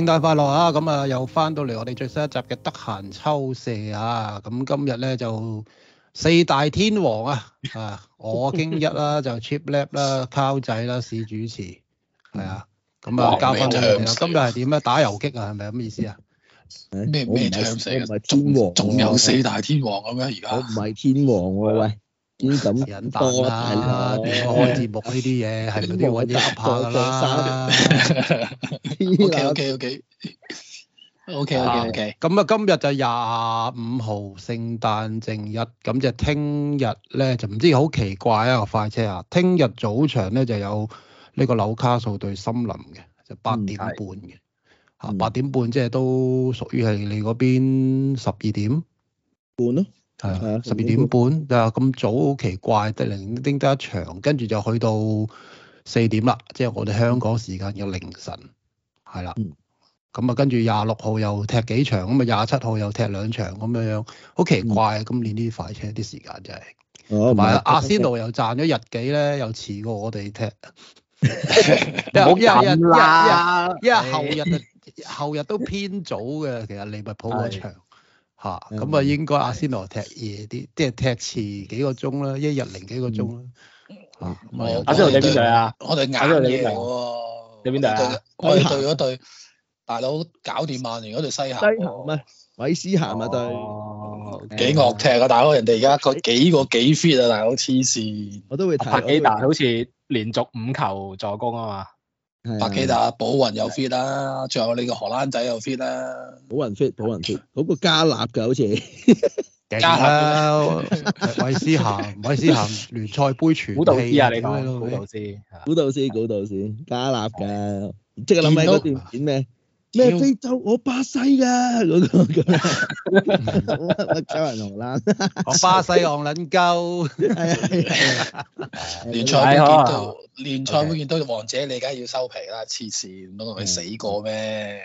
聖誕快樂啊！咁啊，又翻到嚟我哋最新一集嘅得閒抽射啊！咁今日咧就四大天王啊 啊！我京一啦，就 Cheaplad 啦 Karl 仔啦，史主持係啊。咁啊，交翻俾佢。今日係點咧？打遊擊啊，係咪咁意思啊？咩咩唱死，係咪？中、啊、王、啊！仲有，有四大天王咁、啊、咩？而家唔係天王喂、啊、喂！啲咁引多啦、啊，啲開節目呢啲嘢，係咪 都要揾嘢吓啦？OK OK OK OK OK OK 咁啊，今日就廿五號聖誕正日，咁就聽日咧就唔知好奇怪啊個快車啊！聽日早場咧就有呢個紐卡素對森林嘅，就八、是、點半嘅，吓八、嗯啊、點半即係都屬於係你嗰邊十二點半咯。嗯嗯係啊，十二點半啊，咁早好奇怪，得零丁得一場，跟住就去到四點啦，即係我哋香港時間嘅凌晨，係啦。咁啊，跟住廿六號又踢幾場，咁啊廿七號又踢兩場咁樣樣，好奇怪今年啲快車啲時間真係。同埋阿仙奴又賺咗日幾咧，又遲過我哋踢。一一日一一日後日後日，後日都偏早嘅，其實利物浦嘅場。吓，咁啊，應該阿仙奴踢夜啲，即係踢遲幾個鐘啦，一日零幾個鐘啦。嚇，阿仙奴踢邊隊啊？我哋晏出嚟喎。踢邊隊啊？我哋對嗰對大佬搞掂曼聯嗰對西咸。西咸咩？韋斯咸啊對。哦。幾惡踢啊大佬，人哋而家個幾個幾 fit 啊大佬黐線。我都會睇。柏基拿好似連續五球助攻啊嘛。白基達保雲有 fit 啦，仲有你個荷蘭仔有 fit 啦，保雲 fit，保雲 fit，好過加納噶好似，加納韋斯，咸，韋斯咸聯賽杯全，古導師你講，古導師，古導師，古導師，加納噶，即係諗起嗰段片咩？咩非洲？我巴西啦，嗰、那個嘅。我我 巴西戇捻鳩。聯賽會見到，聯賽會見到王者，你梗係要收皮啦！黐線，唔通佢死過咩？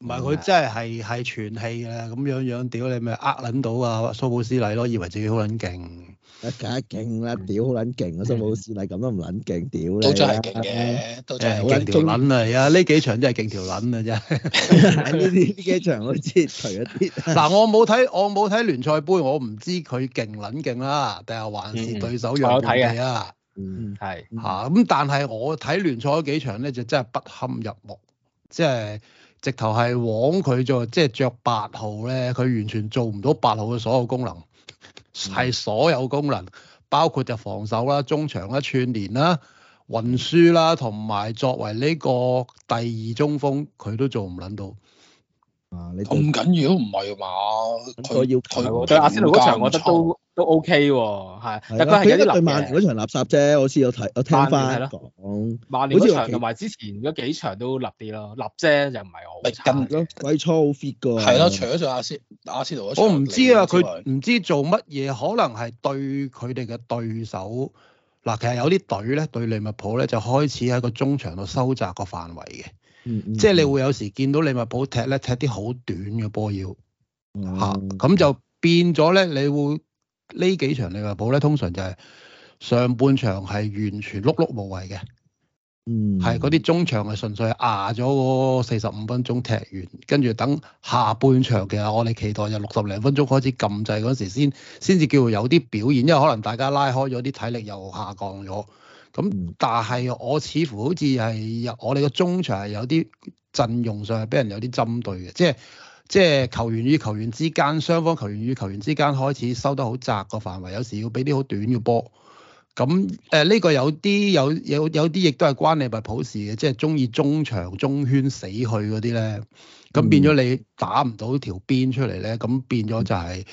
唔係佢真係係係傳氣嘅，咁樣樣屌你咪呃撚到啊！蘇、啊、 布斯禮咯，以為自己好撚勁。梗係勁啦！屌好撚勁我蘇冇事，啊咁都唔撚勁，屌咧！都真係勁嘅，都真係勁條撚啊！係、嗯、啊，呢幾場真係勁條撚啊！真係呢啲幾場好似除咗啲嗱，我冇睇我冇睇聯賽杯，我唔知佢勁撚勁啦，定係還是對手弱啲嚟啊？嗯，係吓咁，但係我睇聯賽嗰幾場咧，就真係不堪入目，即、就、係、是、直頭係往佢做即係着八號咧，佢完全做唔到八號嘅所有功能。係所有功能，包括就防守啦、中場啦、串聯啦、運輸啦，同埋作為呢個第二中鋒，佢都做唔撚到。啊！你咁緊要都唔係嘛？佢要佢對阿仙奴嗰場，我覺得都都 OK 喎、啊。係，的但係佢對曼聯嗰場垃圾啫。我先有睇，我聽翻講曼聯嗰場，同埋之前嗰幾場都立啲咯，立啫就唔係我。咪跟鬼粗好 fit 噶。係咯，除咗做阿仙阿仙奴嗰場，我唔知啊。佢唔知做乜嘢，可能係對佢哋嘅對手。嗱，其實有啲隊咧對,對利物浦咧，就開始喺個中場度收窄個範圍嘅。嗯、即係你會有時見到利物浦踢咧，踢啲好短嘅波要嚇，咁、嗯啊、就變咗咧。你會呢幾場利物浦咧，通常就係上半場係完全碌碌無為嘅，係嗰啲中場係純粹壓咗嗰四十五分鐘踢完，跟住等下半場嘅，其實我哋期待就六十零分鐘開始撳掣嗰時先，先至叫有啲表現，因為可能大家拉開咗啲體力又下降咗。咁、嗯、但係我似乎好似係我哋個中場係有啲陣容上係俾人有啲針對嘅，即係即係球員與球員之間、雙方球員與球員之間開始收得好窄個範圍，有時要俾啲好短嘅波。咁誒呢個有啲有有有啲亦都係關利物浦事嘅，即係中意中場中圈死去嗰啲咧，咁變咗你打唔到條邊出嚟咧，咁變咗就係、是。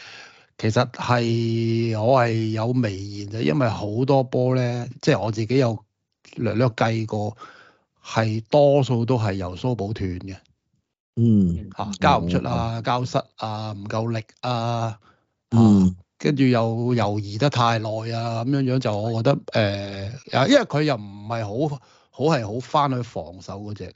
其實係我係有微言，就因為好多波咧，即係我自己有略略計過，係多數都係由蘇補斷嘅。嗯，吓、啊、交唔出啊，交失啊，唔夠力啊，嗯，跟住、啊、又猶豫得太耐啊，咁樣樣就我覺得誒的、呃，因為佢又唔係好好係好翻去防守嗰隻。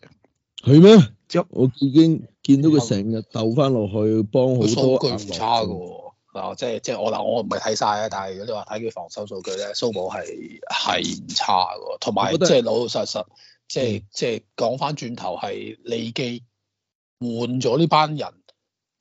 係咩嗎？即就我已經見到佢成日斗翻落去幫好多。數據唔差嘅。嗱、哦，即係即係我嗱，我唔係睇晒，啊，但係如果你話睇佢防守數據咧，蘇武係係唔差嘅喎，同埋即係老老實實，即係、嗯、即係講翻轉頭係利記換咗呢班人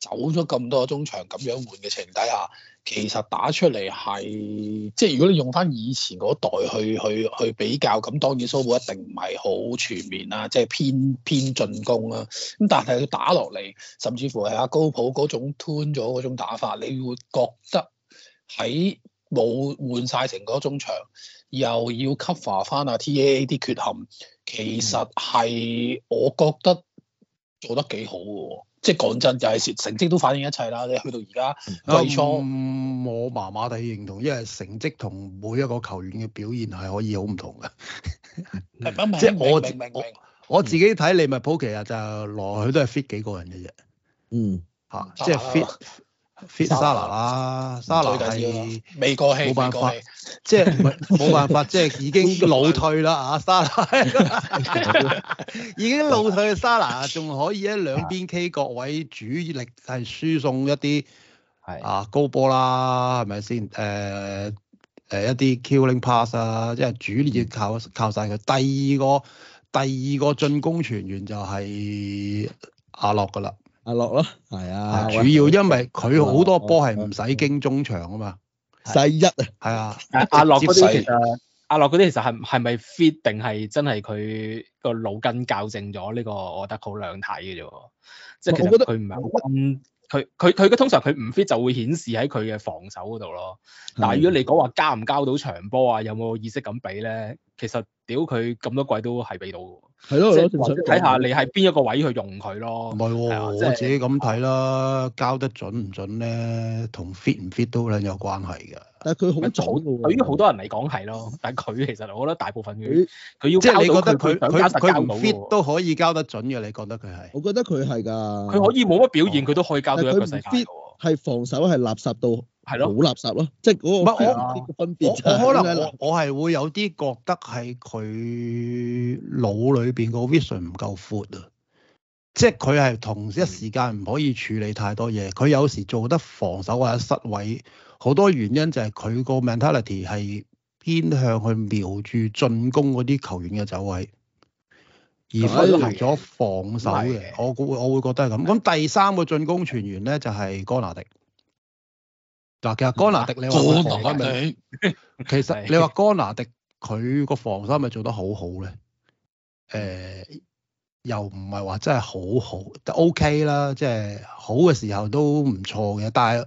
走咗咁多個中場咁樣換嘅情底下。其實打出嚟係，即係如果你用翻以前嗰代去去去比較，咁當然蘇波一定唔係好全面啦，即係偏偏進攻啦。咁但係佢打落嚟，甚至乎係阿高普嗰種 turn 咗嗰種打法，你會覺得喺冇換晒成嗰種場，又要 cover 翻阿 T A A 啲缺陷，其實係我覺得做得幾好喎。即係講真，就係、係、成成績都反映一切啦！你去到而家、嗯、季初，嗯、我麻麻地認同，因為成績同每一個球員嘅表現係可以好唔同嘅。 嗯、即係我明白我我自己睇，利物浦其實就來去都係 fit 幾個人嘅啫。嗯，嚇、啊，即係係 fit。Fit s a 啦，a h 啊 s a r 未過氣，冇辦法，即係冇辦法，即係 已經老退啦啊 s a 已經老退 s a 仲 可以喺兩邊 K 各位主力係輸送一啲係啊高波啦，係咪先？誒誒、呃、一啲 Killing Pass 啊，即係主力靠靠曬佢。第二個第二個進攻全員就係阿洛噶啦。阿、啊、洛咯，係、哎、啊，主要因為佢好多波係唔使經中場啊嘛，世一啊，係啊，阿阿洛嗰啲其實阿、啊、洛啲其實係係咪 fit 定係真係佢個腦筋校正咗呢個，我覺得好兩睇嘅啫，即係其實佢唔係好溫，佢佢佢通常佢唔 fit 就會顯示喺佢嘅防守嗰度咯，的但係如果你講話交唔交到長波啊，有冇意識咁比咧，其實屌佢咁多季都係比到。係咯，或者睇下你係邊一個位去用佢咯。唔係，我自己咁睇啦。交得準唔準咧，同 fit 唔 fit 都有關係㗎。但係佢好早準喎。對於好多人嚟講係咯，但係佢其實我覺得大部分佢佢要即係你覺得佢佢佢 fit 都可以交得準嘅，你覺得佢係？我覺得佢係㗎。佢可以冇乜表現，佢都可以交到一個係防守係垃圾到，係咯，好垃圾咯，的即係嗰個分別，我，我可能我我係會有啲覺得係佢腦裏邊個 vision 唔夠闊啊，即係佢係同一時間唔可以處理太多嘢，佢有時做得防守或者失位，好多原因就係佢個 mentality 係偏向去瞄住進攻嗰啲球員嘅走位。而忽略咗防守嘅，的我估會我會覺得係咁。咁的第三個進攻傳員咧就係、是、戈拿迪。嗱，其實戈拿迪你話，戈拿納迪 的其實你話戈拿迪佢個防守係咪做得好好咧？誒、呃，又唔係話真係好好，OK 啦，即、就、係、是、好嘅時候都唔錯嘅。但係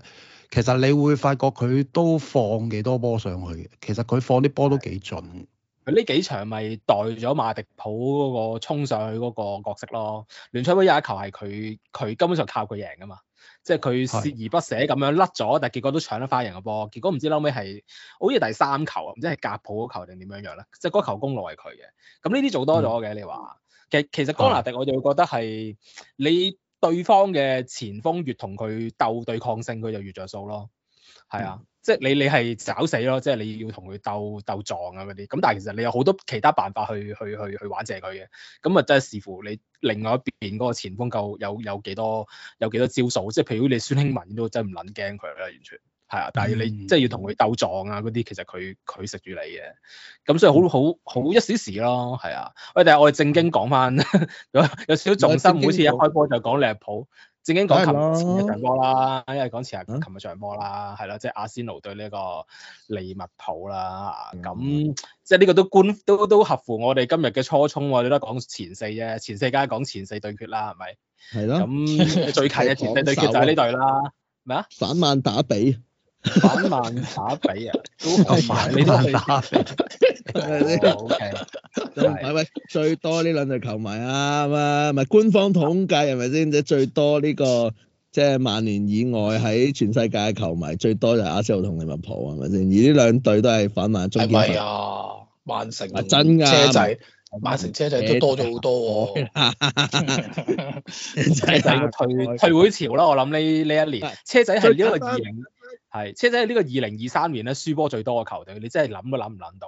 其實你會發覺佢都放幾多波上去嘅，其實佢放啲波都幾準。呢幾場咪代咗馬迪普嗰個衝上去嗰個角色咯，聯賽杯有一球係佢，佢根本上靠佢贏噶嘛，即係佢蝕而不捨咁樣甩咗，但係結果都搶得花贏個波，結果唔知撈尾係好似第三球啊，唔知係格普個球定點樣樣咧，即係嗰球功勞係佢嘅，咁呢啲做多咗嘅你話，其實其實哥拿迪我就會覺得係、嗯、你對方嘅前鋒越同佢鬥對抗性，佢就越着數咯，係啊。即係你你係找死咯，即係你要同佢鬥鬥撞啊嗰啲。咁但係其實你有好多其他辦法去去去去玩謝佢嘅。咁啊，真係視乎你另外一邊嗰個前鋒夠有有幾多有幾多招數。即係譬如你孫興文都真係唔撚驚佢啦，完全係啊。但係你、嗯、即係要同佢鬥撞啊嗰啲，其實佢佢食住你嘅。咁所以好好好一時時咯，係啊。喂，但係我哋正經講翻， 有少少重心，每次正一開波就講利物浦。正經講琴日上波啦，啊、因為講前日琴日上波啦，係咯、啊，即係阿仙奴對呢個利物浦啦，咁、嗯、即係呢個都官都都合乎我哋今日嘅初衷喎、啊，你都講前四啫，前四梗係講前四對決啦，係咪？係咯的。咁最近嘅前四對決就係呢隊啦。咩啊？反慢打比。反慢打比啊！球迷你都係打底，O K。唔係喂，okay, 最多呢兩隊球迷啊，唔係官方統計係咪先？即最多呢、呢個即係曼聯以外喺全世界嘅球迷最多就係阿仙奴同利物浦，係咪先？而呢兩隊都係反曼中堅啊！曼城真噶車仔，曼城、啊、車仔都多咗好多、哦 車 車仔退退會潮啦，我諗呢呢一年車仔係呢個現象。係，車仔係呢個二零二三年咧輸波最多嘅球隊，你真係諗都諗唔諗到。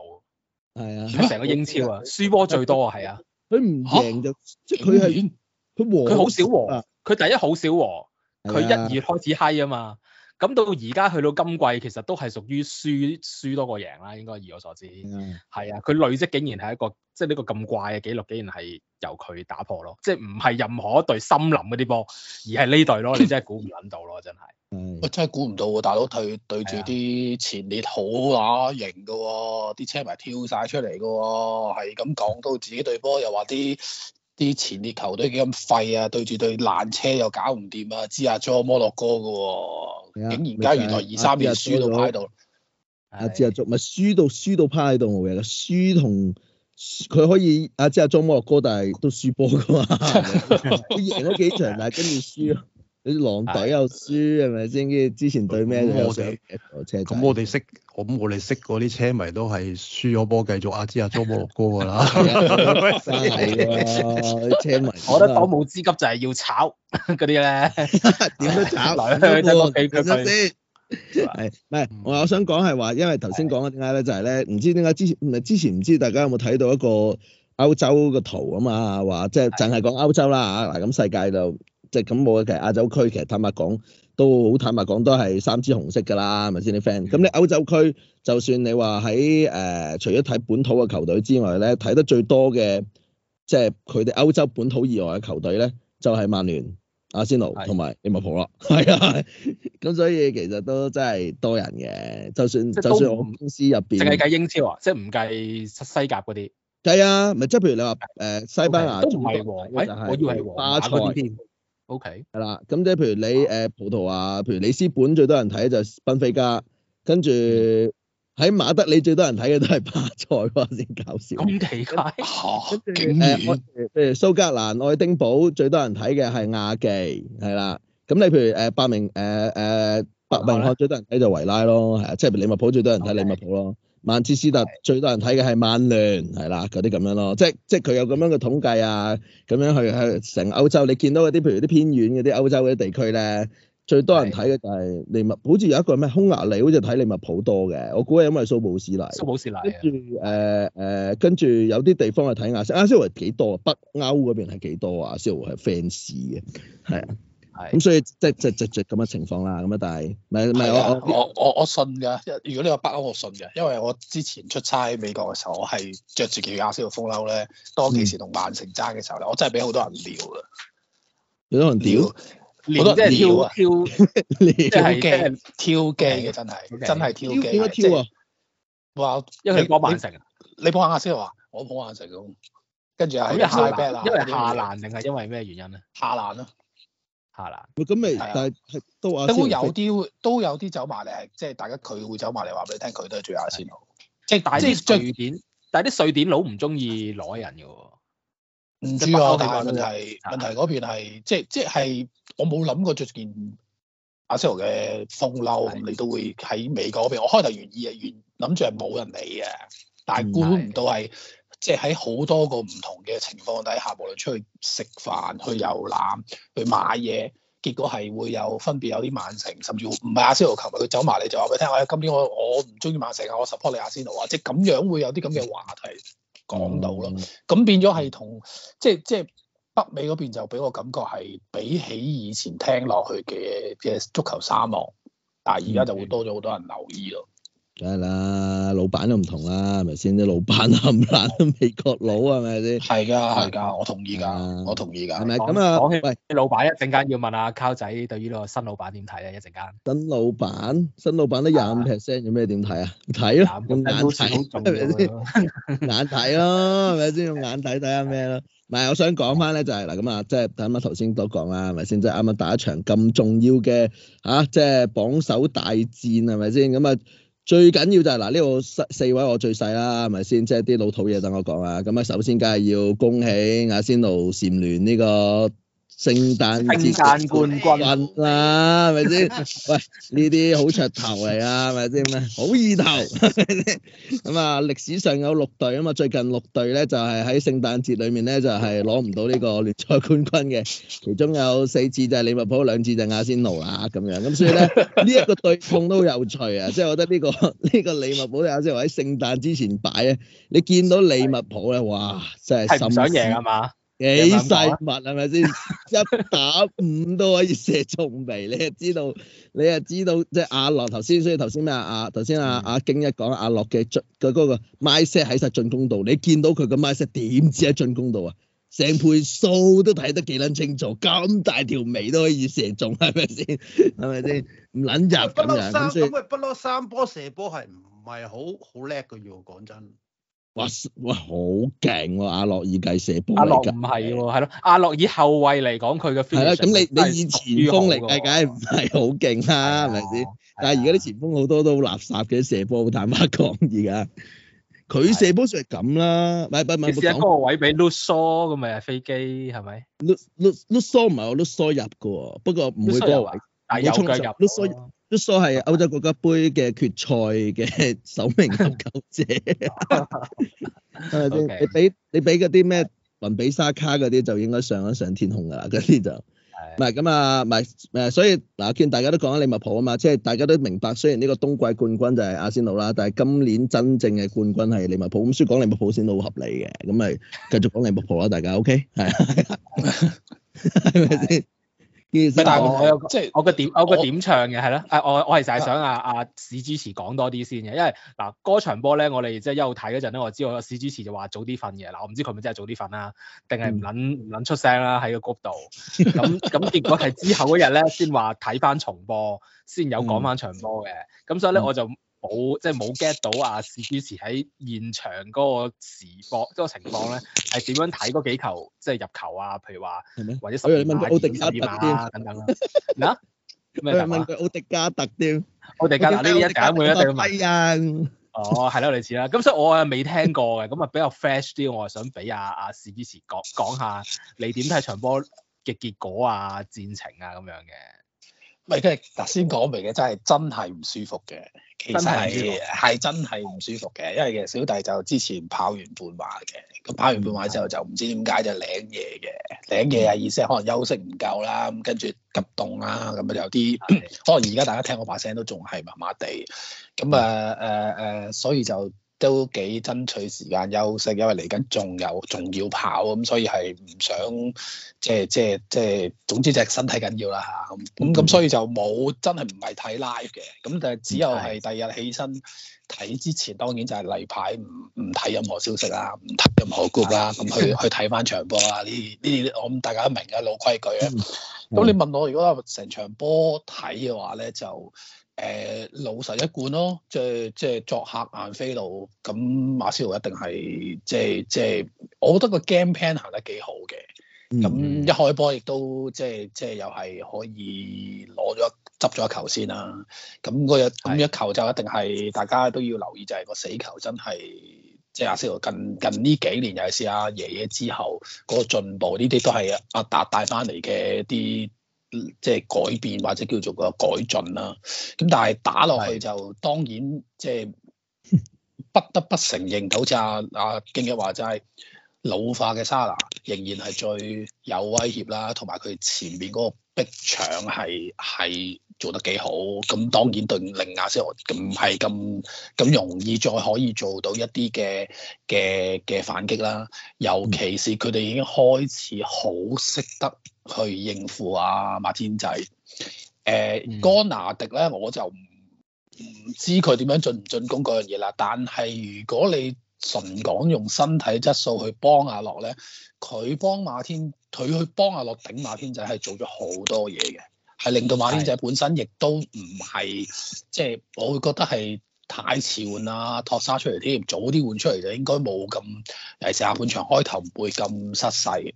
係啊，成個英超輸啊，輸波最多啊，係啊。佢唔贏就，即係佢係，佢和，佢好少和，佢第一好少和，佢一二開始嗨啊嘛。咁到而家去到今季，其實都係屬於輸輸多過贏啦，應該以我所知，係、嗯、啊，佢累積竟然係一個即係呢個咁怪嘅紀錄，竟然係由佢打破咯，即係唔係任何一隊森林嗰啲波，而係呢隊咯，你真係估唔撚到咯，真係。嗯。我真係估唔到喎、啊，大佬對對住啲前列好，好啊，啊型嘅喎、啊，啲車迷跳晒出嚟嘅喎，係咁講到自己隊波，又話啲。啲前列球隊幾咁廢啊，對住對爛車又搞唔掂啊！阿哲阿莊摩洛哥噶喎、哦，yeah, 竟然家原來二三日輸到趴喺度。阿知阿莊咪輸到輸到趴喺度嘅，輸同佢可以阿知阿莊摩洛哥，但係都輸波噶嘛，佢 贏咗幾場，但係跟住輸咯。 你狼隊又輸係咪先？之前對咩都成咁，我哋識咁我哋識嗰啲車迷都係輸咗波繼續阿之阿做波哥歌啦。車迷，我覺得當務之急就係要炒嗰啲咧，點都炒。嗱，你睇我氣氛先。係，唔係我我想講係話，因為頭先講一點解咧就係咧，唔知點解之前唔係之前唔知大家有冇睇到一個歐洲個圖啊嘛，話即係淨係講歐洲啦嗱，咁世界就。咁冇啊！其實亞洲區其實坦白講都好坦白講都係三支紅色㗎啦，係咪先啲 friend？咁你歐洲區就算你話喺誒，除咗睇本土嘅球隊之外咧，睇得最多嘅即係佢哋歐洲本土以外嘅球隊咧，就係曼聯、阿仙奴同埋利物浦啦。係啊，咁所以其實都真係多人嘅，就算就算我公司入邊，淨係計英超啊，即係唔計西西甲嗰啲計啊，咪即係譬如你話誒西班牙都唔係喎，我以為巴塞。O K，係啦，咁 Okay. 即係譬如你誒、呃、葡萄牙，譬如里斯本最多人睇就係賓菲加，跟住喺馬德里最多人睇嘅都係巴塞，先搞笑。咁奇怪？嚇着！誒、啊呃，譬如蘇格蘭愛丁堡最多人睇嘅係亞記，係啦。咁你譬如誒伯、呃、明誒誒伯明翰最多人睇就維拉咯，係啊，即係利物浦最多人睇利物浦咯。Okay. 曼徹斯特最多人睇嘅係曼聯，係啦嗰啲咁樣咯，即係即係佢有咁樣嘅統計啊，咁樣去去成歐洲，你見到嗰啲譬如啲偏遠嗰啲歐洲嗰啲地區咧，最多人睇嘅就係利物浦，好似有一個咩匈牙利好似睇利物浦多嘅，我估係因為蘇布斯萊，蘇布斯萊，跟住誒誒，跟、呃、住、呃、有啲地方係睇亞洲，阿、啊、斯維幾多啊？北歐嗰邊係幾多少啊？阿斯維係 fans 嘅，係啊。 咁，所以即係即即即咁嘅情況啦。咁啊，但係唔係唔係我我我我信㗎。如果你話北歐，我信㗎。因為我之前出差美國嘅時候，我係着住件亞視嘅風褸咧。多幾時同曼城爭嘅時候咧，我真係俾好多人撩啊！好多人撩，撩即係跳跳，即係跳機跳機嘅真係真係跳機啊！跳啊！哇！因為你捧曼城，你捧亞視啊？我捧曼城咁，跟住又係因為下難，定係因為咩原因咧？下難咯～係啦，咁咪但係都有啲都有啲走埋嚟，係即係大家佢會走埋嚟話俾你聽，佢都係著阿仙奴，即係大啲瑞典，但係啲瑞典佬唔中意攞人嘅喎，唔知啊，但係問題問題嗰邊係即即係我冇諗過出件阿仙奴嘅風褸，你都會喺美國嗰邊，我開頭原意係原諗住係冇人理嘅，但係估唔到係。即係好多個唔同嘅情況底下，無論出去食飯、去遊覽、去買嘢，結果係會有分別，有啲曼城，甚至唔係阿仙奴琴日，佢走埋嚟就話俾你佢聽，我、哎、喺今年我我唔中意曼城啊，我 support 你阿仙奴啊，即係咁樣會有啲咁嘅話題講到咯。咁變咗係同即即北美嗰邊就俾我感覺係比起以前聽落去嘅嘅足球沙漠，但係而家就會多咗好多人留意咯。梗係啦，老闆都唔同啦，係咪先，啲老闆冚唪唥都係美國佬係咪先？係噶，係噶，我同意噶，我同意噶。係咪咁啊？講起喂，老闆一陣間要問下 Karl 仔對於呢個新老闆點睇咧？一陣間新老闆新老闆都廿五 percent，有咩點睇啊？睇咯，用眼睇，係咪先？眼睇咯，係咪先？用眼睇睇下咩咯？唔係， 是是看看 我想講翻咧就係嗱咁啊，即係啱啱頭先都講啦，係咪先？即係啱啱打一場咁重要嘅啊，即係榜首大戰，係咪先？咁啊。最緊要就係嗱，呢個四位我最細啦，係咪先？即係啲老土嘢等我講啊。咁啊，首先梗係要恭喜阿仙奴蟬聯呢、這個聖誕節冠軍啦，係咪先？喂，呢啲好噱頭嚟，啊，係咪先咩？好意頭咁啊！歷史上有六隊啊嘛，最近六隊咧就係喺聖誕節裏面咧就係攞唔到呢個聯賽冠軍嘅，其中有四次就係利物浦，兩次就係阿仙奴啦咁樣。咁所以咧呢一個對碰都有趣啊！即係 我覺得呢、這個呢、這個利物浦同阿仙奴喺聖誕之前擺啊，你見到利物浦咧，哇，真係心贏。係唔想贏啊嘛？幾細密係咪先？一打五都可以射中眉，你又知道，你又知道即係、就是、阿樂頭先，所以頭先咩啊？頭先阿阿京一講阿樂嘅進佢嗰個 mindset 喺晒進攻度，你見到佢個 mindset 點知喺進攻度啊？成倍數都睇得幾撚清楚，咁大條眉都可以射中，係咪先？係咪先？唔撚入咁啊！不三不，三咁不嬲三波射波係唔係好好叻嘅？要講真。哇哇好勁喎！阿洛爾計射波，阿洛唔係喎，係咯，阿洛爾後衛嚟講佢嘅 feel 係啦。咁你你以前鋒嚟計，梗係唔係好勁啦，係咪先？但係而家啲前鋒好多都好垃圾嘅射波，好坦白講而家。佢射波算係咁啦，唔係唔係唔係講嗰個位俾 Lucso 咁咪係飛機係咪？Luc Luc Lucso 唔係我 Lucso 入嘅，不過唔會嗰個位，啊、不但有嘅入都疏係歐洲國家杯嘅決賽嘅首名救救姐，係咪先？你俾你俾嗰啲咩云比沙卡嗰啲就應該上一上天空噶啦，嗰啲就係咪咁啊？咪誒，所以嗱，見大家都講緊利物浦啊嘛，即係大家都明白，雖然呢個冬季冠軍就係阿仙奴啦，但係今年真正嘅冠軍係利物浦。咁先講利物浦先都好合理嘅，咁咪繼續講利物浦啦，大家 OK 係咪先？但我有即係是我個點我個點唱嘅係咯，誒我我係成日想阿阿史主持講多啲先嘅，因為嗱嗰場波咧，我哋即係一路睇嗰陣咧，我知道史我史主持就話早啲瞓嘅，嗱我唔知佢咪真係早啲瞓啦，定係唔撚唔撚出聲啦喺個 group 度，咁咁 結果係之後嗰日咧先話睇翻重播，先有講翻場波嘅，咁、嗯、所以咧我就。嗯冇即係冇 get 到啊！史主持喺現場嗰個時況嗰、嗰個情況咧，係點樣睇嗰幾球即係入球啊？譬如話或者所有啲問題奧迪加特啲等等咯、啊，嗱、 啊，佢問佢奧迪加特啲奧迪加特，呢一減佢一定要問哦，係咯類似啦。咁所以我又未聽過嘅，咁啊比較 fresh 啲，我想啊想俾啊阿史主持講講下你點睇場波嘅結果啊、戰情啊咁樣嘅。唔即係頭先講明嘅真係真係唔舒服嘅，其實真係係真係唔舒服嘅。因為其實小弟就之前跑完半馬嘅，咁跑完半馬之後就唔知點解就領嘢嘅，領嘢啊意思係可能休息唔夠啦，咁跟住急凍啦，咁啊有啲是 可能而家大家聽我把聲都仲係麻麻地，咁啊誒誒，所以就。都幾爭取時間休息，因為嚟緊仲有仲要跑，咁所以係唔想即係即係即係，總之就係身體緊要啦嚇。咁咁所以就冇真係唔係睇 live 嘅，咁但係只有係第二日起身睇之前，當然就係例牌，唔唔睇任何消息啦，唔睇任何 group 啦，咁 去去睇翻場波啊！呢呢啲我大家都明嘅老規矩。咁你問我如果成場波睇嘅話咧，就～誒、uh, 老實一貫咯，即係即係作客晏菲路，咁馬斯路一定係即係即係，我覺得個 game plan 行得幾好嘅。咁、嗯、一開波亦都即係即係又係可以攞咗執咗一球先啦、啊。咁嗰日咁一球就一定係是大家都要留意、就是，就、那、係個死球真係即係阿斯路近近呢幾年，尤其是阿爺爺之後、那個進步，呢啲都係阿達帶翻嚟嘅一啲。即係改變或者叫做個改進啦，咁但係打落去就當然即係不得不承認，好似阿阿京一話齋就係老化嘅沙拿仍然係最有威脅啦，同埋佢前面嗰個逼搶，係係做得幾好，咁當然對令阿仙奴唔係咁咁容易再可以做到一啲嘅嘅嘅反擊啦，尤其是佢哋已經開始好識得。去應付啊馬天仔，誒、呃、哥、嗯、拿迪咧我就唔知佢點樣進唔進攻嗰樣嘢啦。但係如果你純講用身體質素去幫阿、啊、洛咧，佢幫馬天，佢去幫阿、啊、洛頂馬天仔係做咗好多嘢嘅，係令到馬天仔本身亦都唔係即係，是的 我會覺得係太遲換啦，託沙出嚟添，早啲換出嚟就應該冇咁誒成下半場開頭唔會咁失勢。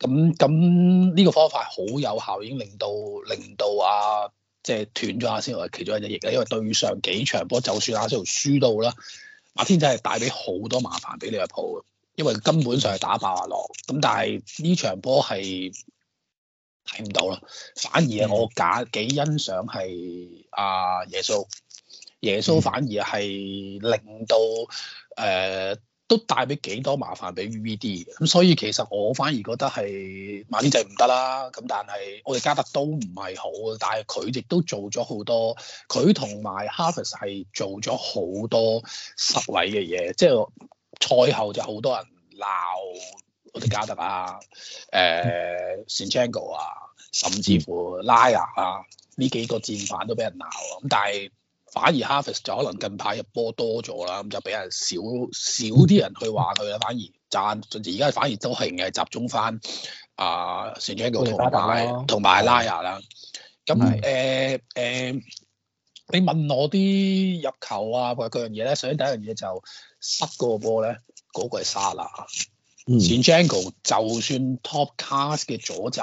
咁咁呢個方法好有效，已經令到令到啊，即係斷咗阿仙奴其中一隻翼啦。因為對上幾場波就算阿仙奴輸到啦、啊，馬天仔係帶俾好多麻煩俾你阿普，因為根本上係打爆阿落。咁但係呢場波係睇唔到啦，反而我假幾、嗯、欣賞係阿、啊、耶穌，耶穌反而係令到誒。呃都帶俾幾多麻煩俾 VVD，咁所以其實我反而覺得係馬尼仔唔得啦，咁但係我哋加特都唔係好，但係佢亦都做咗好多，佢同埋 Harvey 係做咗好多失位嘅嘢，即係賽後就好多人鬧我哋加特啊，誒、呃、Sancho 啊，甚至乎 Liar 啊呢幾個戰犯都俾人鬧，咁但係。反而 Havertz 就可能近排入波多咗啦，咁就俾人少少啲人去玩佢啦。反而賺，而家反而都係嘅集中翻啊，Zinchenko 同埋同埋 Raya 啦。咁誒誒，你問我啲入球啊嗰樣嘢咧，首先第一樣嘢就塞嗰個波咧，嗰、嗰個係沙拿。Zinchenko 就算 Top Class 嘅阻截。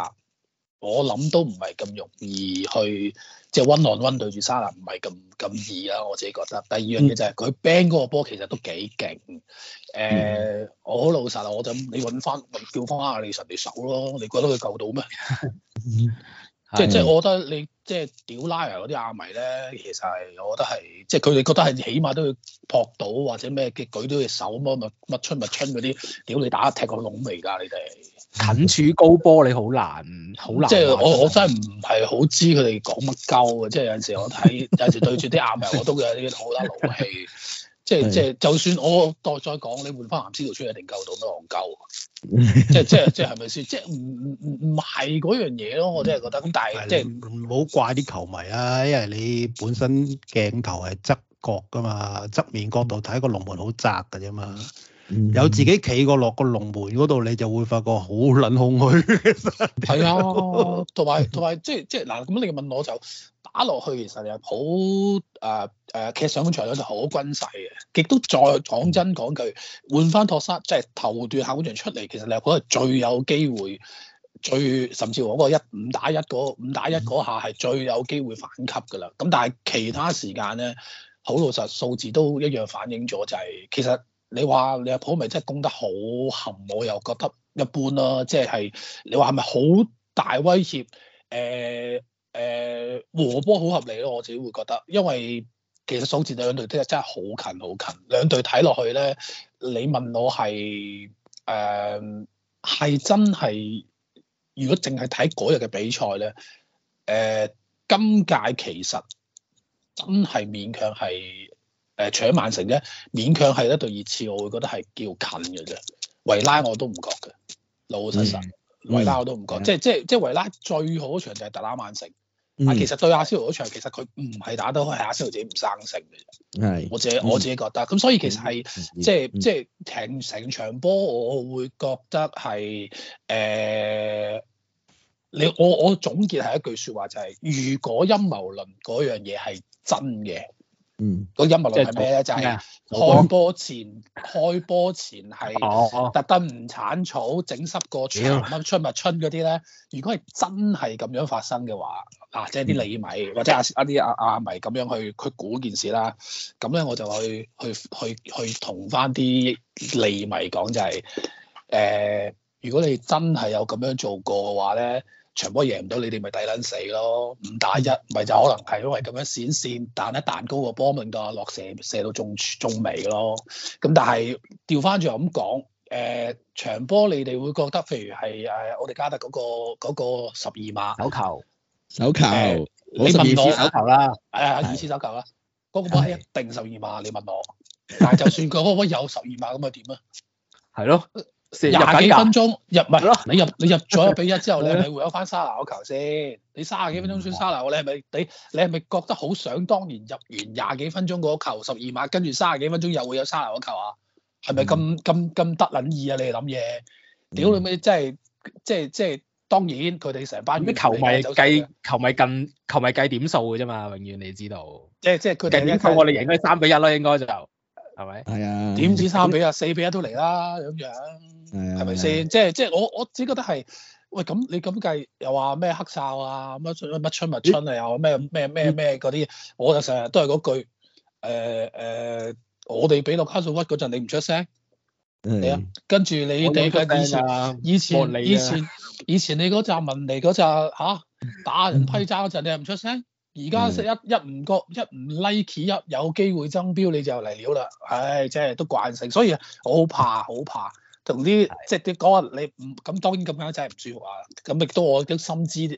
我諗都唔係咁容易去，即係温岸温對住沙拿唔係咁咁易啦、啊，我自己覺得。第二樣嘢就係、是、佢 bang 嗰個波其實都幾勁。誒、呃，mm hmm. 我好老實，我就你揾翻叫翻阿李神嚟守咯，你覺得佢救到咩？即係即係我覺得你即係屌拉油嗰啲阿迷咧，其實係我覺得係即係佢哋覺得係起碼都要撲到或者咩嘅舉到隻手咁啊咪乜春乜春嗰啲，屌你打踢個籠嚟噶你哋？近處高波你好難，好難的。即係我， 我，我真係唔係好知佢哋講乜鳩嘅。即係有陣時我睇，有陣時對住啲亞迷我都有啲好得老氣。 即係即係，對就算我再再講，你換翻咸濕條村一定鳩到咩？戇鳩 即係即係即係係咪先？即係唔唔唔係嗰樣嘢咯。我真係覺得。咁但係即係唔好怪啲球迷啊，因為你本身鏡頭係側角噶嘛，側面角度睇個龍門好窄嘅啫嘛。 有自己企過落個龍門嗰度，你就會發覺好撚空虛。係啊，同埋同埋即係即係嗱，咁你問我就打落去，其、呃啊去說說，其實又好誒誒，其實上半場咧就好均勢嘅。亦都再講真講句，換返托沙即係頭段下半場出嚟，其實你係嗰個最有機會、最甚至乎嗰個一五打一嗰五打一下係最有機會反擊㗎啦。咁但係其他時間咧，好老實，數字都一樣反映咗、就係，就係其實。你話你阿普咪真係攻得好冚，我又覺得一般啦。即係你話係咪好大威脅？誒誒，和波好合理咯，我自己會覺得，因為其實數字兩隊都真係真係好近好近，兩隊睇落去咧，你問我係誒係真係，如果淨係睇嗰日嘅比賽咧，誒今屆其實真係勉強係。誒除咗曼城咧，勉強係一對熱刺，我會覺得係叫近嘅啫。維拉我都唔覺嘅，老實實，嗯、維拉我都唔覺的即。即係即係即係維拉最好嗰場就係特拉曼城。啊、嗯，其實對阿仙奴嗰場，其實佢唔係打得好，係阿仙奴自己唔生性嘅啫。的我自己、嗯、我自己覺得。咁所以其實係、嗯就係、即係即係踢成場波，我會覺得係誒、呃。你我我總結係一句説話，就係如果陰謀論嗰樣嘢係真嘅。嗯，個陰謀論係咩咧？就係、是、開波前，開波前係特登唔剷草，整濕個場，乜春物春嗰啲咧？如果係真係咁樣發生嘅話，嗱、啊，即係啲利米或者阿阿啲阿阿迷咁樣去，佢估件事啦。咁咧，我就去去去去同翻啲利米講，就係、是、誒、呃，如果你真係有咁樣做過嘅話咧。場波贏唔到，你哋咪抵撚死咯！五打一，咪就可能係因為咁樣閃線彈一彈高個波門架落射射到中中尾咯。咁但係調翻轉又咁講，誒、呃、長波你哋會覺得，譬如係誒我哋加特嗰、嗰個十二、嗰個、碼手球，手球，你問我手球啦，係啊、哎，二次手球啦，嗰是個波一定十二碼，你問我。但係就算佢嗰有十二碼咁又點啊？係咯。 廿幾分鐘入咪咯？你入你入咗一比一之後，你係會有翻沙拿球先？ 你卅幾分鐘算沙拿，你係咪你你係咪覺得好想當年入完廿幾分鐘嗰球十二碼，跟住卅幾分鐘又會有沙拿球啊？係咪咁咁咁得撚意啊？是是嗯、你哋諗嘢，屌你咩？即係即係即係，當然佢哋成班咩球迷計計球迷近球迷計點數嘅啫嘛，永遠你知道。即係即係佢哋近一我哋贏嗰三比一啦，應該就係咪？係啊。點止三比一，四比一都嚟啦，咁樣。係咪先？即係即係我我只覺得係喂，咁你咁計又話咩黑哨啊？乜乜乜春乜出啊？又咩咩咩咩嗰啲？我就成日都係嗰句誒誒、呃呃，我哋俾落卡數屈嗰陣，你唔出聲係 啊？跟住你哋嘅以前以前以前以前以前你嗰扎文嚟嗰扎嚇打人批爭嗰陣，你又唔出聲？而家一 一唔覺一唔 like 一有機會爭標你就嚟料啦！唉、哎，即係都慣性，所以我好怕好怕。同啲即係你講話你唔，咁當然咁樣真係唔舒服、呃呃呃、啊！咁亦都我都深知誒誒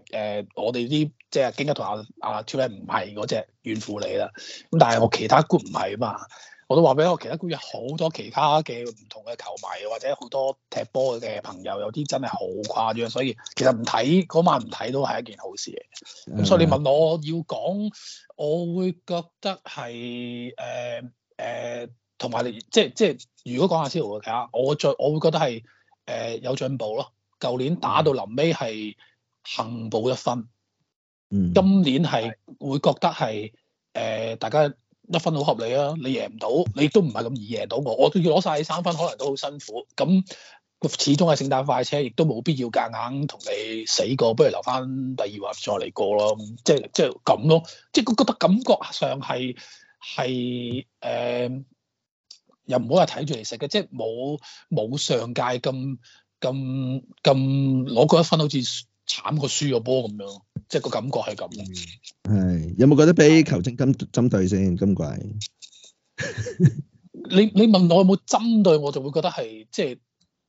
誒，我哋啲即係京一同阿阿超咧唔係嗰隻怨婦嚟啦。咁但係我其他官唔係啊嘛，我都話俾我其他官，有好多其他嘅唔同嘅球迷或者好多踢波嘅朋友，有啲真係好誇張，所以其實唔睇嗰晚唔睇都係一件好事嚟。咁所以你問我要講，我會覺得係誒誒。呃呃同埋，你，即即如果講亞視喎，睇下我進，我會覺得係誒、呃、有進步咯。舊年打到臨尾係幸保一分，嗯，今年係會覺得係誒、呃、大家一分好合理啊！你贏唔到，你都唔係咁易贏到我。我都要攞晒三分，可能都好辛苦。咁始終係聖誕快車，亦都冇必要夾硬同你死過，不如留翻第二話再嚟過咯。即即咁咯，即我覺得感覺上係係誒。又唔好話睇住嚟食嘅，即係冇冇上屆咁咁咁攞過一分，好似慘過輸個波咁樣，即係個感覺係咁。係、嗯、有冇覺得俾球證針針對先？今季 你你問我有冇針對，我就會覺得係即係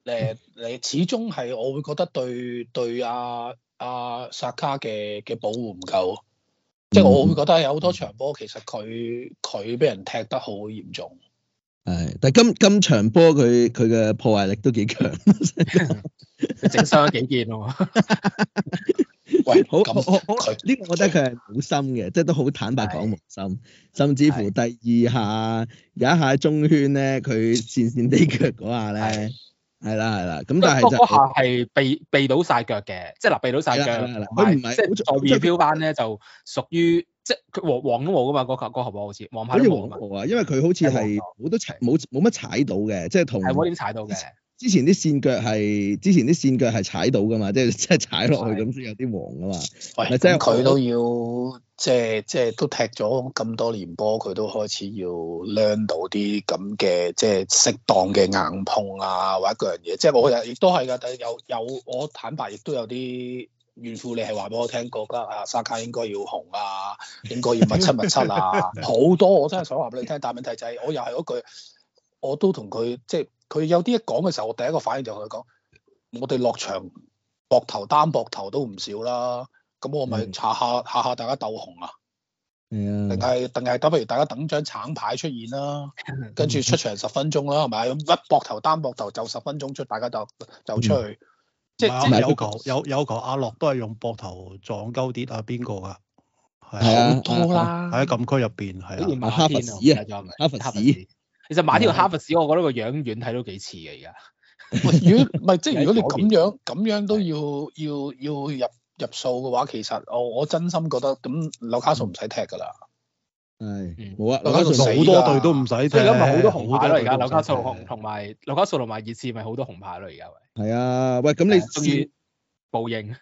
誒誒，始終係我會覺得對對阿阿薩卡嘅嘅保護唔夠，嗯、即係我會覺得有好多場波其實佢佢俾人踢得好嚴重。係，但係今今場波佢佢嘅破壞力都幾強，整傷咗幾件咯。喂，好，我我呢，我覺得佢係冇心嘅，即係都好坦白講冇心，甚至乎第二下有一下中圈咧，佢跣跣地腳嗰下咧，係啦係啦。咁但係就下係避避到曬腳嘅，即係立避到曬腳，佢唔係即係再飈班咧就屬於。即係佢黃黃都冇噶嘛，嗰、嗰個嗰盒、嗰個、好似黃牌冇啊。好似黃牌啊，因為佢好似係好多踩冇冇乜踩到嘅，即係同冇踩到嘅。之前啲線腳係之前啲線腳係踩到噶嘛，即係即係踩落去咁先有啲黃噶嘛。喂，咁佢都要即係即係都踢咗咁多年波，佢都開始要學到啲咁嘅即係適當嘅硬碰啊，或者嗰樣嘢。即係我亦都係噶，但有有，有我坦白亦都有啲。怨婦，你係話俾我聽，覺得啊沙卡應該要紅啊，應該要密七密七啊，好 多我真係想話俾你聽，但 問題就係我又係嗰句，我都同佢即係佢有啲一講嘅時候，我第一個反應就同佢講，我哋落場膊頭單膊頭都唔少啦，咁我咪查下、嗯、下，下下大家鬥紅啊，嗯，定係定係，咁不如大家等張橙牌出現啦，跟住、嗯、出場十分鐘啦，係咪咁一膊頭單膊頭就十分鐘出，大家就就出去。嗯即係有球有有球，阿洛都係用膊頭撞鳩啲啊！邊個㗎？係好多啦，喺禁區入邊係啦。而家買哈伐斯啊，仲係咪？哈伐斯，其實買呢個哈伐斯，我覺得個樣遠睇都幾似嘅而家。如果唔係即係如果你咁樣咁樣都要要要入入數嘅話，其實我我真心覺得咁劉卡素唔使踢㗎啦。係，冇啊！劉嘉碩好多隊都唔使，所以而家好多紅牌咯。而家劉嘉碩同同埋劉嘉碩同埋熱刺咪好多紅牌咯。而家係啊，喂，咁你先報應？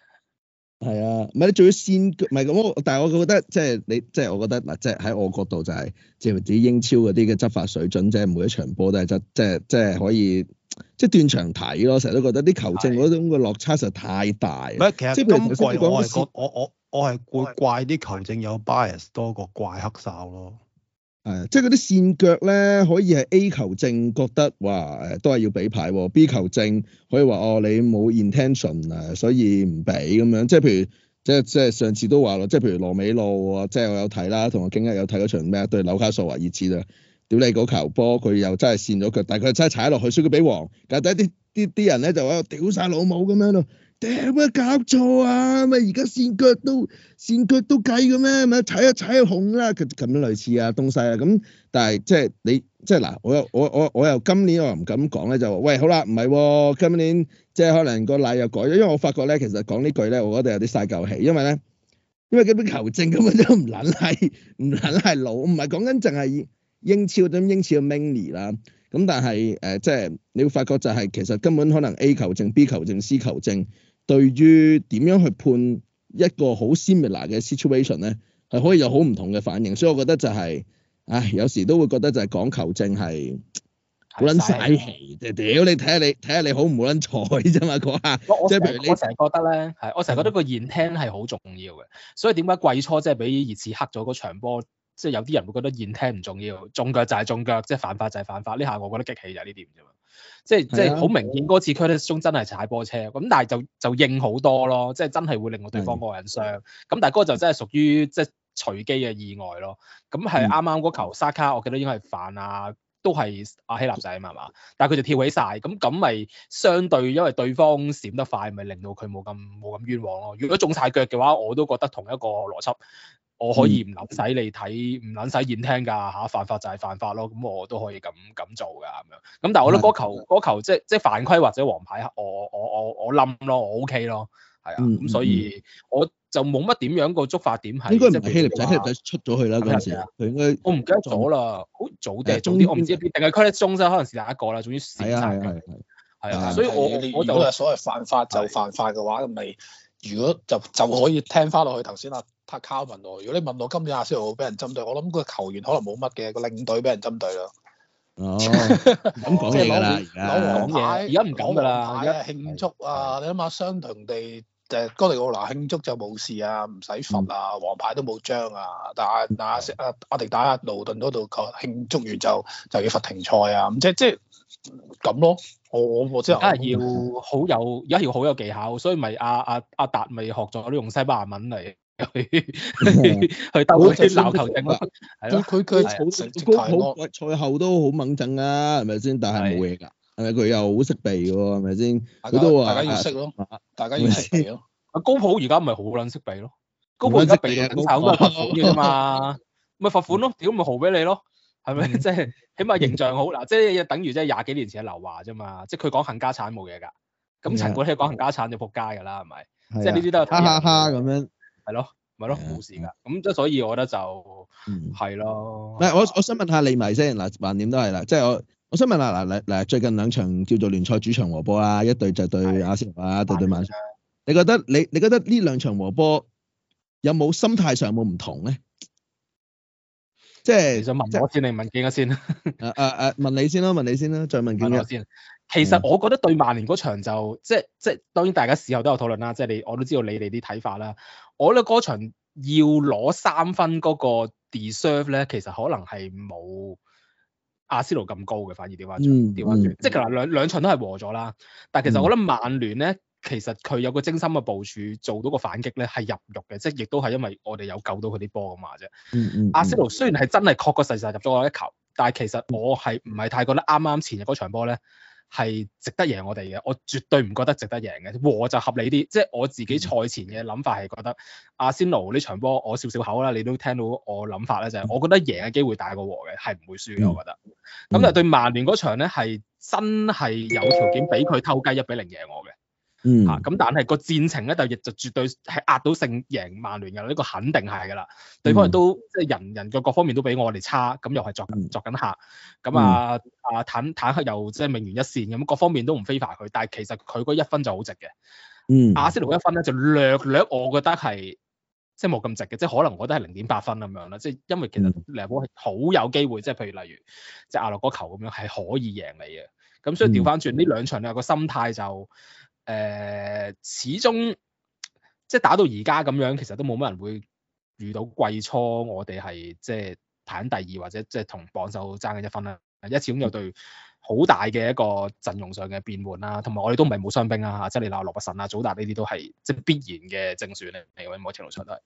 係啊，唔係你仲要先，唔係咁。但係我覺得即係你，即係我覺得嗱，即係喺我角度就係，即係啲英超嗰啲嘅執法水準，即係每一場波都係執，即係即係可以，即係斷場睇咯。成日都覺得啲球證嗰種嘅落差實在太大。唔係，其實即係今季我我。我係怪啲球證有 bias 多過怪黑哨咯、哦。係、啊、即係嗰啲線腳咧，可以係 A 球證覺得話都係要俾牌、哦，B 球證可以話哦你冇 intention 啊，所以唔俾咁樣。即係譬如即係即係上次都話咯，即係譬如羅美露啊，即係我有睇啦，同我京一有睇嗰場咩啊對紐卡素為熱戰啊，屌你嗰球波佢又真係跣咗腳，但係佢真係踩落去，需要俾黃。嗱，但係啲啲啲人咧就屌晒老母咁樣咯。屌咩搞錯啊！咪而家線腳都線腳都計嘅咩？咪踩一踩下紅啦，咁樣類似啊東西啊咁。但係即係你即係嗱，我我我我又今年我又唔敢講咧，就喂好啦，唔係、哦、今年即係可能個例又改咗，因為我發覺咧，其實講呢句咧，我覺得有啲嘥舊氣，因為咧因為基本球證根本都唔撚係唔撚係老，唔係講緊淨係英超點英超 mini 啦。咁但係誒，即、呃、係、就是、你會發覺就係、是、其實根本可能 A 球證、B 球證、C 球證，對於點樣去判一個好 similar 嘅 situation 咧，係可以有好唔同嘅反應。所以我覺得就係、是，唉，有時都會覺得就係講球證係好撚嘥氣。屌，你睇下你睇下你好唔好撚彩啫嘛講下，即係經譬如你成日覺得咧，係我成日覺得個現聽係好重要嘅。所以點解季初即係俾熱刺黑咗嗰場波？即係有啲人會覺得言聽唔重要，中腳就係中腳，即係犯法就係犯法。呢下我覺得激氣就係呢點啫嘛。即係的即係好明顯，嗰次 Curtis 中真係踩波車，咁但係就就硬好多咯。即係真係會令到對方個人傷。咁但係嗰個就真係屬於即係隨機嘅意外咯。咁係啱啱嗰球沙卡，我記得應該係犯啊，都係阿希臘仔啊嘛嘛。但係佢就跳起晒，咁咁咪相對因為對方閃得快，咪令到佢冇咁冇咁冤枉咯。如果中晒腳嘅話，我都覺得同一個邏輯。我可以唔諗使你睇，唔諗使現聽噶吓，犯法就係犯法咯，咁我都可以咁咁做噶咁樣。咁但係我覺得嗰球嗰球即係即係犯規或者黃牌，我我我我冧咯，我 OK 咯，係啊。咁所以我就冇乜點樣，個觸發點係。應該唔係希利仔，希利仔出咗去啦嗰陣時，佢應該我唔記得咗啦，好早定係早啲，我唔知。定係科林中心可能是哪一個啦？總之是。係啊，所以我我就所謂犯法就犯法嘅話，咪。如果就就可以聽翻落去頭先啊，塔卡問我，如果你問我今年阿仙奴俾人針對，我諗個球員可能冇乜嘅，個領隊俾人針對啦。哦，咁講嘢啦，而家講嘢，而家唔講㗎啦。而家牌、啊，慶祝啊，你諗下相同地，誒、就係，哥迪奧拿慶祝就冇事啊，唔使罰啊，黃、嗯、牌都冇張啊。但係嗱阿阿迪打阿勞頓嗰度，個慶祝完就要慶祝完就要罰停賽啊，咁即即。咁咯，我我真係而家要好有，而家要好有技巧，所以咪阿阿阿達咪學咗用西班牙文嚟去去鬥啲鬧球勁噶，係咯，佢佢高普賽賽後都好猛震啊，係咪先？但係冇嘢噶，係咪佢又好識避噶？係咪先？大家大家要識咯，大家要識咯。阿高普而家唔係好捻識避咯，高普而家避到好慘噶嘛，咪罰款咯，屌咪豪俾你咯。係咪即係起碼形象好嗱？即係等於即係廿幾年前嘅劉華啫嘛。即係佢講冚家產冇嘢噶，咁陳冠希講冚家產就仆街噶啦，係咪、啊？即係呢啲都有睇人。哈哈哈咁樣。係咯，咪咯，冇事噶。咁即係所以我覺得就係咯。我、嗯啊嗯嗯啊、我想問下你埋先嗱，橫掂都係啦。即係我我想問下，嗱嗱最近兩場叫做聯賽主場和波啊，一隊就對阿仙奴一對對曼城。你覺得你你覺得呢兩場和波有冇心態上冇唔同咧？即係想問我先你是問京一先？誒誒誒，問你先啦，問你先啦，再問京我，我先。其實我覺得對曼聯嗰場就即係即係，當然大家事後都有討論啦。即係你我都知道你哋啲睇法啦。我覺得嗰場要攞三分嗰個 deserve 咧，其實可能係冇阿斯洛咁高嘅，反而調翻轉調翻轉。即係嗱，兩兩場都係和咗啦。但係其實我覺得曼聯咧。其實佢有個精心嘅部署，做到個反擊咧係入肉嘅，即係亦都係因為我哋有救到佢啲波啊嘛啫。阿仙奴雖然係真係確確實實入咗我一球，但係其實我係唔係太覺得啱啱前日嗰場波咧係值得贏我哋嘅，我絕對唔覺得值得贏嘅，和就合理啲。即係我自己賽前嘅諗法係覺得嗯嗯阿仙奴呢場波我笑笑口啦，你都聽到我諗法咧就係、是、我覺得贏嘅機會大過和嘅，係唔會輸嘅我覺得。咁啊、嗯嗯嗯、但係對曼聯嗰場咧係真係有條件俾佢偷雞一比零贏我嘅。嗯，嚇咁但係個戰情咧就亦就絕對係壓到勝贏曼聯嘅呢個肯定係噶啦，嗯、對方亦都即係、就是、人人嘅各方面都比我哋差，咁又係作、嗯、作緊客，咁、嗯、啊啊坦坦克又即係命懸一綫咁，各方面都唔非凡佢，但係其實佢嗰一分就好值嘅，嗯，阿仙奴一分咧就略略，我覺得係即係冇咁值嘅，即、就、係、是、可能我覺得係零點八分咁樣啦，即、就、係、是、因為其實利物浦係好有機會，即係譬如例如即係壓落個球咁樣係可以贏你嘅，咁所以調翻轉呢兩場咧個心態就。誒、呃，始終即係打到而家咁樣，其實都冇乜人會遇到季初我哋係即係排緊第二或者即係同榜首爭緊一分啦。一次咁有對好大嘅一個陣容上嘅變換啦，同埋我哋都唔係冇傷兵啊，即係你話羅拔臣啊、祖達呢啲都係即係必然嘅正選嚟，喺某種程度上都係。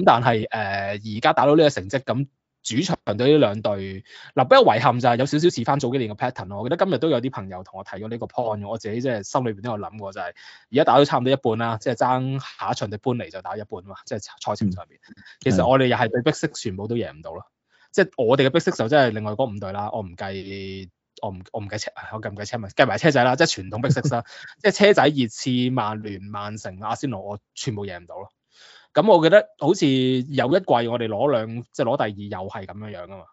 咁但係誒，而、呃、家打到呢個成績咁。主場對呢兩隊，嗱比較遺憾就係有少少似翻早幾年嘅 pattern 咯。我記得今日都有啲朋友同我提過呢個 point，我自己即係心裏邊都有諗過就係、是，而家打到差唔多一半啦，即係爭下一場對搬嚟就打一半嘛，即係賽程上邊。其實我哋又係對 Big 6全部都贏唔到咯，即係我哋嘅 Big 6就真係另外嗰五隊啦。我唔計，我唔我唔計車，我計唔計車咪計埋車,車仔啦，即係傳統 Big 6啦，即係車仔熱刺、曼聯、曼城、阿仙奴，我全部贏唔到咯。咁我覺得好似有一季我，我哋攞兩即係攞第二，又係咁樣樣啊嘛！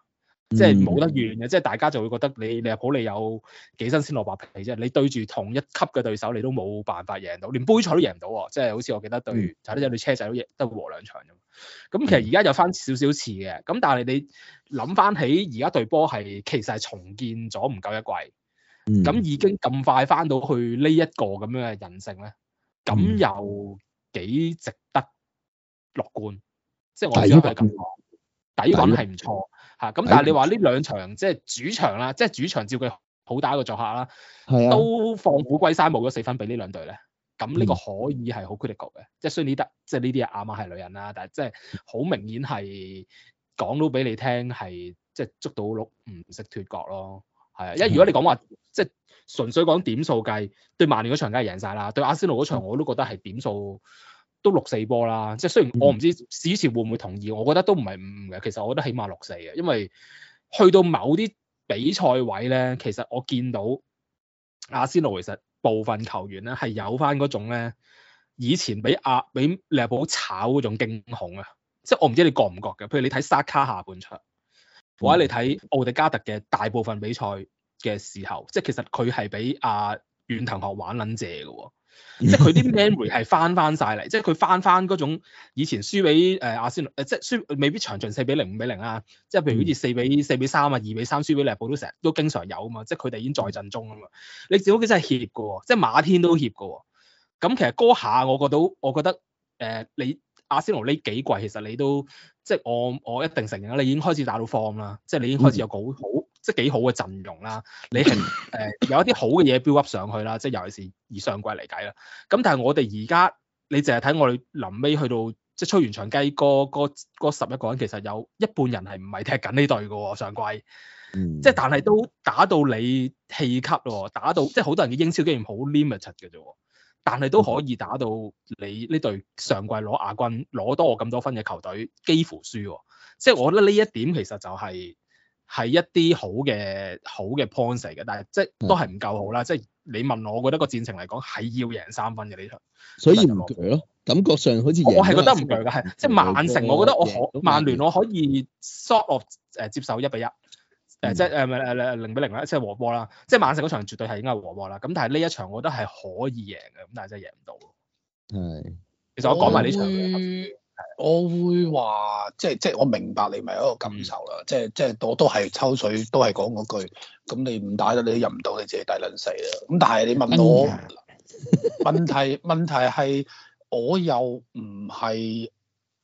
即係冇得完嘅，即係大家就會覺得你你阿婆你有幾新鮮蘿蔔皮啫？你對住同一級嘅對手，你都冇辦法贏到，連杯賽都贏唔到。即係好似我記得對，就啲、嗯、有啲車仔都贏得和兩場咁。咁其實而家有翻少少次嘅，咁但係你諗翻起而家隊波係其實係重建咗唔夠一季，咁已經咁快翻到去呢一個咁樣嘅人性咧，咁又幾值？樂觀，即係我只係咁講，底蘊係唔錯嚇。咁盤但係你話呢兩場即係主場啦，即係主場照佢好打一個作客啦，啊、都放虎歸山冇咗四分俾呢兩隊咧。咁呢個可以係好 critical 嘅，即係雖然得即係呢啲啊亞馬係女人啦，但係即係好明顯係講到俾你聽係即係捉到鹿唔識脫角咯。係啊，因為如果你講話即係純粹講點數計，對曼聯嗰場梗係贏晒啦，對阿仙奴嗰場我都覺得係點數。都六四波啦，即係雖然我唔知史前會唔會同意，我覺得都唔係五五嘅，其實我覺得起碼六四嘅。因為去到某啲比賽位咧，其實我見到阿仙奴其實部分球員咧係有翻嗰種咧，以前俾阿俾利物浦炒嗰種驚恐啊，即係我唔知你覺唔覺嘅，譬如你睇沙卡下半場，或者你睇奧迪加特嘅大部分比賽嘅時候，即係其實佢係俾阿遠藤學玩捻謝嘅。即係佢啲 memory 係翻翻晒嚟，即係佢翻翻嗰種以前輸俾誒阿仙奴，誒即係輸未必場場四比零五比零啊，即係譬如好似四比四比三啊，二比三輸俾利物浦都成日都經常有啊嘛，即係佢哋已經在陣中啊嘛。你自己屋企真係協嘅喎，即係馬天都協嘅喎。咁其實嗰下我覺得，我覺得誒、呃、你阿仙奴呢幾季其實你都即係我我一定承認啦，你已經開始打到 form 啦，即係你已經開始有個好。嗯即係幾好嘅陣容啦，你係誒、呃、有一啲好嘅嘢 build up 上去啦，即係尤其是以上季嚟計啦。咁但係我哋而家你淨係睇我哋臨尾去到即係吹完場雞，嗰十一個人其實有一半人係唔係踢緊呢隊嘅喎、哦、上季，即係但係都打到你氣咳喎、哦，打到即係好多人嘅英超經驗好 limit 嘅啫，但係都可以打到你呢隊上季攞亞軍、攞多我咁多分嘅球隊幾乎輸、哦，即係我覺得呢一點其實就係、是。係一啲好嘅好嘅 points 嚟嘅，但係即係都係唔夠好啦。的即係你問我，我覺得個戰程嚟講係要贏三分嘅呢場。所以唔鋸咯，我感覺上好似贏我係覺得唔攰嘅，係即係曼城，我覺得我可，曼聯我可以 sort of 誒、呃、接受一比一、嗯，誒即係誒誒零比零啦，即係和波啦。即係曼城嗰場絕對係應該係和波啦。咁但係呢一場我覺得係可以贏嘅，咁但係真係贏唔到。係，其實我講埋呢場。我會話即係即係我明白你咪一個感受啦，即係即係我都係抽水，都係講嗰句，咁你唔打咗你都入唔到，你自己大卵細啦。咁但係你問我、嗯、問題， 問題係我又唔係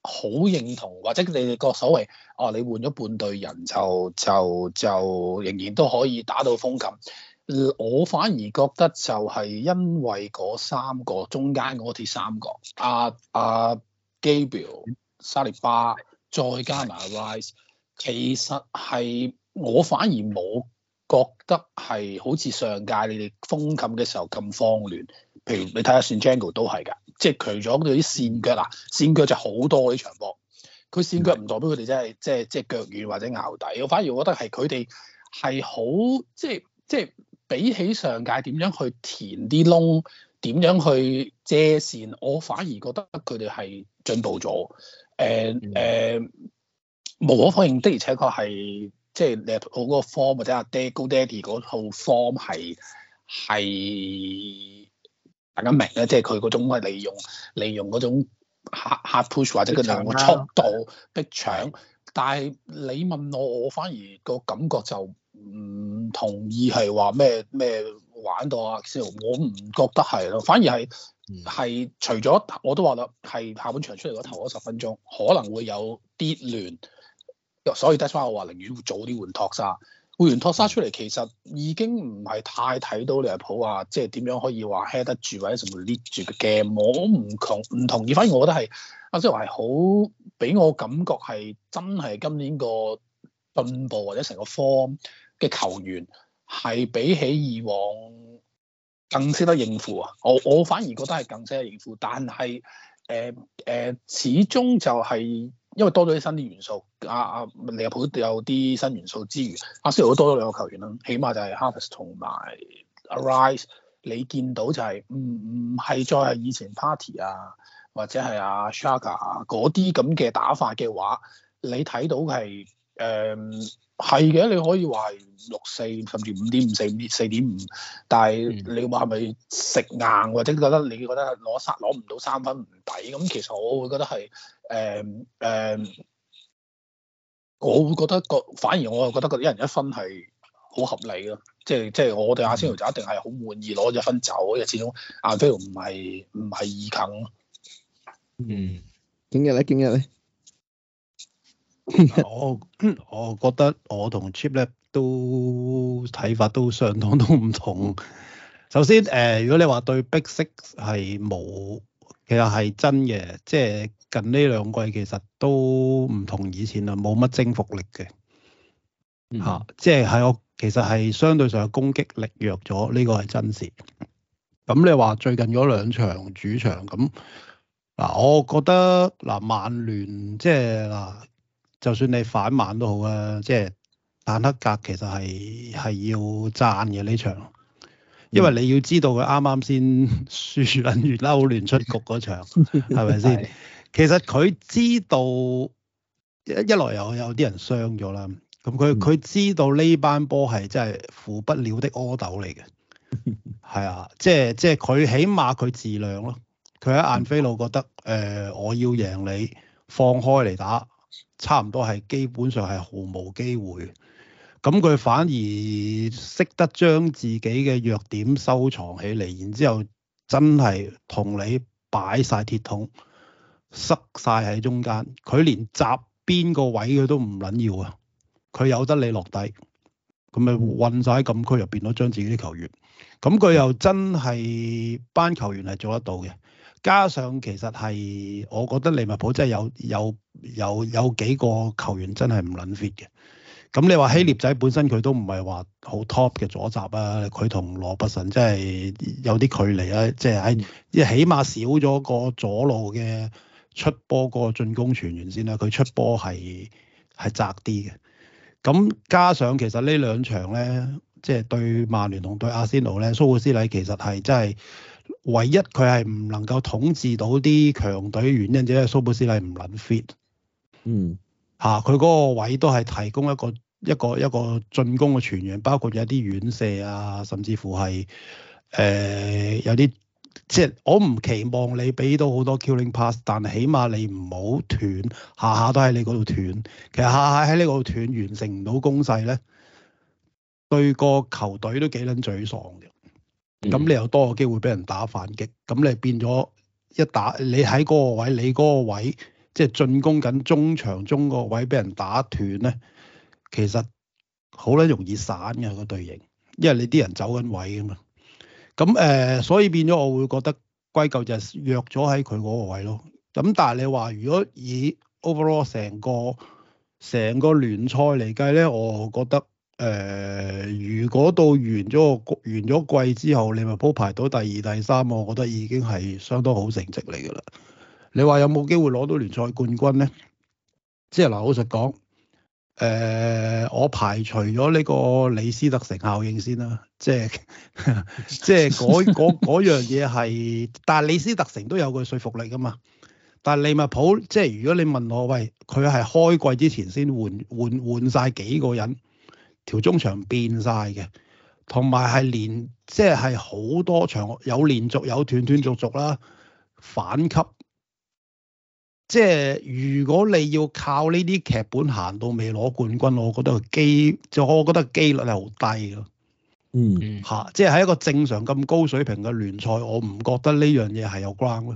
好認同，或者你哋個所謂哦、啊，你換咗半隊人就就就，就仍然都可以打到風感、呃，我反而覺得就係因為嗰三個中間嗰啲三個阿阿。啊啊 Gabriel Saliba 再加埋 Rice，的其實係我反而冇覺得係好似上屆你哋封琴嘅時候咁慌亂。譬如你睇下 Zinchenko 都係㗎，即係除咗佢啲跣腳啊，跣腳就好多啲場波。佢跣腳唔代表佢哋真係即係即係腳軟或者拗底。我反而覺得係佢哋係好即係即係比起上屆點樣去填啲窿，點樣去。借線，我反而覺得佢哋係進步咗。誒誒、mm hmm. 啊，無可否認的，而且確係即係你嗰個 form 或者阿爹高爹地嗰套 form 係係大家明咧，即係佢嗰種係利用利用嗰種 hard hard push 或者佢哋個速度逼搶。但係你問我，我反而個感覺就唔同意係話咩咩玩到阿 Sir，我唔覺得係咯，反而係。係，除咗我都話啦，係下半場出嚟嗰頭嗰十分鐘可能會有啲亂，所以 Dashvan 我話寧願早啲換托沙，換完托沙出嚟其實已經唔係太睇到利物浦啊，即係點樣可以話 h a a t 得住或者甚至乎 lead 住嘅 game。我唔同唔同意，反而我覺得係阿周華好俾我感覺係真係今年個進步或者成個 form 嘅球員係比起以往。更識得應付啊！我我反而覺得係更識得應付，但係誒誒，始終就係、是、因為多咗啲新啲元素。阿、啊、阿、啊、利物浦有啲新元素之餘，阿仙奴都多咗兩個球員啦，起碼就係 Havertz 同埋 Arise。你見到就係唔唔係再係以前 Partey 啊或者係阿 Xhaka 嗰啲咁嘅打法嘅話，你睇到係誒。嗯係嘅，你可以話係六四甚至五點五四五四點五，但係、嗯、你話係咪食硬或者覺得你覺得攞三攞唔到三分唔抵咁？其實我會覺得係誒誒，我會覺得個反而我又覺得一個一人一分係好合理咯，即係即係我對阿仙奴就一定係好滿意攞一分走，因為始終安菲路唔係唔係易啃。嗯，點解咧，點解咧。嗯 我我覺得我同 Chip 咧都睇法都相堂都唔同。首先誒、呃，如果你話對、Big、Six 係冇，其實係真嘅，即、就、係、是、近呢兩季其實都唔同以前啦，冇乜征服力嘅嚇，即係係我其實係相對上嘅攻擊力弱咗，呢、這個係真事。咁你話最近嗰兩場主場咁，嗱、啊、我覺得嗱、啊、曼聯即係嗱。就是啊就算你反慢都好啊，即係但黑格其實係係要讚嘅呢場，因為你要知道佢啱啱先輸緊，越嬲亂出局嗰場，係咪先？ 其實佢知道一一來又有啲人傷咗啦，咁佢佢知道呢班波係真係扶不了的阿斗嚟嘅，係啊，即係即係佢起碼佢自量咯，佢喺晏菲路覺得誒、呃、我要贏你，放開嚟打。差唔多係基本上係毫無機會，咁、嗯、佢反而識得將自己嘅弱點收藏起嚟，然之後真係同你擺晒鐵桶塞晒喺中間，佢連閘邊個位佢都唔撚要啊！佢有得你落底，咁咪混晒喺禁區入邊嗰將自己啲球員，咁、嗯、佢又真係班球員係做得到嘅，加上其實係我覺得利物浦真係有有。有有有幾個球員真係唔撚 fit 嘅。咁你話希臘仔本身佢都唔係話好 top 嘅左閘啊，佢同羅伯臣真係有啲距離啊，即係喺即係起碼少咗個左路嘅出波個進攻傳員先啦。佢出波係係窄啲嘅。咁加上其實呢兩場咧，即係對曼聯同對阿仙奴咧，蘇布斯禮其實係真係唯一佢係唔能夠統治到啲強隊原因，就係蘇布斯禮唔撚 fit。嗯，吓佢嗰個位都係提供一個一個一個進攻嘅傳員，包括有啲遠射啊，甚至乎係誒、呃、有啲即係我唔期望你俾到好多 killing pass，但起碼你唔好斷，下下都喺你嗰度斷。其實下下喺呢度斷完成唔到攻勢咧，對個球隊都幾捻沮喪嘅。咁、嗯、你又多個機會俾人打反擊，咁你變咗一打你喺嗰個位，你嗰個位。即係進攻緊中場中個位，俾人打斷咧，其實好撚容易散嘅個隊形，因為你啲人走緊位啊嘛。咁誒、呃，所以變咗，我會覺得歸咎就係弱咗喺佢嗰個位咯。咁但係你話，如果以 overall 成個成個聯賽嚟計咧，我覺得誒、呃，如果到完咗個完咗季之後，你咪鋪排到第二、第三，我覺得已經係相當好成績嚟㗎啦。你話有冇機會攞到聯賽冠軍咧？即係嗱，老實講，誒、呃，我排除咗呢個李斯特城效應先啦，即係即係嗰樣嘢係，但係李斯特城都有個說服力噶嘛。但係利物浦，即係如果你問我，喂，佢係開季之前先換換換晒幾個人，條中場變晒嘅，同埋係連即係係好多場有連續有斷斷續續啦，反級。即係如果你要靠呢啲劇本行到未攞冠軍，我覺得機就我覺得機率係好低咯。嗯。嚇！即係喺一個正常咁高水平嘅聯賽，我唔覺得呢樣嘢係有關咯。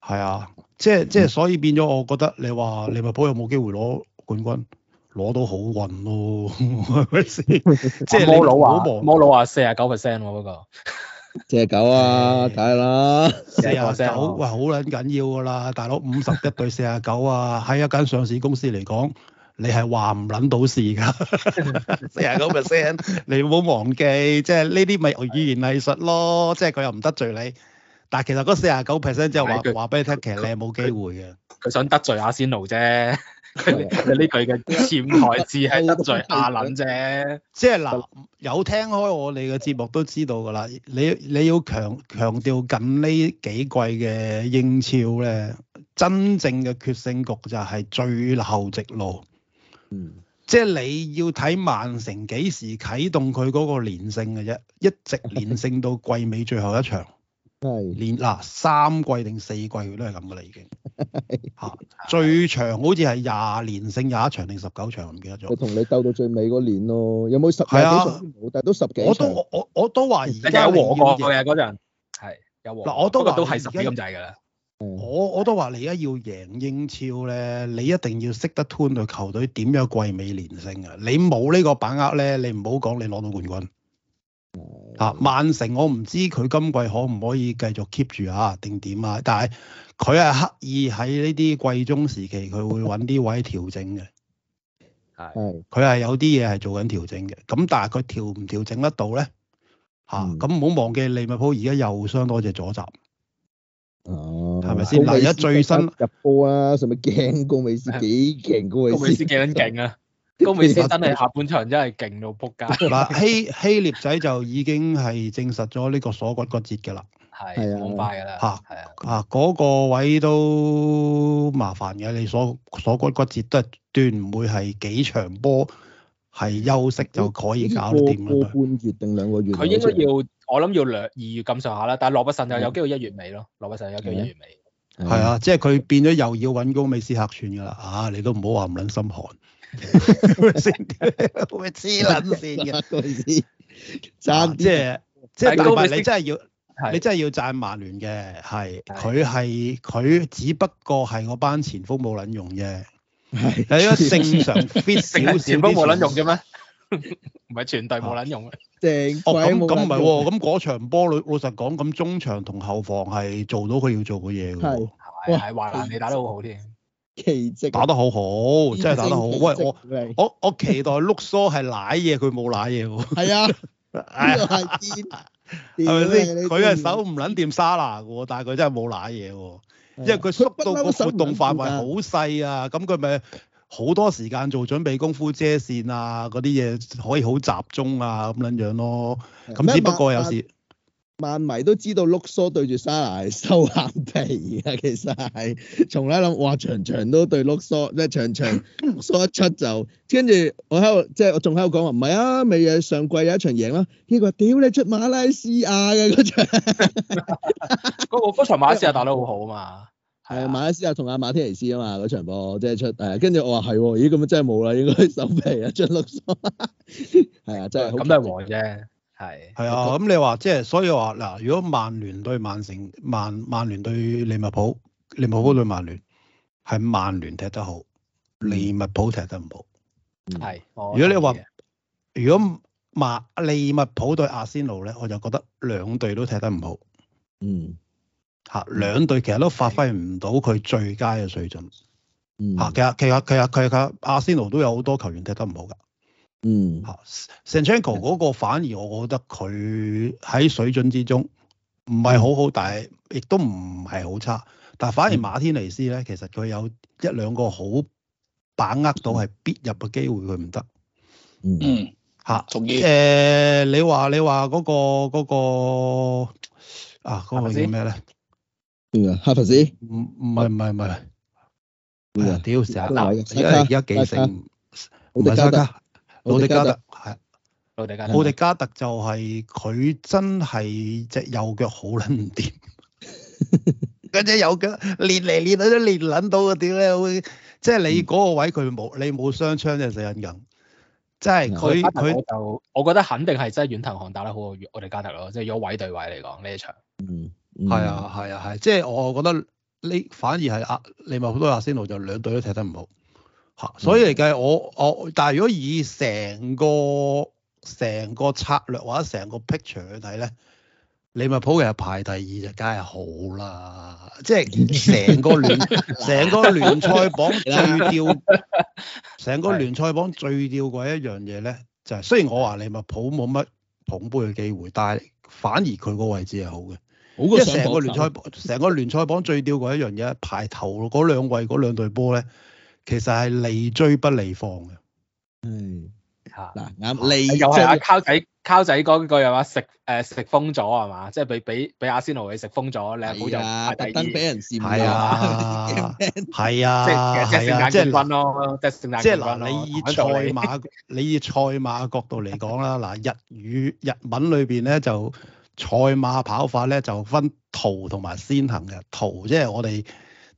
係啊，即係即係，所以變咗我覺得你話利物浦有冇機會攞冠軍，攞到好運咯，係咪先？即係你唔好望。摩老話四啊九 percent 喎，我覺得。四廿九啊，大啦是，四廿九哇，好捻緊要噶啦，大佬五十一對四廿九啊，喺一間上市公司嚟講，你係話唔捻到事噶，四廿九 percent，你唔好忘記，即係呢啲咪語言藝術咯，即係佢又唔得罪你，但係其實嗰四廿九 percent 即係話話俾你聽，其實你係冇機會嘅，佢想得罪阿仙奴啫。呢 句嘅潛台詞係得罪阿撚啫，即係嗱，有聽開我哋嘅節目都知道㗎啦。你你要強強調緊呢幾季嘅英超咧，真正嘅決勝局就係最後直路。嗯，即係你要睇曼城幾時啟動佢嗰個連勝嘅啫，一直連勝到季尾最後一場。連嗱、啊、三季定四季，佢都係咁噶啦，已經吓最長好似係廿連勝廿一場定十九場，唔記得咗。我同你鬥到最尾嗰年咯，有冇十？係啊，但係都十幾場。我都我我都話而家要贏嘅嗰陣係有和。嗱，我都覺都係十幾咁滯噶啦。我我都話你而家要贏英超咧、嗯，你一定要識得拖住球隊點樣季尾連勝啊！你冇呢個把握咧，你唔好講你攞到冠軍。啊，曼城我唔知佢今季可唔可以繼續 keep 住啊，定點啊？但係佢係刻意喺呢啲季中時期，佢會揾啲位調整嘅。係。佢係有啲嘢係做緊調整嘅。咁但係佢調唔調整得到咧？嚇！咁唔好忘記利物浦而家又傷多隻左閘。哦。係咪先？嗱，而家最新入波啊！係咪驚高美斯幾勁？高美斯幾撚勁啊！高美斯真係下半場真係勁到仆街。嗱，希希臘仔就已經係證實咗呢個鎖骨骨折噶啦，係好快噶啦。吓，吓嗰個位都麻煩嘅，你鎖鎖骨骨折都係斷唔會係幾場波係休息就可以搞掂半月定兩個月，佢應該要我諗要兩二月咁上下啦，但係羅伯遜就有機會一月尾咯，羅、hmm. 伯遜有機會一月尾，yeah.。係 Yeah. 啊，即係佢變咗又要搵高美斯客串噶啦，啊，你都唔好話唔撚心寒。黐撚線嘅，唔好意思，贊 一點、 啊、即係即係，但係你真係要， 你真係要贊曼聯嘅，係佢係佢，的只不過係我班前鋒冇撚用啫。係，有啲正常 fit 少少啲。 前鋒冇撚用嘅咩？唔 係全隊冇撚用 啊！正哦咁唔係喎，咁嗰、啊、場波裏老實講，咁中場同後防係做到佢要做嘅嘢嘅喎。係係、 嗯、你打得好好添。奇蹟打得好好，蹟真係打得好。蹟喂，我我我期待 Luke Shaw 係瀨嘢，佢冇瀨嘢。係啊蹟，呢個係電，係咪先？佢嘅手唔捻掂沙拿㗎，但係佢真係冇瀨嘢。因為佢縮到個活動範圍好細啊，咁佢咪好多時間做準備功夫遮線啊，嗰啲嘢可以好集中啊，咁樣樣咯。咁麼只不過有時。啊萬迷都知道碌 o o 對住沙拉收下皮噶，其實係從嚟諗，哇，長長都對碌 o 即係長長 l o 一出就，跟住我喺度，即、就、係、是、我仲喺度講話唔係啊，咪上季有一場贏啦，呢話屌你出馬拉西亞嘅嗰場，嗰個嗰場馬拉西亞打得好好啊嘛，係啊，馬拉西亞同阿馬天尼斯啊嘛嗰場波，即、就、係、是、出誒，跟、嗯、住我話係、哦，咦咁樣真係冇啦，應該手皮啊，出碌 o o 係啊， 真係咁都咩和啫。 om .係係啊，咁你話即係，所以話嗱，如果曼聯對曼城、曼曼聯對利物浦、利物浦對曼聯，係曼聯踢得好，mm. 利物浦踢得唔好。係，如果你話如果曼利物浦對阿仙奴咧，我就覺得兩隊都踢得唔好。嗯。吓，兩隊其實都發揮唔到佢最佳嘅水準。吓、mm.，其實其實其實佢阿仙奴都有好多球員踢得唔好噶。嗯，嚇，Sancho 嗰個反而我覺得佢喺水準之中唔係好好，但係亦都唔係好差。但係反而馬天尼斯咧，其實佢有一兩個好把握到係必入嘅機會，佢唔得。嗯，嚇，從而誒，你話你話嗰個嗰個啊嗰個叫咩咧？邊個？哈伐斯？唔唔係唔係唔係。屌成日鬧，而家而家幾成？唔係西加。奧迪加特係，奧迪加,加特就係佢真係隻右腳好撚唔掂，嗰隻右腳練嚟練去都練撚到啊！屌你，即係你嗰個位佢冇，嗯、你冇雙槍真係死人咁，即係佢佢就，他我覺得肯定係真係遠藤航打得好過奧迪加特咯，即係位對位嚟講呢一場。嗯，係、嗯、啊，係啊，係、啊啊啊，即係我覺得呢，反而係啊，利物浦都阿仙奴就兩隊都踢得唔好。吓，所以嚟計我我，但係如果以成個成個策略，或者成個 picture 去睇咧，利物浦其實排第二就梗係好啦。即係成個聯成個聯賽榜最吊，成的個聯賽榜最吊嗰一樣嘢咧，就係、是、雖然我話利物浦冇乜捧杯嘅機會，但係反而佢個位置係好嘅，即係成個聯賽成個聯賽榜最吊嗰一樣嘢，排頭嗰兩位嗰兩隊波咧。其實係利追不利放嘅，係吓嗱，利又係阿溝仔，溝仔嗰句話食，誒，食封咗啊嘛，即係俾俾俾阿仙奴你食封咗，你好古就特登俾人笑到啊！係啊，即係即係聖誕冠軍即係嗱，你以賽馬，你以賽馬角度嚟講啦，嗱，日語日文裏邊咧就賽馬跑法咧就分逃同埋先行嘅逃，即係我哋。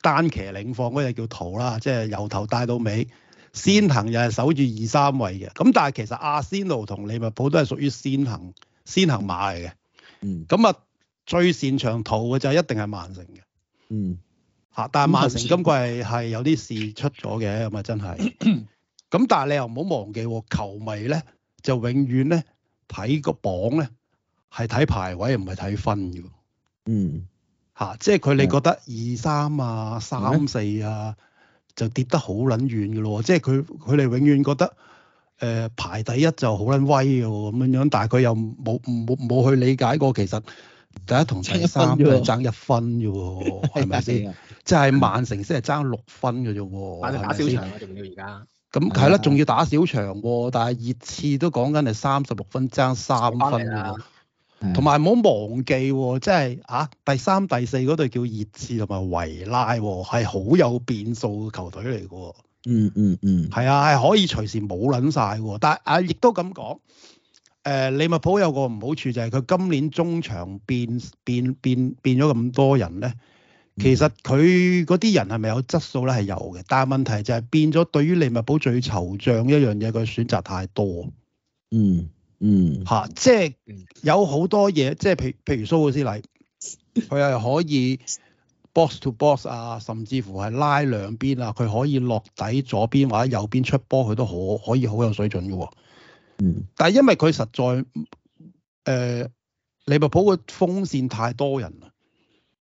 單騎領放嗰隻叫逃啦，即係由頭帶到尾，先行又係守住二三位嘅。咁但係其實阿仙奴同利物浦都係屬於先行先行馬嚟嘅。嗯。咁啊，最擅長逃嘅就係一定係曼城嘅。嗯。嚇！但係曼城今季係有啲事出咗嘅，咁啊真係。咁但係你又唔好忘記喎，球迷咧就永遠咧睇個榜咧係睇排位，唔係睇分嘅。嗯。嚇、啊！即係佢哋覺得二三啊、三四啊的就跌得好撚遠嘅咯喎！即係佢佢哋永遠覺得誒、呃、排第一就好撚威嘅喎咁樣，但係佢又冇冇冇去理解過其實第一同第三都係爭一分啫喎，係咪先？即係曼城先係爭六分嘅啫喎，打少場啊，仲的要而家咁係咯，仲、嗯、要打少場喎！但係熱刺都講緊係三十六分爭三分嘅喎。同埋唔好忘記喎，即係啊，第三、第四嗰隊叫熱刺同埋維拉喎，係好有變數嘅球隊嚟嘅喎嗯。嗯嗯嗯，係啊，係可以隨時冇撚晒喎。但係啊，亦都咁講，誒、呃、利物浦有個唔好處就係佢今年中場變變變變咗咁多人咧。其實佢嗰啲人係咪有質素咧？係有嘅，但係問題就係變咗對於利物浦最惆悵一樣嘢，佢選擇太多。嗯。嗯，嚇、啊，即係有好多嘢，即係譬譬如蘇爾斯嚟，佢係可以 box to box 啊，甚至乎係拉兩邊啊，佢可以落底左邊或者右邊出波，佢都可可以好有水準嘅。嗯，但係因為佢實在誒、呃、利物浦嘅風扇太多人啦，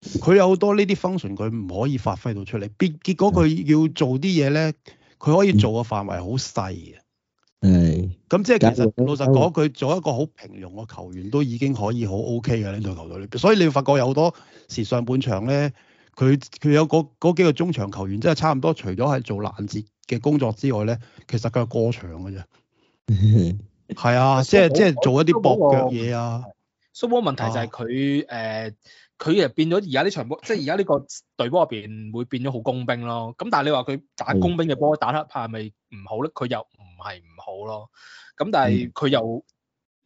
佢有好多呢啲 function 佢唔可以發揮到出嚟，結結果佢要做啲嘢咧，佢可以做嘅範圍好細嘅。係、嗯。嗯嗯。咁、嗯、即係其實老實講，佢做一個好平庸嘅球員都已經可以好 O K 嘅呢隊球隊裏邊。所以你會發覺有好多時上半場咧，佢佢有個嗰幾個中場球員真係差唔多，除咗係做攔截嘅工作之外咧，其實佢係過場嘅啫。係 啊，即係即係做一啲搏腳嘢啊。s u b b 問題就係佢誒，佢、呃、又變咗而家呢場波，即係而家呢個隊波入邊會變咗好工兵咯。咁但係你話佢打工兵嘅波打得牌係咪唔好咧？佢又？唔係唔好咯，咁但係佢又、嗯、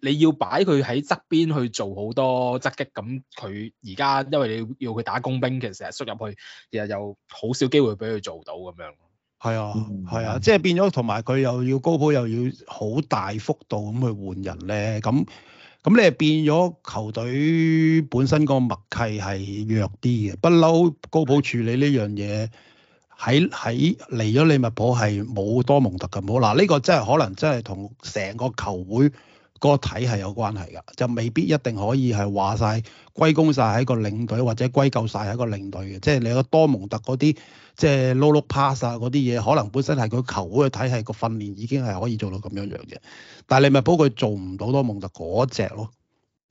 你要擺佢喺側邊去做好多側擊，咁佢而家因為你要佢打工兵，其實縮入去又又好少機會俾佢做到咁樣。係、嗯、啊，係啊，即係變咗同埋佢又要高普又要好大幅度咁去換人咧，咁咁你係變咗球隊本身個默契係弱啲嘅，不嬲高普處理呢樣嘢。喺喺嚟咗利物浦，係冇多蒙特嘅，冇嗱，呢個真係可能真係同成個球會個體系有關係㗎，就未必一定可以係話曬歸功曬喺個領隊或者歸咎曬喺個領隊嘅，即係你個多蒙特嗰啲即係碌碌 pass 啊嗰啲嘢，可能本身係佢個球會嘅體系個訓練已經係可以做到咁樣樣嘅，但係利物浦，佢做唔到多蒙特嗰隻咯。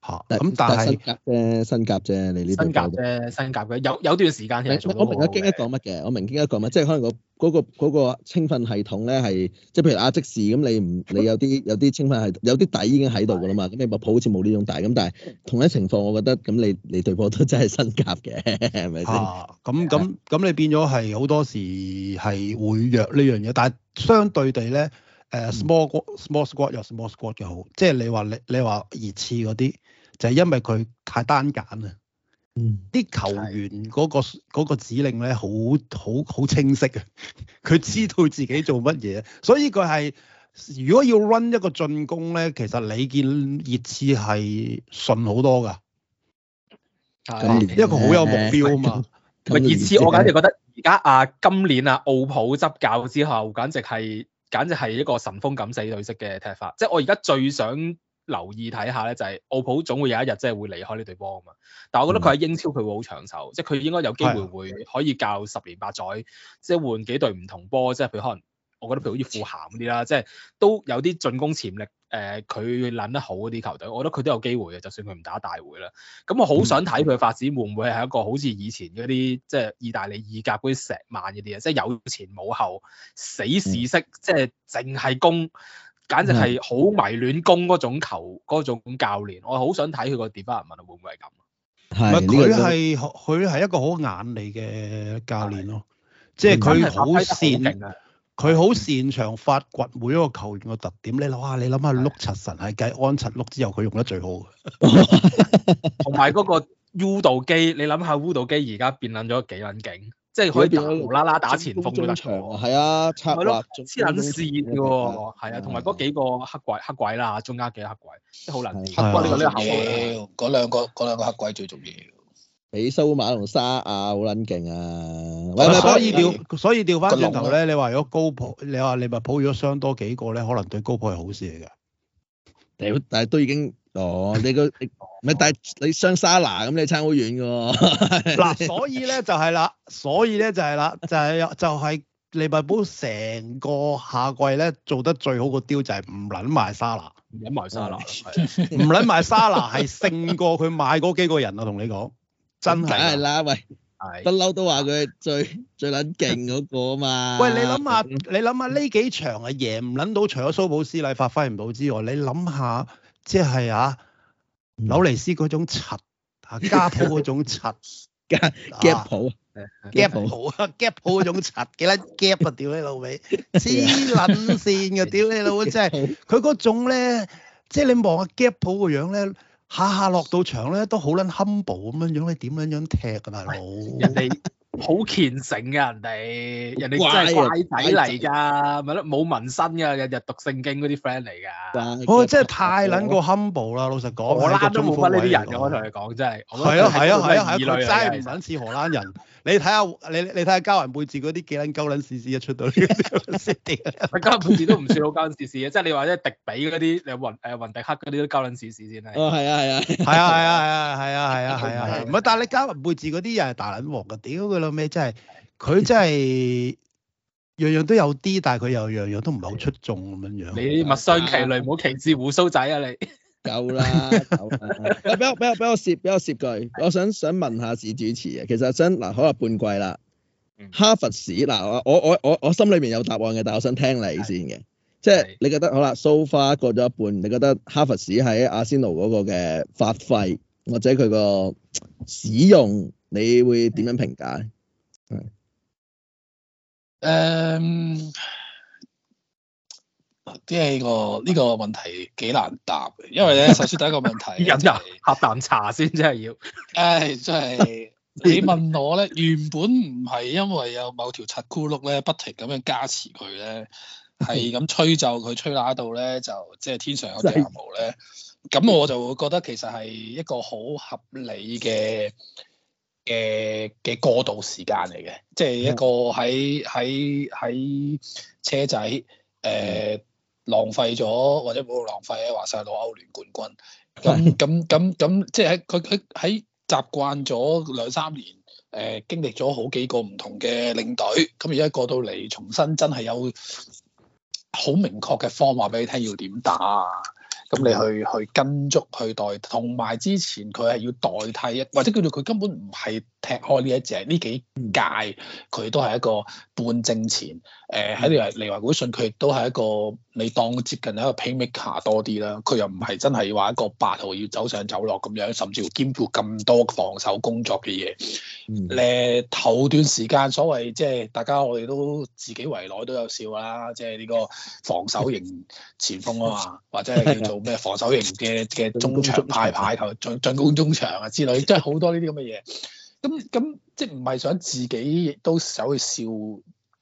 吓，但係咁，但係新甲啫，新甲啫，你呢？新甲啫，新甲嘅有有段時間得。我明明京一講乜嘅，我明我京一講乜，即係可能、個嗰、嗰個嗰個清分系統咧，係即係譬如亞即時咁，你唔你有啲有啲清分係有啲底已經喺度噶啦嘛，咁是的 你咪抱好似冇呢種底咁，但係同一情況，我覺得咁你你對波都真係新甲嘅，係咪先？咁咁咁，你變咗係好多時係會弱呢樣嘢，但係相對地咧。誒 small squad，small、uh, squad 有 small squad 嘅 small squad, small squad 好，即係你話你你話熱刺嗰啲，就係、是、因為佢太單簡啊，嗯，啲球員嗰、嗰個嗰個指令咧，好好好清晰嘅，佢 知道自己做乜嘢，所以佢係如果要 run 一個進攻咧，其實你見熱刺係順好多噶，係的，因為佢好有目標啊嘛，咪熱刺的我簡直覺得而家啊今年啊奧普執教之後，簡直係。簡直係一個神風敢死隊式嘅踢法，即係我而家最想留意睇下咧、就係，就係奧普總會有一日即係會離開呢隊波啊嘛，但係我覺得佢喺英超佢會好長壽，嗯、即係佢應該有機會會可以教十年八載，的即係換幾隊唔同波，即係譬如可能。我覺得譬如好似富咸啲啦，即係都有啲進攻潛力。誒、呃，佢諗得好嗰啲球隊，我覺得佢都有機會嘅。就算佢唔打大會啦，咁我好想睇佢發展會唔會係一個好似以前嗰啲即係意大利意甲嗰啲石曼嗰啲啊，即係有前冇後死士式，即係淨係攻，簡直係好迷戀攻嗰種球嗰種教練。我好想睇佢、這個點文會唔會係咁。係佢係佢係一個好眼利嘅教練咯，即係佢好善。佢好擅長發掘每一個球員個特點，你諗下，你諗下碌柒神係計安七碌之後，佢用得最好。同埋嗰個 U 度基，你諗下 U 度基而家變撚咗幾撚勁，即係可以打無啦啦打前鋒都得。係了啊，規劃仲黐撚線嘅係啊，同埋嗰幾個黑鬼黑鬼啦，中間幾個黑鬼，即係好能。啊、黑鬼呢、這個呢，嗰兩個黑鬼最重要。比蘇馬同沙亞啊，好捻勁啊！所以調，所以調翻轉頭咧，你話如果高普，你話利物浦如果傷多幾個咧，可能對高普係好事嚟噶。屌，但係都已經哦，你個 你，唔但係你傷沙拿咁，你差好遠噶。所以咧就係啦，所以咧就係啦，就係、是、就係、是、利物浦成個夏季咧做得最好個雕就係唔捻賣沙拿，唔捻賣沙拿，唔捻賣沙拿係 勝過佢買嗰幾個人啊！同你講。真係，梗係啦，喂，不嬲都話佢最最撚勁嗰個啊嘛。喂，你諗下，你諗下呢幾場啊，贏唔撚到，除咗蘇寶斯禮發揮唔到之外，你諗下，即係啊，紐尼斯嗰種柒啊，加普嗰種柒，加普，加普啊，加普嗰種柒幾撚 gap 啊？屌你老味，黐撚線嘅，屌你老味，真係，佢嗰種咧，即係你望下加普個樣咧。下下落到場咧都好撚 humble 咁樣樣，你點樣樣踢㗎大佬？人哋好虔誠㗎人哋，人哋真係阿仔嚟㗎，咪咯冇紋身㗎，日日讀聖經嗰啲 friend 嚟㗎。哇、哦！真係太撚個 humble 啦，老實講，荷蘭都冇乜呢啲人嘅，我同你講真係。係啊，係啊，係啊。係一個真係唔撚似荷蘭人。 你睇下你，你睇下加文背字嗰啲幾撚鳩撚事事，一出到呢啲先掂，加文背字 都唔算好鳩撚事事，即係你話一迪比嗰啲，你雲誒雲迪克嗰啲都鳩撚事事先、哦、啊。哦，係啊，係啊，係 啊，係啊，係啊，係啊，唔係、啊啊， 但係你加文背字嗰啲又係大撚王嘅屌佢老咩真係，佢真係樣樣都有啲，但係佢又樣樣都唔係好出眾咁樣樣。你物傷其類，唔好歧視胡鬚仔你啊你。 夠啦，俾 我俾我俾我涉俾我涉句，我想想問下史主持嘅，其實想嗱，可能半季啦，嗯、哈伐斯嗱，我我我我心裏面有答案嘅，但係我想聽你先嘅，是即係你覺得是好啦，so far 過咗一半，你覺得哈伐斯喺阿仙奴嗰個嘅發揮或者佢個使用，你會點樣評價？係的。誒、嗯。即係、這個呢、這個問題幾難答，因為咧，首先第一個問題飲、就、啖、是、 茶先，真係要，唉，即係你問我咧，原本唔係因為有某條柒箍碌咧，不停咁樣加持佢咧，係咁 吹奏佢吹那度咧，就即係天上有地下無咧，咁 我就會覺得其實係一個好合理嘅嘅嘅過渡時間嚟嘅，即係 一個喺喺喺車仔誒。呃浪費咗，或者冇浪費咧，話晒攞歐聯冠軍。咁咁咁咁，即係喺佢喺喺習慣咗兩三年，誒、呃、經歷咗好幾個唔同嘅領隊，咁而家過到嚟重新真係有好明確嘅方法俾你聽要點打。咁、嗯、你去去跟足去代替，同埋之前佢係要代替一，或者叫做佢根本唔係踢開呢一隻，呢幾屆佢都係一個半正前，誒，喺你話利華古遜，佢都係一個你當接近一個 playmaker 多啲啦，佢又唔係真係話一個八號要走上走落咁樣，甚至乎兼顧咁多防守工作嘅嘢。誒，嗯、頭段時間所謂即係大家我哋都自己圍內都有笑啦，即係呢個防守型前鋒啊嘛， 或者係叫做咩防守型嘅嘅中場派派球進 進攻中場啊之類，即係好多呢啲咁嘅嘢。咁咁即係唔係想自己亦都走去笑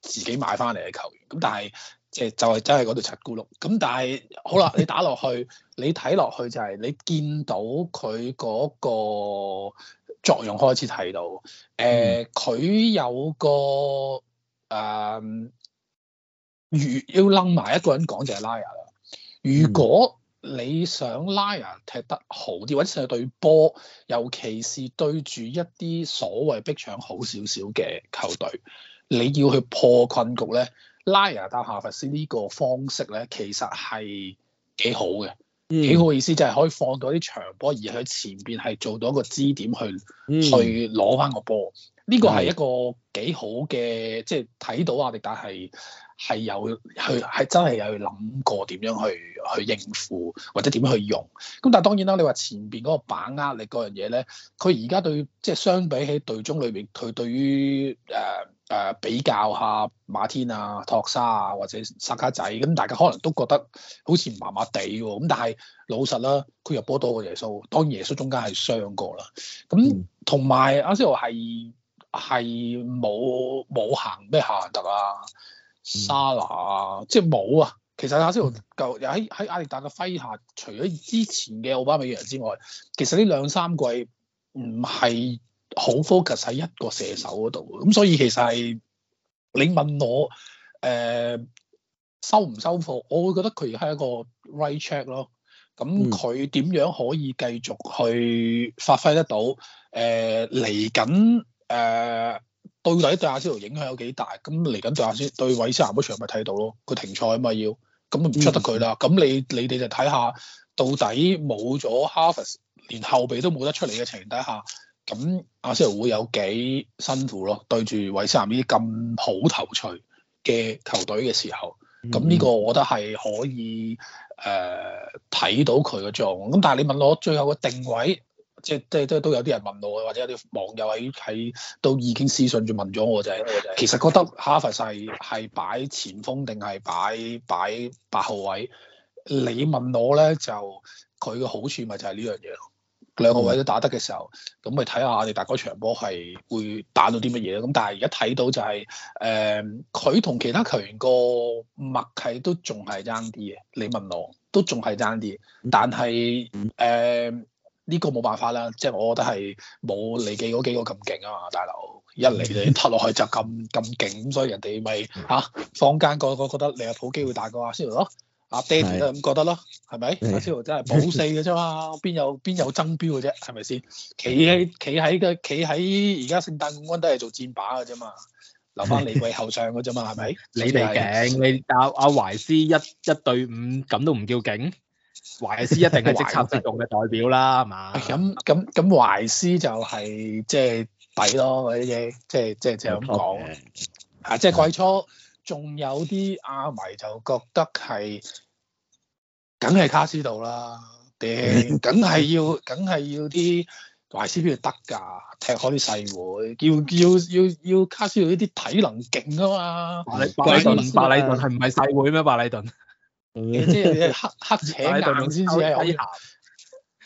自己買翻嚟嘅球員？咁但係即係就係真係嗰度七咕碌。咁但係好啦，你打落去， 你睇落去就係你見到佢嗰、嗰個。作用開始睇到，誒、呃、佢有個誒、呃、如要擸埋一個人講就係拉亞啦。如果你想拉亞踢得好啲，或者對波，尤其是對住一啲所謂逼搶好少少嘅球隊，你要去破困局咧，拉亞搭夏佛斯呢個方式咧，其實係幾好嘅。幾好意思，就係、是、可以放到啲長波，而喺前邊係做到一個支點去、嗯、去攞翻個波，呢個係一個幾好嘅，即係睇到阿迪達係係有去係真係有諗過點樣去去應付或者點樣去用。咁但係當然啦，你話前邊嗰個把握力嗰樣嘢咧，佢而家對即係、就是、相比起隊中裏邊，佢對於誒。呃誒比較下馬天啊、托沙啊或者薩卡仔咁，大家可能都覺得好似麻麻地喎。咁但係老實啦，佢入波多過耶穌。當然耶穌中間係傷過啦。咁同埋阿斯圖係係冇冇行咩夏蘭特啊、沙拿啊，即係冇啊。其實阿斯圖舊又喺喺阿迪達嘅麾下，除咗之前嘅奧巴美揚之外，其實呢兩三季唔係。好 focus 喺一個射手嗰度，咁所以其實係你問我誒、呃、收唔收貨，我會覺得佢而家係一個 right check 咯。咁佢點樣可以繼續去發揮得到？誒嚟緊誒到底對阿仙奴影響有幾大？咁嚟緊對阿仙奴對韋斯咸嗰場咪睇到咯？佢停賽啊嘛要，咁唔出得佢啦。咁、嗯、你你哋就睇下，到底冇咗 Havertz 連後備都冇得出嚟嘅情形底下。咁阿斯瑤會有幾辛苦咯？對住維斯藍呢啲咁好頭趣嘅球隊嘅時候，咁呢、嗯、個我覺得係可以誒睇、呃、到佢嘅作用。咁但係你問我最後嘅定位，即係即係即係都有啲人問我，或者有啲網友喺喺都已經私信住問咗我就啫。其實覺得哈伐斯係係擺前鋒定係擺擺八號位？你問我咧，就佢嘅好處咪就係呢樣嘢咯。兩個位都打得嘅時候，咁咪睇下你大哥場波係會打到啲乜嘢。咁但係而家睇到就係、是、誒，佢、呃、同其他球員個默契都仲係爭啲嘅。你問我都仲係爭啲，但係誒呢個冇辦法啦，即、就、係、是、我覺得係冇利記嗰幾個咁勁啊嘛。大佬一嚟就塌落去就咁咁勁，所以人哋咪嚇坊間個個覺得你有好機會大過阿仙奴咯。阿爹都係咁覺得咯，係咪？阿超真係保四嘅啫嘛，邊有邊有爭標嘅啫，係咪先？企喺企喺嘅，企喺而家聖誕冠軍都係做戰把嘅啫嘛，留翻嚟為後上嘅啫嘛，係咪？你哋勁，你打阿懷斯一一對五，咁都唔叫勁？懷斯一定係即插即用嘅代表啦，係嘛？咁咁咁，懷斯就係即係抵咯嗰啲嘢，即係即係即係咁講，啊，即係季初。仲有啲阿迷就覺得係梗係卡斯度啦，頂梗係要梗係要啲懷斯邊度得㗎？踢開啲細會，要要要要卡斯度呢啲體能勁啊嘛！白禮頓，白禮頓係唔係細會咩？白禮頓， 即係黑黑扯硬先至好用。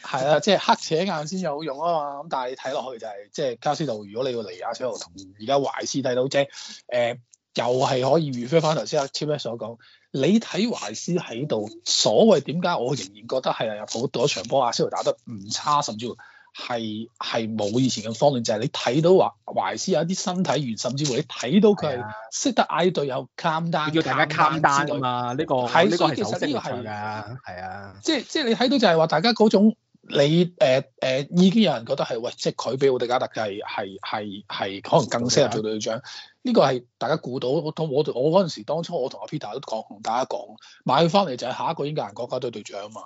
係 啊，即係黑扯硬先有用啊嘛！咁但係睇落去就係，即係卡斯度，如果你要嚟亞視度同而家懷斯睇到正誒。又係可以 refer 翻頭先阿 Tommy 所講，你睇懷斯喺度，所謂點解我仍然覺得係入好多場波，阿斯維打得唔差，甚至乎係係冇以前嘅慌亂，就係、是、你睇到話懷斯有一啲身體現，甚至乎你睇到佢係識得嗌隊友攤單，down, 要大家攤單㗎嘛？呢、這個睇到、這個、其實呢個係㗎，係啊，即係即係你睇到就係話大家嗰種。你誒誒、呃呃、已經有人覺得係喂，即係佢比奧迪加特嘅係係係可能更適合做隊長。呢個係大家估到，我我我嗰陣時當初我同阿 Peter 都講，同大家講買佢翻嚟就係下一個英格蘭國家隊隊長啊嘛。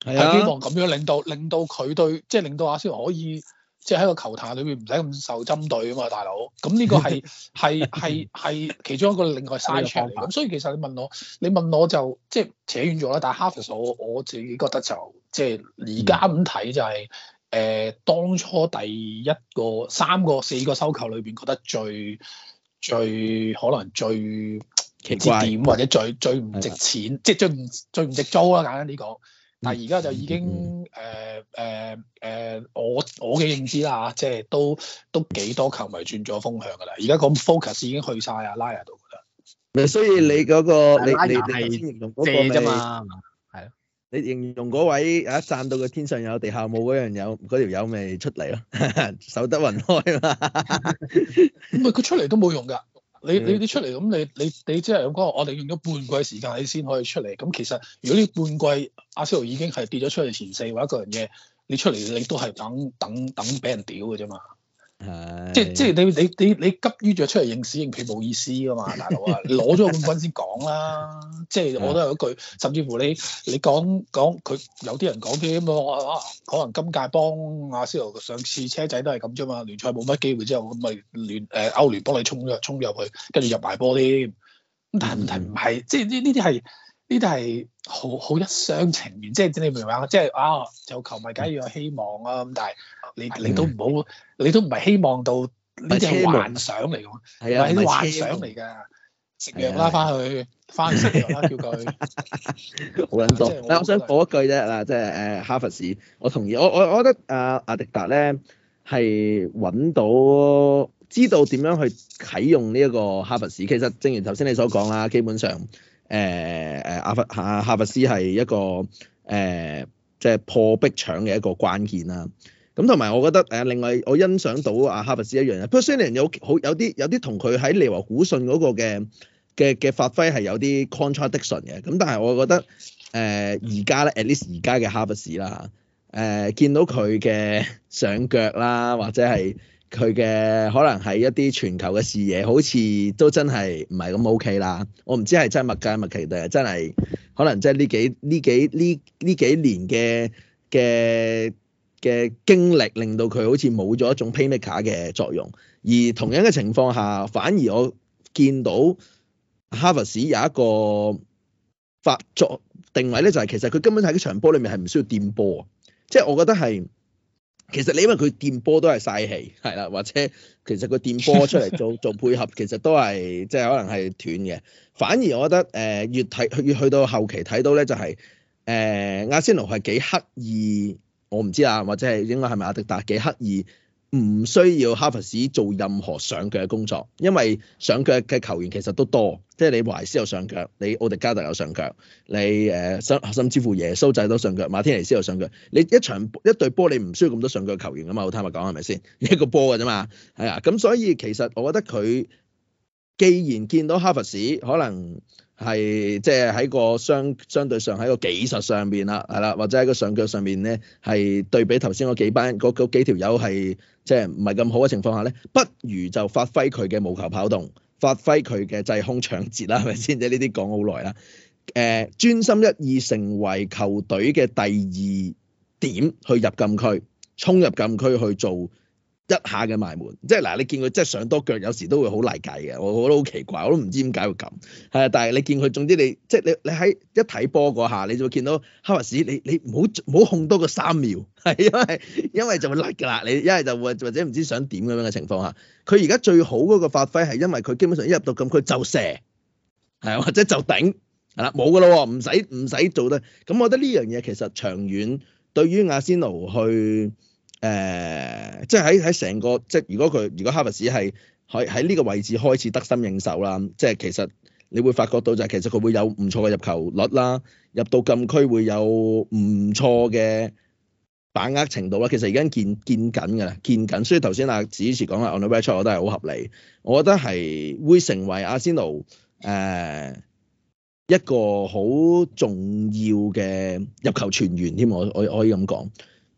係啊。希望咁樣令到令到佢對，即係令到阿仙奴可以即係喺個球壇裏邊唔使咁受針對啊嘛，大佬。咁呢個係係係係其中一個另外嘅 side 嚟。咁所以其實你問我，你問我就即係扯遠咗啦。但係哈伐斯我我自己覺得就。即係而家咁睇就係、是、誒、呃、當初第一個三個四個收購裏邊覺得最最可能最奇，點奇怪或者最最唔值錢，的即係最唔最唔值租啦、啊，簡單啲講。但係而家就已經誒誒誒，我我嘅認知啦嚇，即係都都幾多球迷轉咗風向㗎啦。而家個 focus 已經去晒阿拉 Raya 度啦。咪所以你嗰、那個你、嗯、L aya 你 L aya 你先認同嗰個啫嘛？你形容嗰位啊，讚到佢天上有地下冇嗰樣有嗰條友咪出嚟咯，守得雲開嘛。唔係佢出嚟都冇用㗎，你你你出嚟咁你你你即係咁講，我哋用咗半季時間你先可以出嚟。咁其實如果呢半季阿斯已經係跌咗出去前四或者嗰樣嘢，你出嚟你都係等等等俾人屌㗎啫嘛。即即你你你你急於著出嚟認屎認屁冇意思噶嘛，大佬啊，攞咗冠軍先講啦。即我都有一句，甚至乎你你講講佢有啲人講添、啊，可能今屆幫亞視頭上次車仔都係咁啫嘛，聯賽冇乜機會之後，咁咪聯誒、呃、歐聯幫你衝咗衝入去，跟住入埋波添。咁但係問題唔係，即呢呢啲係呢啲係好好一廂情願，即你明唔明即係啊，有球迷梗要有希望啊，咁但係。你你都唔好，你都唔係希望到呢啲係幻想嚟㗎，係啊，幻想嚟㗎。嗯、食藥啦，翻去翻食藥啦，叫佢。 好緊張算， 我，我想補一句啫嗱，即係誒哈伐斯，我同意，我我，我覺得阿阿迪達咧係揾到知道點樣去啟用呢一個哈伐斯。其實正如頭先你所講啦，基本上誒誒阿伐哈哈伐斯係一個誒即係破壁牆嘅一個關鍵啦。咁同埋，我覺得誒，另外我欣賞到啊，哈伐斯一樣嘅，不過雖然有好有啲有啲同佢喺利華古信嗰個嘅嘅嘅發揮係有啲 contradiction 嘅，咁但係我覺得誒而家咧，at least 而家嘅哈伐斯啦嚇，誒、呃、見到佢嘅上腳啦，或者係佢嘅可能係一啲全球嘅視野，好似都真係唔係咁 OK 啦。我唔知係真物界物奇定係真係可能即係呢幾呢幾呢呢幾年嘅嘅。嘅經歷令到佢好似冇咗一種 panic 卡嘅作用，而同樣嘅情況下，反而我見到哈伐斯有一個發作定位咧，就係、是、其實佢根本喺呢場波裏面係唔需要掂波。即係我覺得係其實你因為佢掂波都係嘥氣，係啦，或者其實個掂波出嚟做做配合，其實都係即係可能係斷嘅。反而我覺得誒、呃、越睇越去到後期睇到咧，就係、是、誒、呃、阿仙奴係幾刻意。我唔知啊，或者係應該係咪阿迪達幾刻意唔需要哈伐斯做任何上腳嘅工作，因為上腳嘅球員其實都多，即係你懷斯有上腳，你奧迪加特有上腳，你誒甚、呃、甚至乎耶穌仔都上腳，馬天尼斯有上腳，你一場一隊波你唔需要咁多上腳球員噶嘛？我坦白講係咪先一個波嘅啫嘛？係啊，咁所以其實我覺得佢既然見到哈伐斯可能。係即係喺個相相對上喺個技術上面啦，係啦，或者喺個上腳上面咧，係對比頭先嗰幾班嗰嗰幾條友係即係唔係咁好嘅情況下咧，不如就發揮佢嘅無球跑動，發揮佢嘅制空搶截啦，係咪先？即係呢啲講好耐啦，誒，專心一意成為球隊嘅第二點去入禁區，衝入禁區去做。一下嘅埋門，即係嗱，你見佢即係上多腳，有時都會好泥界嘅，我我都好奇怪，我都唔知點解會咁係。但係你見佢，總之你即係你你喺一睇波嗰下，你就會見到哈伐斯，你你唔好唔好控多個三秒，係因為因為就會甩㗎啦，你一係就或或者唔知想點咁樣嘅情況下，佢而家最好嗰個發揮係因為佢基本上一入到咁，佢就射係或者就頂係啦，冇㗎咯，唔使唔使做㗎。咁我覺得呢樣嘢其實長遠對於阿仙奴去。誒、呃，即係喺喺成個即係，如果佢如果哈伐斯係喺喺呢個位置開始得心應手啦，即係其實你會發覺到就係其實佢會有唔錯嘅入球率啦，入到禁區會有唔錯嘅把握程度啦。其實而家見見緊㗎啦，見緊，見緊。所以頭先阿史主持講話 on the b 我都係好合理，我覺得係會成為阿仙奴誒一個好重要嘅入球泉源添。我我可以咁講。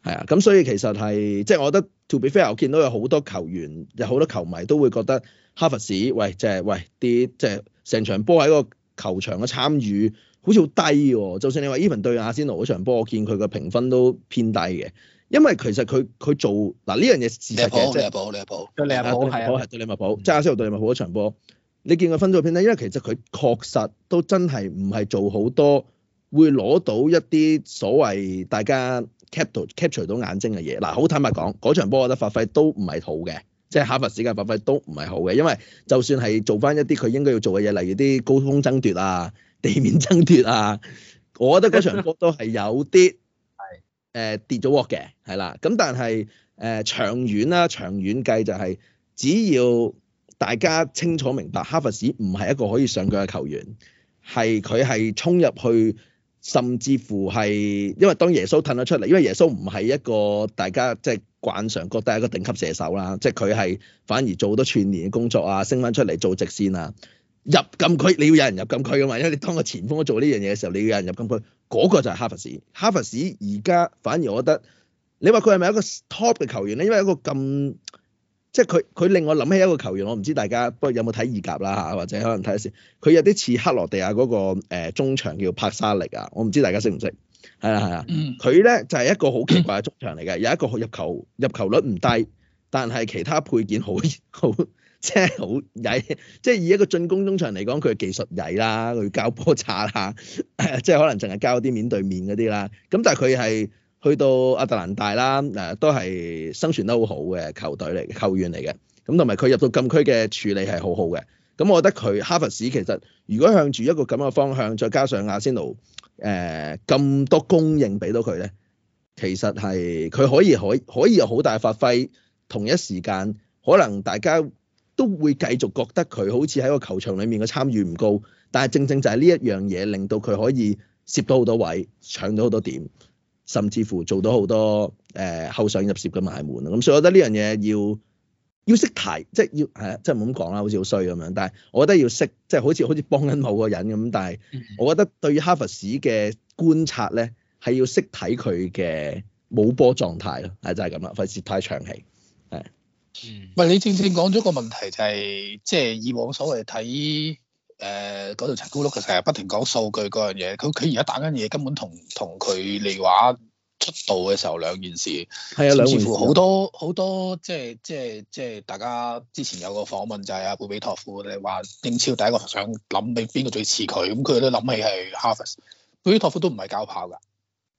係啊，咁所以其實係，即係我覺得，to be fair，我見到有好多球員，有好多球迷都會覺得哈伐斯，喂，即係喂啲，即係成場波喺個球場嘅參與好似好低喎。就算你話 Even 對阿仙奴嗰場波，我見佢嘅評分都偏低嘅，因為其實佢佢做嗱呢樣嘢事實嘅，即係利物浦利物浦對利物浦係係對利物浦，即係阿仙奴對利物浦嗰場波，你見佢分數偏低，因為其實佢確實都真係唔係做好多，會攞到一啲所謂大家。capture capture 到眼睛嘅嘢，嗱好坦白講，嗰場波我覺得發揮都唔係好嘅，即係哈伐斯嘅發揮都唔係好嘅，因為就算係做翻一啲佢應該要做嘅嘢，例如啲高空爭奪啊、地面爭奪啊，我覺得嗰場波都係有啲係誒跌咗鑊嘅，係啦，咁但係誒長遠啦，長遠計就係只要大家清楚明白，哈伐斯唔係一個可以上腳嘅球員，係佢係衝入去。甚至乎係，因為當耶穌褪咗出嚟，因為耶穌唔係一個大家即係慣常覺得係一個頂級射手啦，即係佢係反而做好多串聯嘅工作啊，升翻出嚟做直線啊，入禁區你要有人入禁區嘅嘛，因為你當個前鋒做呢樣嘢嘅時候，你要有人入禁區，嗰、那個就係哈伐斯。哈伐斯而家反而我覺得，你話佢係咪一個 top 嘅球員咧？因為一個咁。即係佢佢令我諗起一個球員，我唔知大家不過有冇睇意甲啦嚇，或者可能睇下先。佢有啲似克羅地亞嗰、那個、呃、中場叫帕沙利啊，我唔知大家識唔識，係啊，係啊。佢咧、嗯、就係、是、一個好奇怪嘅中場嚟嘅，有一個入球入球率唔低，但係其他配件好好即係好曳，即係以一個進攻中場嚟講，佢嘅技術曳啦，佢交波差啦，即係可能淨係交啲面對面嗰啲啦，咁但係佢係。去到阿特蘭大啦，誒都係生存得好好嘅球隊嚟，球員嚟嘅。咁同埋佢入到禁區嘅處理係好好嘅。咁我覺得佢哈伐斯其實如果向住一個咁嘅方向，再加上阿仙奴誒咁、呃、多供應俾到佢咧，其實係佢可以可以可以有好大發揮。同一時間可能大家都會繼續覺得佢好似喺個球場裡面嘅參與唔高，但係正正就係呢一樣嘢令到佢可以攝到好多位，搶到好多點。甚至乎做到好多誒、呃、後想入攝嘅埋門咁，所以我覺得呢樣嘢要要識睇，即係要誒，即係唔咁講啦，好似好衰咁樣。但係我覺得要識，即係好似好似幫緊某個人咁。但係我覺得對於哈伐斯嘅觀察咧，係要識睇佢嘅冇波狀態咯，係就係咁啦，費事太長氣。係，唔係、嗯、你正正講咗個問題就係，即係以往所謂睇。誒嗰度陳冠鹿佢成日不停講數據嗰樣嘢，佢佢而家打緊嘢根本同同佢嚟話出道嘅時候兩件事。係啊，甚至乎好多好多即係即係即係大家之前有個訪問就係、是、阿貝比托夫，你話英超第一個想諗畀邊個最似佢，咁佢都諗起係哈伐斯。貝比托夫都唔係教炮㗎，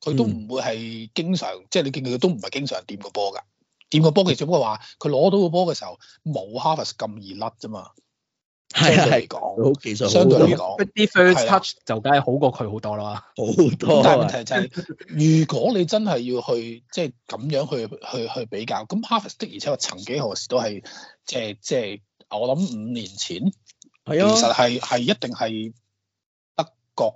佢都唔會係經常即係、嗯、你見佢都唔係經常掂個波㗎，掂個波其實只不過話佢攞到個波嘅時候冇哈伐斯咁易甩啫嘛。係啊，講，其實相對嚟講，啲 first touch 就梗係好過佢好多啦，好多。但係問題就係、是， 如果你真係要去，即係咁樣去去去比較，咁哈伐斯的而且我曾幾何時都係，即係即係，我諗五年前，係啊的，其實係係一定係德國。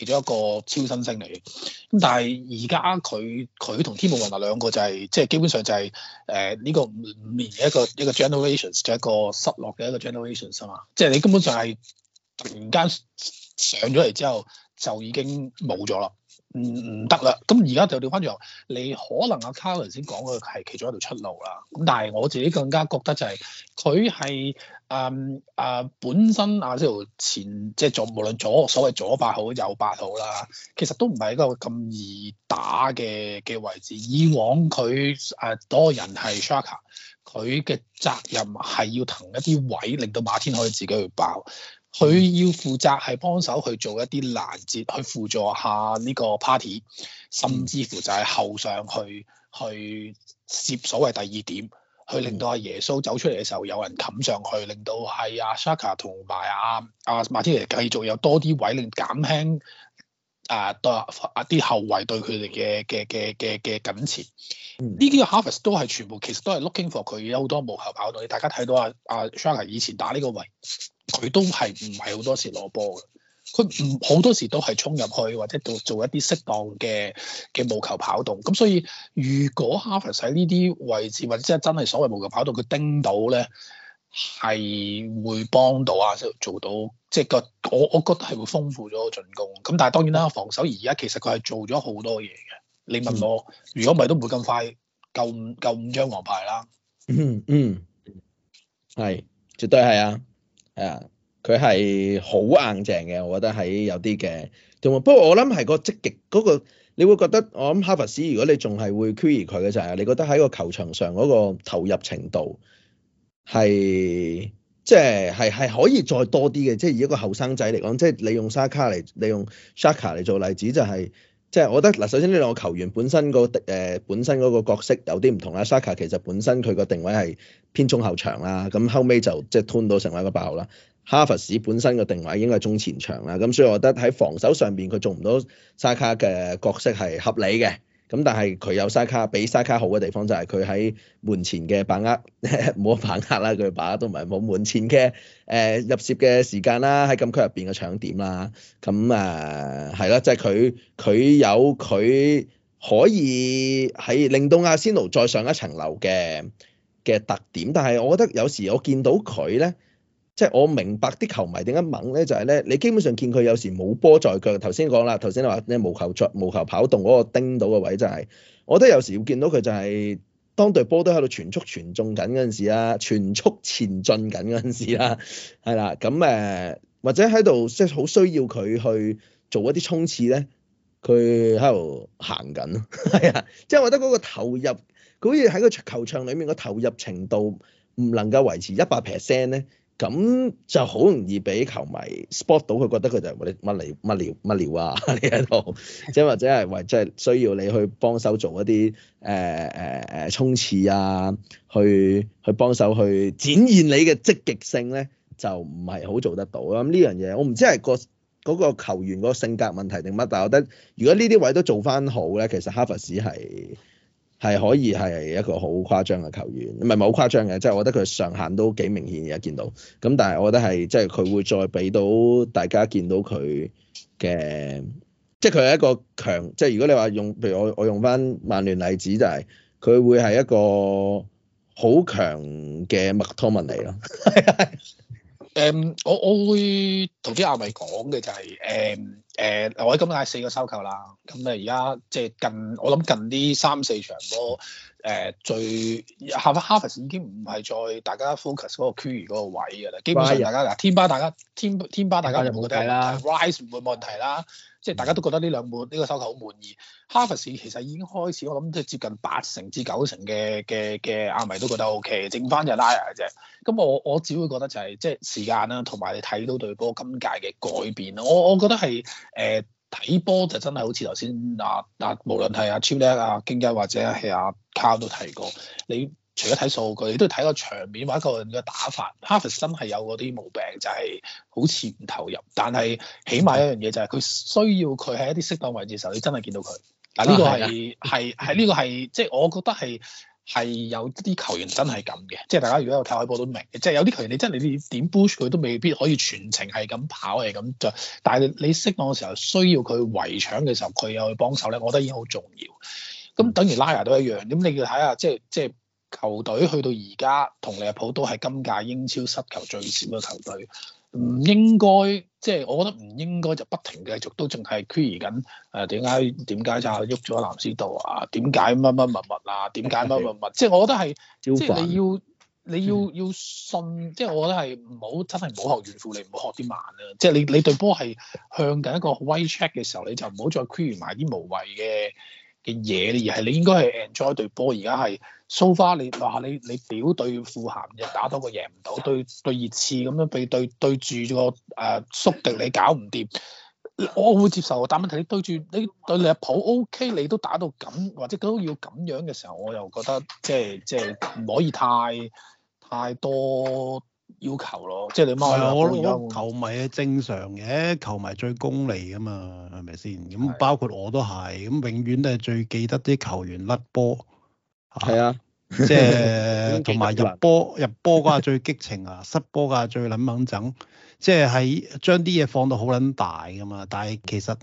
其中一個超新星嚟嘅，咁但係而家佢佢同天幕雲嗱兩個就係、是、即係基本上就係誒呢個五五年嘅一個一個 generations 就一個失落嘅一個 generations 啊嘛，即係你根本上係突然間上咗嚟之後就已經冇咗啦。唔唔得啦，咁而家就調翻轉頭，你可能阿 Karl 先講嘅係其中一條出路啦。咁但係我自己更加覺得就係佢係誒誒本身阿 Sir、就是、前即係做無論左所謂左八好右八好啦，其實都唔係一個咁易打嘅嘅位置。以往佢誒嗰人係 Shocker，佢嘅責任係要騰一啲位，令到馬天可以自己去爆。佢要負責係幫手去做一啲攔截，去輔助下呢個 party，甚至乎就係後上去去涉所謂第二點，去令到阿耶穌走出嚟嘅時候有人冚上去，令到係阿 Saka 同埋阿阿馬天尼繼續有多啲位，令減輕啊對啊啲後衞對佢哋嘅嘅嘅嘅嘅緊持。呢啲嘅、嗯、Havertz 都係全部其實都係 looking for 佢有好多無球跑動，大家睇到阿阿 Saka 以前打呢個位。佢都係唔係好多時攞波嘅，佢唔好多時都係衝入去或者做做一啲適當嘅嘅無球跑動。咁所以，如果哈伐斯喺呢啲位置或者即係真係所謂無球跑動，佢盯到咧，係會幫到啊，做做到即係個我我覺得係會豐富咗個進攻。咁但係當然啦，防守而家其實佢係做咗好多嘢嘅。你問我，如果唔係都唔會咁快夠五夠五張黃牌啦、嗯。嗯嗯，係絕對係啊！啊！佢係好硬正嘅，我覺得喺有啲嘅，同不過我諗係個積極嗰、嗰個，你會覺得我諗哈伐斯，如果你仲係會 query 佢嘅就係，你覺得喺個球場上嗰個投入程度係即係係係可以再多啲嘅，即、就、係、是、以一個後生仔嚟講，即、就、係、是、你用沙卡嚟，你用 Shaka 嚟做例子就係、是。即係我覺得嗱，首先呢兩個球員本身個誒、呃、本身嗰個角色有啲唔同啦。沙卡其實本身佢個定位係偏中後場啦，咁後尾就即係 turn 到成為一個爆啦。哈伐斯本身個定位應該係中前場啦，咁所以我覺得喺防守上面，佢做唔到沙卡嘅角色係合理嘅。咁但係佢有沙卡，比沙卡好嘅地方就係佢喺門前嘅把握，冇 把握啦，佢把握都唔係冇門前嘅誒、呃、入蝕嘅時間啦，喺禁區入邊嘅搶點啦，咁誒係啦，即係佢佢有佢可以喺令到阿仙奴再上一層樓嘅嘅特點，但係我覺得有時我見到佢咧。即係我明白啲球迷點解猛咧，就係咧，你基本上見佢有時冇波在腳。頭先講啦，頭先話你無球在無球跑動嗰個釘到嘅位就係，我覺得有時會見到佢就係當隊波都喺度全速全中緊嗰陣時啦，全速前進緊嗰陣時啦，係啦，咁誒或者喺度即係好需要佢去做一啲衝刺咧，佢喺度行緊，係啊，即係我覺得嗰個投入，佢好似喺個球場裡面個投入程度唔能夠維持一百 percent 咧。咁就好容易俾球迷 spot 到，佢覺得佢就係乜嚟乜料？乜料啊，你喺度，即係或者係或即係需要你去幫手做一啲誒誒誒衝刺啊，去去幫手去展現你嘅積極性咧，就唔係好做得到啦。咁呢樣嘢我唔知係個嗰、嗰個球員嗰個性格問題定乜，但係我覺得如果呢啲位都做翻好咧，其實哈伐斯係。係可以係一個好誇張嘅球員，唔係唔係好誇張嘅，即係我覺得佢上限都幾明顯而家見到，咁但係我覺得係即係佢會再俾到大家見到佢嘅，即係佢係一個強，即係如果你話用，譬如我我用翻曼聯例子就係，佢會係一個好強嘅麥托文嚟咯。誒、嗯，我我會同啲阿迷講嘅就係、是，誒、嗯，誒、嗯嗯，我喺今日係四個收購啦，咁啊而家即係近，我諗近啲三四場波。誒、呃、最哈哈伐已經唔係再大家 focus 嗰個區域嗰個位㗎啦，基本上大家嗱、啊、天巴大家天天巴大家就冇覺得啦，Rice 唔會冇問題啦，即係、嗯、大家都覺得呢兩本呢、呢個收購好滿意，嗯、哈伐斯其實已經開始我諗即係接近八成至九成嘅嘅嘅亞迷都覺得 O、OK, K，剩翻就 Raya 啫，咁我我，我只會覺得就係、是、即係時間啦、啊，同埋你睇到隊波今屆嘅改變啦，我我，我覺得係誒。呃呃睇波就真係好似頭先啊啊，無論係阿超叻、阿、啊啊、經一或者係阿、啊、卡都提過。你除咗睇數據，你都要睇個場面或者一個人嘅打法。哈伐斯真係有嗰啲毛病，就係、是、好似唔投入。但係起碼一樣嘢就係佢需要佢喺一啲適當位置嘅時候，你真係見到佢。嗱呢、啊、個係係係呢個係即係我覺得係。係有啲球員真係咁嘅，即係大家如果有睇開波都明嘅，即係有啲球員你真係你點 boost 佢都未必可以全程係咁跑、係咁做，但係你適當嘅時候需要佢圍搶嘅時候，佢有去幫手咧，我覺得已經好重要。咁等於拉牙都一樣，咁你要睇下即係即係球隊去到而家同利物浦都係今屆英超失球最少嘅球隊。唔應該，即係我覺得唔應該就不停繼續都仲係 query 緊誒點解點解就喐咗 Ramsdale 啊？點解乜乜乜乜啊？點解乜乜乜？即係的我覺得係，即係乖你要你要、嗯、要信，即係我覺得係唔好真係唔好學怨婦，你唔好學啲慢啊！即係你你對波係向緊一個 way check 嘅時候，你就唔好再 query 埋啲無謂嘅嘅嘢咧，而係你應該係 enjoy 對波。而家係 so far，你話你你表對富咸嘅打到個贏唔到，對對熱刺咁樣被對對住、這個誒宿、呃、敵你搞唔掂，我會接受。但問題你對住你對你利物浦，普 OK，你都打到咁或者都要咁樣嘅時候，我又覺得即係即係唔可以太太多。要求咯，即係你媽媽。係啊的，球迷正常嘅，球迷最功利噶嘛，係咪先？咁包括我都係，咁永遠都係最記得啲球員甩波。係的啊，即係同埋入波入波嗰下最激情啊， 失波嗰下最撚撚整，即係喺將啲嘢放到好撚大噶嘛。但係其實誒、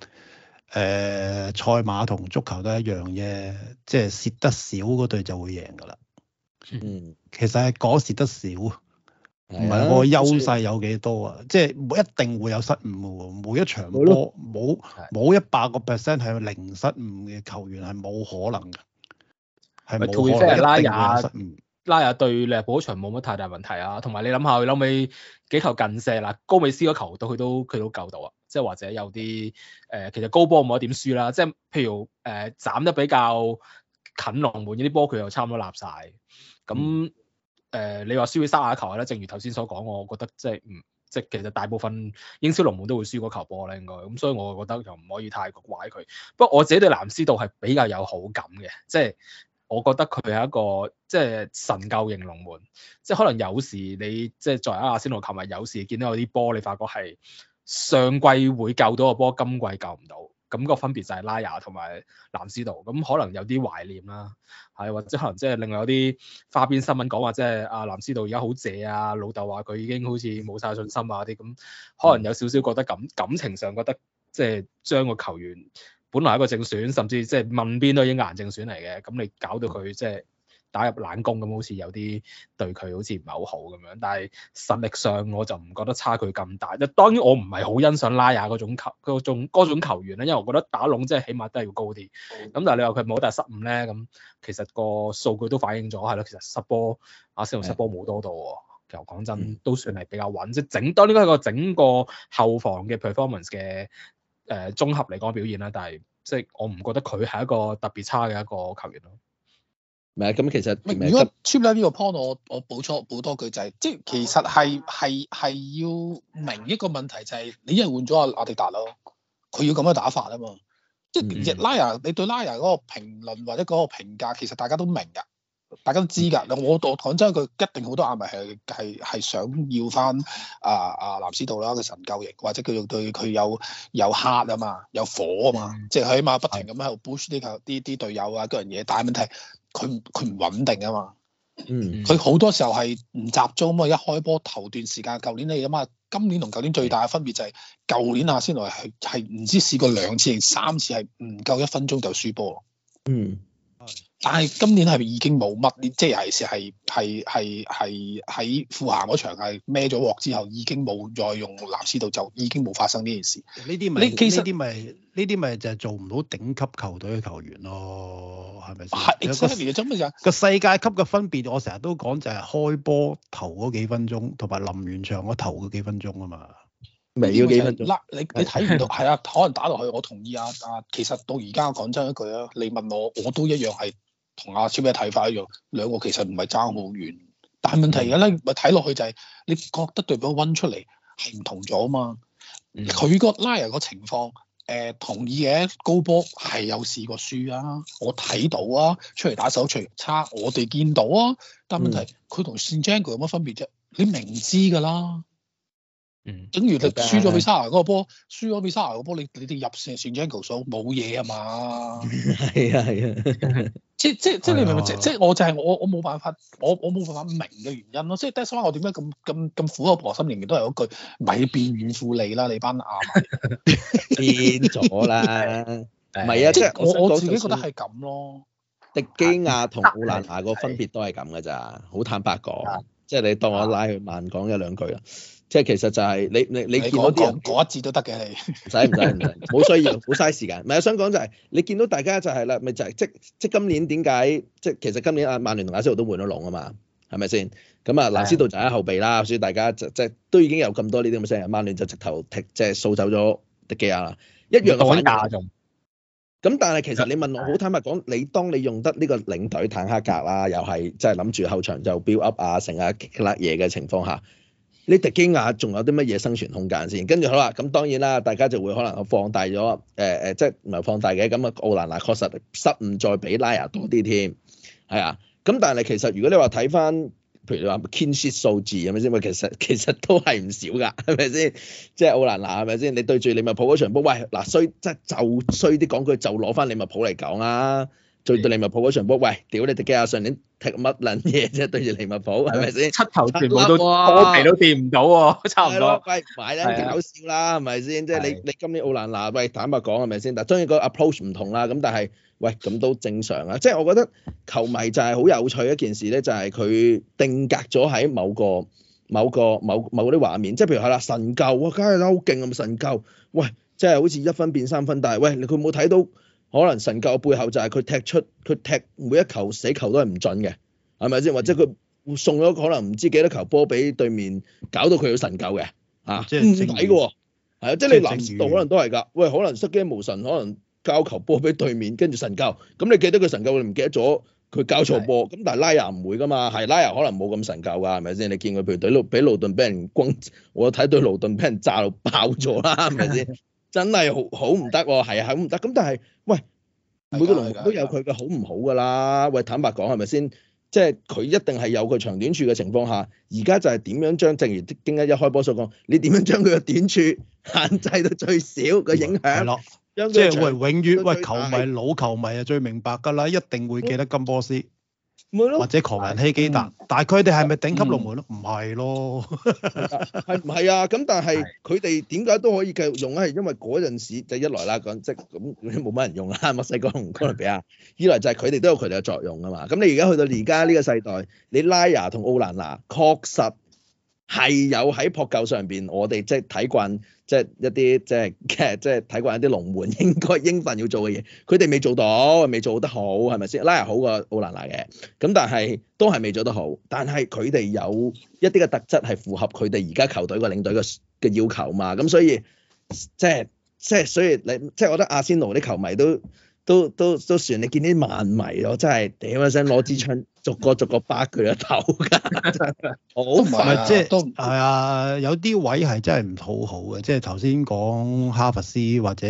呃、賽馬同足球都係一樣嘅，即係蝕得少嗰隊就會贏噶啦。嗯，其實係嗰蝕得少。唔係我個優勢有幾多啊？嗯、即係是一定會有失誤嘅喎，每一場波冇冇一百個 percent 係零失誤嘅，球員係冇可能嘅，係咪？可能拉嘅失誤拉雅。拉雅對亞對利物浦場冇乜太大問題啊，同埋你諗下佢後屘幾球近射嗱，高美斯嗰球到佢都佢都救到啊，即係或者有啲誒、呃、其實高波冇得點輸啦，即係譬如誒、呃、斬得比較近龍門呢啲波佢又差唔多立晒。咁。嗯誒、呃，你話輸咗三下球咧，正如頭先所講，我覺得即係唔即係，其實大部分英超龍門都會輸嗰球波咧，應該咁、嗯，所以我又覺得又唔可以太怪佢。不過我自己對藍斯道係比較有好感嘅，即係我覺得佢係一個即係神救型龍門，即係可能有時你即係作為阿阿仙奴，琴日有時見到有啲波，你發覺係上季會救到個波，今季救唔到。咁個分別就係拉亞同埋藍斯道，咁可能有啲懷念啦、啊，係或者可能即係另外有啲花邊新聞講話，即係阿藍斯道而家好謝啊，老豆話佢已經好似冇晒信心啊啲咁，可能有少少覺得感感情上覺得即係將個球員本來係一個正選，甚至即係問邊都已經硬正選嚟嘅，咁你搞到佢即係，打入冷宮，咁好似有啲對佢好似唔係好好咁樣，但係實力上我就唔覺得差距咁大。當然我唔係好欣賞拉亞嗰種球嗰種嗰種球員咧，因為我覺得打龍真係起碼都係要高啲。咁、嗯、但係你話佢冇好大失誤咧，咁其實個數據都反映咗係咯。其實失波阿斯隆失波冇多到，其實我講真都算係比較穩。即係、嗯、整當呢個係個整個後防嘅 performance 嘅誒、呃、綜合嚟講表現啦。但係即係我唔覺得佢係一個特別差嘅一個球員咯。咁其實，如果 t 呢 個 point，我我補錯補多句就係、是，即係其實係係係要明一個問題就係、是，你因為換咗阿阿迪達咯，佢要咁樣打法啊嘛。即係拉人，你對拉人嗰個評論或者嗰個評價，其實大家都明嘅，大家都知㗎。我我講真，佢一定好多亞迷係係係想要翻啊啊藍斯道啦，佢神救型，或者佢用對佢有有，有黑啊嘛，有火啊嘛， 即係起碼不停咁喺度 boost 啲球啲啲隊友啊嗰樣嘢。但係問題。佢佢唔穩定啊嘛，嗯，佢好多時候係唔集中咁啊嘛，一開波頭段時間，舊年你諗下，今年同舊年最大嘅分別就係、是，舊年阿仙奴係係唔知試過兩次三次係唔夠一分鐘就輸波，嗯。但係今年係咪已經冇乜？呢即係係係係係喺富咸嗰場係孭咗鑊之後，已經冇再用藍斯度，就已經冇發生呢件事。呢啲咪呢啲咪呢啲咪就係、是就是、做唔到頂級球隊嘅球員咯？係咪先？是那個 exactly. 世界級嘅分別，我成日都講就係開波頭嗰幾分鐘，同埋臨完場嗰頭嗰幾分鐘啊嘛。未要幾分鐘？嗱你，你你睇唔到係 啊？可能打落去，我同意啊啊！其實到而家講真一句啊，你問我，我都一樣係。同阿超咩睇法一樣，兩個其實唔係差好遠，但係問題而家咧，咪睇落去就係、是、你覺得對比溫出嚟係唔同咗啊嘛。佢個拉人個情況誒、呃、同意嘅高波係有試過輸啊，我睇到啊，出嚟打手出差，我哋見到啊，但係問題佢同 Sanjago 有乜分別啫？你明知㗎啦。整等於你輸咗俾沙牙嗰個波，輸咗俾沙牙個波，你你哋入線線 j a g a l 數冇嘢係嘛？係啊係啊，即即即你明唔明？即即我就係我我冇辦法，我我冇辦法明嘅原因咯。即 d e s v a 我點解咁咁咁苦口婆心，仍然都係嗰句，咪變軟富利啦，你班亞民變咗啦，唔係啊，即我我自己覺得係咁咯。迪基亞同奧蘭那個分別都係咁嘅咋，好坦白講，即你當我拉去慢講一兩句啦。即係其實就係你你說你見到啲人嗰一節都得嘅，你唔使唔使唔使，冇需要，好嘥時間。唔係啊，想講就係你見到大家就係、是、啦，咪就係、是、即即今年點解即其實今年阿曼聯同亞視度都換咗龍啊嘛，係咪先？咁、嗯、啊，藍斯道就喺後備啦，所以大家就就都已經有咁多呢啲咁嘅聲。曼聯就直頭踢即係掃走咗迪基亞啦，一樣攞反價仲。咁、啊、但係其實你問我好坦白講，你當你用得呢個領隊坦克格啦， 又係即係諗住後場就 build up 啊，成啊激甩嘢嘅情況下。呢迪基亞仲有啲乜嘢生存空間先？跟住好啦，咁當然啦，大家就會可能放大咗誒誒，即係唔係放大嘅？咁啊奧蘭娜確實失誤再比拉亞多啲添，係啊。咁但係其實如果你話睇翻，譬如話 Kingshit 數字咁樣先，其實其實都係唔少噶，係咪先？即、就、係、是、奧蘭娜係咪先？你對住利物浦嗰場波，喂嗱衰，即、呃、係就衰啲講句，就攞翻利物浦嚟講啊。對住利物浦嗰場波，喂！屌你哋記得上年踢乜撚嘢啫？對住利物浦係咪先？七球全部都，皮都都掂唔到，差唔多買啦，搞笑啦，係咪先？即係你你今年奧蘭拿，喂，坦白講係咪先？但係當然個 approach 唔同啦，咁但係喂咁都正常啊！即係我覺得球迷就係好有趣一件事咧，就係佢定格咗喺某個某個某某嗰啲畫面，即係譬如係啦，神救啊，梗係啦，好勁咁神救，喂！即係好似一分變三分，但係喂佢冇睇到。可能神救背後就係佢踢出佢踢每一球死球都係唔準嘅，係咪先？或者佢送咗可能唔知幾多球波俾對面，搞到佢要神救嘅，即吓唔知抵嘅，係啊，即係你藍道可能都係噶，喂，可能失驚無神，可能交球波俾對面，跟住神救，咁、嗯、你記得佢神救，你唔記得咗佢交錯波，咁的但係拉亞唔會噶嘛，係拉亞可能冇咁神救噶，係咪先？你見佢譬如對魯俾勞頓俾人轟，我睇對勞頓俾人炸到爆咗啦，係咪先？ 真係好好唔得喎，係啊好唔得。咁但係喂，的每個籠都有佢嘅好唔好噶啦。喂，坦白講係咪先？即係佢一定係有佢長短處嘅情況下，而家就係點樣將正如啲京一開波所講，你點樣將佢嘅短處限制到最少嘅影響？係咯的，即係、就是、喂，永遠喂球迷老球迷係，最明白㗎啦，一定會記得金波斯。嗯或者狂人希基達，但佢哋係咪頂級龍門咯？唔係咯，係唔係啊？咁但係佢哋點解都可以繼續用咧？係因為嗰陣時就是、一來啦，即係咁冇乜人用啦，墨西哥同哥倫比亞；二來就係佢哋都有佢哋嘅作用啊嘛。咁你而家去到而家呢個世代，你拉亞同奧蘭拿確實。係有喺撲救上邊，我哋即係睇慣，即係一啲即係其實即係睇慣一啲龍門應該應份要做嘅嘢，佢哋未做到，未做得好，係咪先？拉雅好過奧蘭娜嘅，咁但係都係未做得好。但係佢哋有一啲嘅特質係符合佢哋而家球隊個領隊嘅嘅要求嘛。咁所以即係即係所以你即係我覺得阿仙奴啲球迷都。都都都算，你見啲曼迷，我真係嗲一聲攞支槍逐個逐個巴佢一頭㗎，我唔係即係係啊，有啲位係真係唔討好嘅，即係頭先講哈伐斯或者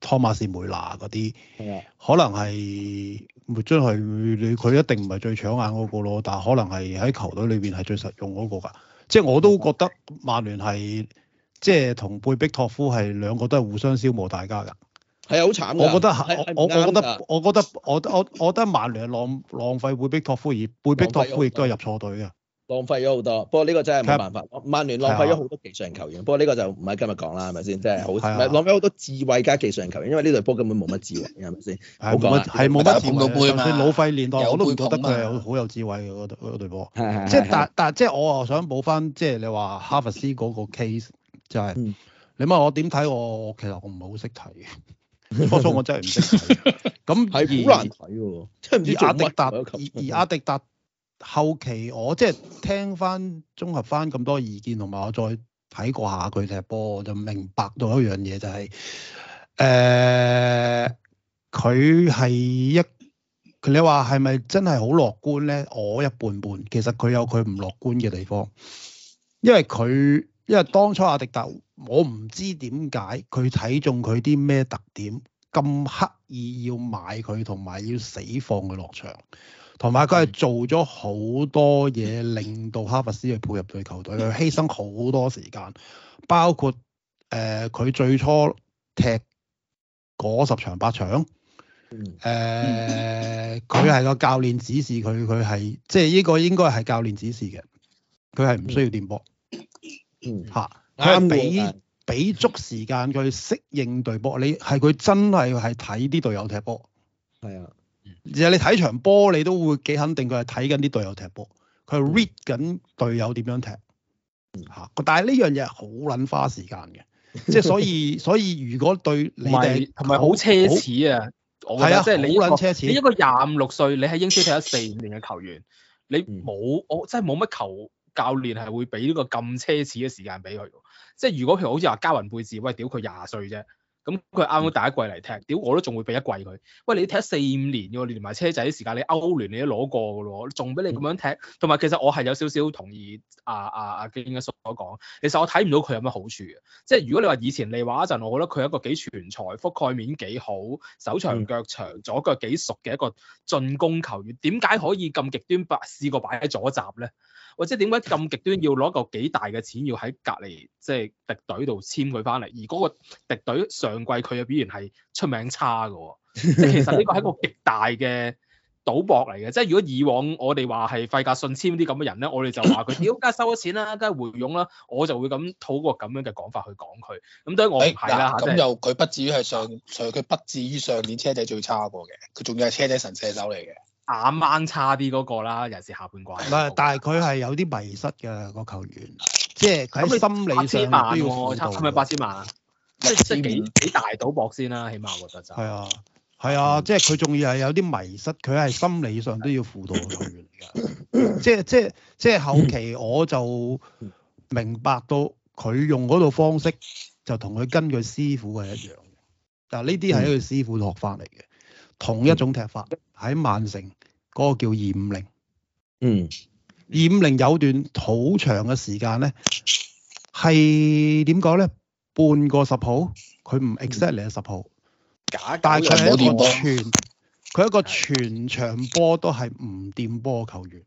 托馬斯梅拿嗰啲，的可能係沒將係佢一定唔係最搶眼嗰、那個咯，但係可能係喺球隊裏邊係最實用嗰個㗎。即係我都覺得曼聯係即係同貝碧托夫係兩個都係互相消磨大家㗎。係好慘，我覺得我我覺得我覺得我我我覺得曼聯浪浪費貝碧托夫，而貝碧托夫亦都係入錯隊嘅。浪費咗好多，不過呢個真係冇辦法。曼聯浪費咗好多技術型球員，不過呢個就唔係今日講啦，係咪先？真係好，浪費好多智慧加技術型球員，因為呢隊波根本冇乜智慧，係咪先？冇係冇乜智到就算老費年代我都都覺得佢係好有智慧嘅嗰隊波。即係，但但即係我啊想補翻，即係你話哈伐斯嗰個 case 就係，你問我點睇，我其實我唔係好識睇。初初 我真係唔識，咁係好難睇即係唔知阿迪達，而阿迪達後期我即係聽翻綜合翻咁多意見，同埋我再睇過下佢踢波，我就明白到一樣嘢就係、是，誒佢係一，佢你話係咪真係好樂觀咧？我一半半，其實佢有佢唔樂觀嘅地方，因為佢因為當初阿迪達。我唔知點解佢睇中佢啲咩特點，咁刻意要買佢同埋要死放佢落場，同埋佢係做咗好多嘢，令到哈伐斯去配合佢球隊，佢犧牲好多時間，包括誒佢、呃、最初踢嗰十場八場，誒佢係個教練指示佢，佢係即係呢個應該係教練指示嘅，佢係唔需要點波。嗯，嚇。佢俾俾足時間佢適應隊波，你係佢真係係睇啲隊友踢波。係啊，其、嗯、實你睇一場波，你都會幾肯定佢係睇緊啲隊友踢波，佢 read 緊隊友點樣踢。嚇、嗯！但係呢樣嘢好撚花時間嘅，嗯、即係所以所以，所以如果對你哋係咪好奢侈啊？係啊很，即係你好撚奢侈。你一個廿五六歲，你喺英超踢咗四年嘅球員，嗯、你冇我真係冇乜球。教練係會俾呢個咁奢侈嘅時間俾佢，即係如果譬如好似話加云貝治，喂，屌佢廿歲啫，咁佢啱啱第一季嚟踢，屌、嗯、我都仲會俾一季佢。喂，你踢四五年嘅，連埋車仔啲時間，你歐聯你都攞過嘅咯，仲俾你咁樣踢。同埋其實我係有少少同意阿阿阿京嘅所講，其實我睇唔到佢有乜好處嘅。即係如果你話以前你話一陣，我覺得佢係一個幾全才、覆蓋面幾好、手長腳長、左腳幾熟嘅一個進攻球員，點解可以咁極端擺試過擺喺左閘咧？或者點解咁極端要攞個幾大嘅錢要喺隔籬即係、就是、敵隊度簽佢翻嚟？而嗰個敵隊上季佢嘅表現係出名差嘅，即係其實呢個係一個極大嘅賭博嚟嘅。即係如果以往我哋話係費格遜簽啲咁嘅人咧，我哋就話佢點解收咗錢啦，梗係回傭啦，我就會咁套個咁樣嘅講法去講佢。咁所以我係啦嚇。咁又佢不至於係上，佢不至於上年車仔最差過嘅，佢仲要係車仔神射手嚟嘅。啱啱差啲嗰個啦，尤其是下半季。唔係，但係佢係有啲迷失嘅個球員，即係喺心理上都要輔導。係咪八千萬？即係幾幾大賭博先啦？起碼我覺得就係啊，係啊，嗯、即係佢仲要係有啲迷失，佢係心理上都要輔導個球員嚟嘅。即係即係即係後期我就明白到佢用嗰套方式就同佢根據師傅係一樣，但嗱，呢啲係一個師傅學翻嚟嘅，同一種踢法。嗯喺曼城嗰、嗰個叫二五零，嗯，二五零有段好長嘅時間咧，係點講咧？半個十號，佢唔 exactly 十號，嗯、但係佢係一個全佢一,一個全場波都係唔掂波球員，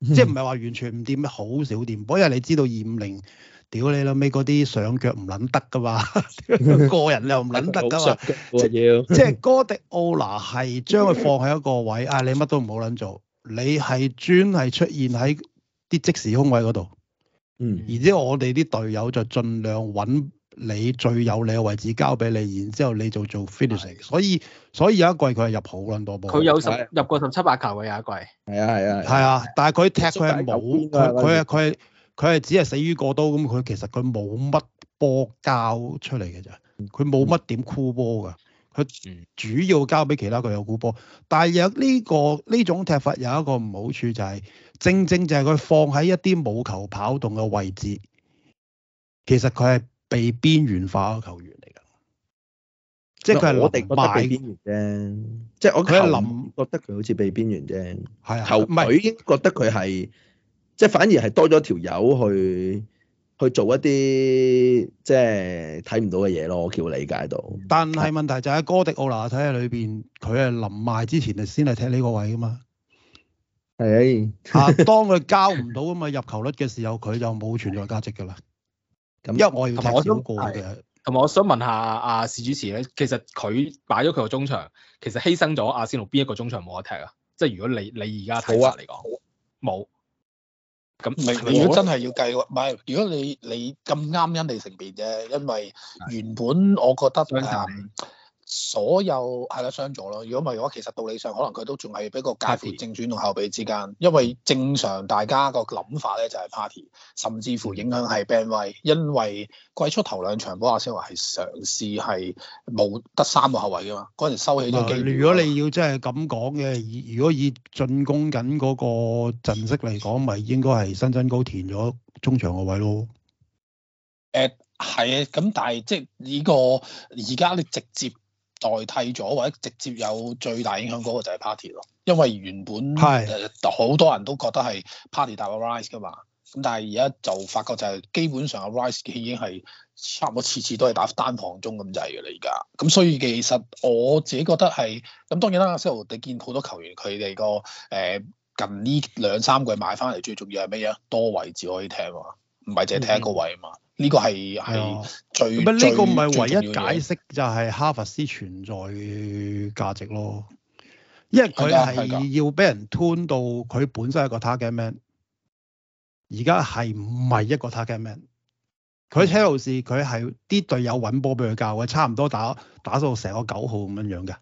的即係唔係話完全唔掂，好少掂波。因為你知道二五零。屌你，最尾嗰啲上腳唔捻得噶嘛？個人又唔捻得噶嘛？即係哥迪奧拿係將佢放喺一個位啊！你乜都唔好捻做，你係專係出現喺啲即時空位嗰度。嗯。然之後我哋啲隊友就盡量揾你最有利嘅位置交俾你，然之後你就做 finish。所以所以有一季佢係入好捻多波，佢有十入過十七八球嘅有一季。係啊係啊。係啊，但係佢踢佢係冇佢佢佢係。佢係只係死於過刀，咁佢其實佢冇乜波交出嚟嘅咋。佢冇乜點箍波㗎，佢主要交俾其他隊友箍波。但係有呢、這個呢種踢法有一個唔好處就係、是，正正就係佢放喺一啲冇球跑動嘅位置，其實佢係被邊緣化嘅球員嚟㗎，嗯、即係佢係我覺得被邊緣啫，即係我佢係諗覺得佢好似被邊緣啫，啊，已經覺得佢係。即係反而係多咗條友去去做一啲即係睇唔到嘅嘢咯，我叫理解到。但係問題就喺哥迪奧拿體系裏邊，佢係臨賣之前先係踢呢個位噶嘛。係是的 啊，當佢交唔到咁嘅入球率嘅時候，佢就冇存在價值噶啦。咁， 因為我要踢少個嘅。同埋我,我想問下阿、啊、史主持咧，其實佢擺咗佢個中場，其實犧牲咗阿仙奴邊一個中場冇得踢啊。即係如果你你而家睇法嚟講，冇、啊。咁你如果真係要計喎，唔係的，如果你你咁啱因你成便啫，因為原本我覺得啊。的所有係啦，傷咗咯。如果唔係嘅話，其實道理上可能佢都仲係俾個介乎正轉同後備之間。Party. 因為正常大家個諗法咧就係 party，甚至乎影響係 ban 位，因為季初頭兩場波阿星華係嘗試係冇得三個後衛噶嘛，嗰陣收起咗。如果你要真係咁講嘅，如果以進攻緊嗰個陣式嚟講，咪應該係新津高填咗中場個位咯。誒、嗯，係啊，咁但係即係、這、呢個而家你直接。代替咗或者直接有最大影響嗰個就係 Party 咯，因為原本係好是、呃、多人都覺得係 Party 帶個、啊、Rise 噶嘛，咁但係而家就發覺就係基本上個、啊、Rise 已經係差唔多次次都係打單防中咁滯㗎啦，而家咁所以其實我自己覺得係咁、嗯、當然啦，阿 Sir，你見好多球員佢哋個誒近呢兩三季買翻嚟最重要係咩嘢？多位置可以聽。唔係淨係睇一個位啊嘛，呢、嗯、個係係、啊、最唔係呢個唔係唯一解釋就係哈伐斯存在價值咯，因為佢係要俾人 turn 到佢本身係個 target man，而家係唔係一個 target man，佢車路士佢係啲隊友揾波俾佢教嘅，差唔多打打到成個九號咁樣樣嘅，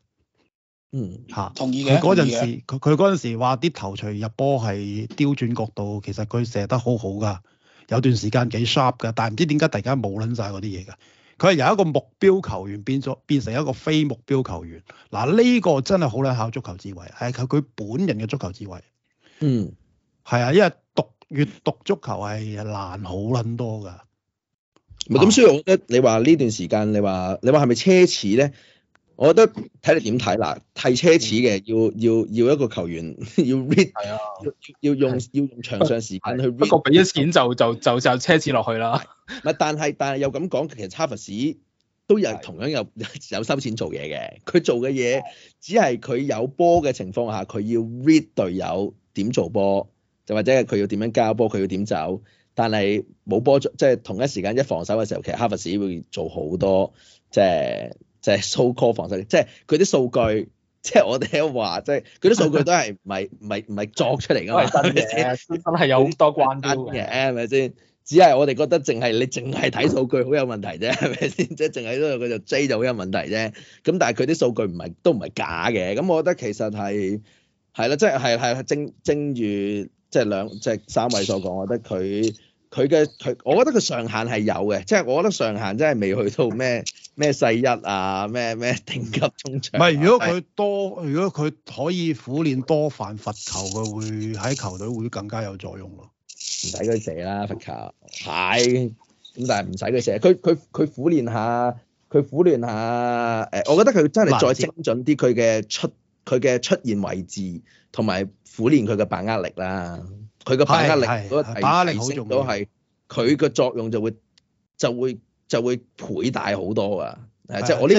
嗯嚇，同意嘅，佢嗰陣時佢佢嗰陣時話啲頭槌入波係刁轉角度，其實佢射得好好噶。有段時間幾 sharp 㗎，但係唔知點解突然間冇撚晒嗰啲嘢㗎。佢係由一個目標球員變咗變成一個非目標球員。嗱呢個真係好難考足球智慧，係靠佢本人嘅足球智慧。嗯，係啊，因為讀閱讀足球係難好撚多㗎。咁、嗯，所以我覺得你話呢段時間，你話你話係咪奢侈咧？我覺得睇你點睇啦，睇奢侈嘅，要要要一個球員 要 read，的要要用要用場上時間去 read，一俾啲錢就就就就奢侈落去啦。唔係，但係但係又咁講，其實哈伐斯都有同樣有的有收錢做嘢嘅。佢做嘅嘢只係佢有波嘅情況下，佢要 read 隊友點做波，就或者佢要點樣交波，佢要點走。但係冇波即係同一時間一防守嘅時候，其實哈伐斯會做好多即係。就是就係數庫房就係，即係佢啲數據，即係我哋都話，即係佢啲數據都係唔係唔係唔係作出嚟噶，係 真嘅。啲真係有好多關燈嘅，係咪先？只係我哋覺得淨係你淨係睇數據好有問題啫，係咪先？即係淨係嗰度佢就 J 就好有問題啫。咁但係佢啲數據唔係都唔係假嘅。咁我覺得其實係係啦，即係係係正正如即係、就是、兩即係、就是、三位所講，我覺得佢佢嘅佢，我覺得佢上限係有嘅。即、就、係、是、我覺得上限真係未去到咩？咩世一啊？咩咩頂級中場、啊？唔係，如果佢多，如果佢可以苦練多犯罰球，佢會喺球隊會更加有作用咯、啊。唔使佢射啦，罰球係。咁、哎、但係唔使佢射，佢佢佢苦練下，佢苦練下。誒、哎，我覺得佢真係再精準啲，佢嘅出佢嘅出現位置，同埋苦練佢嘅把握力啦。佢嘅把握力把個提提升到係，佢嘅作用就會就會。就會倍大好多㗎，的即係是我呢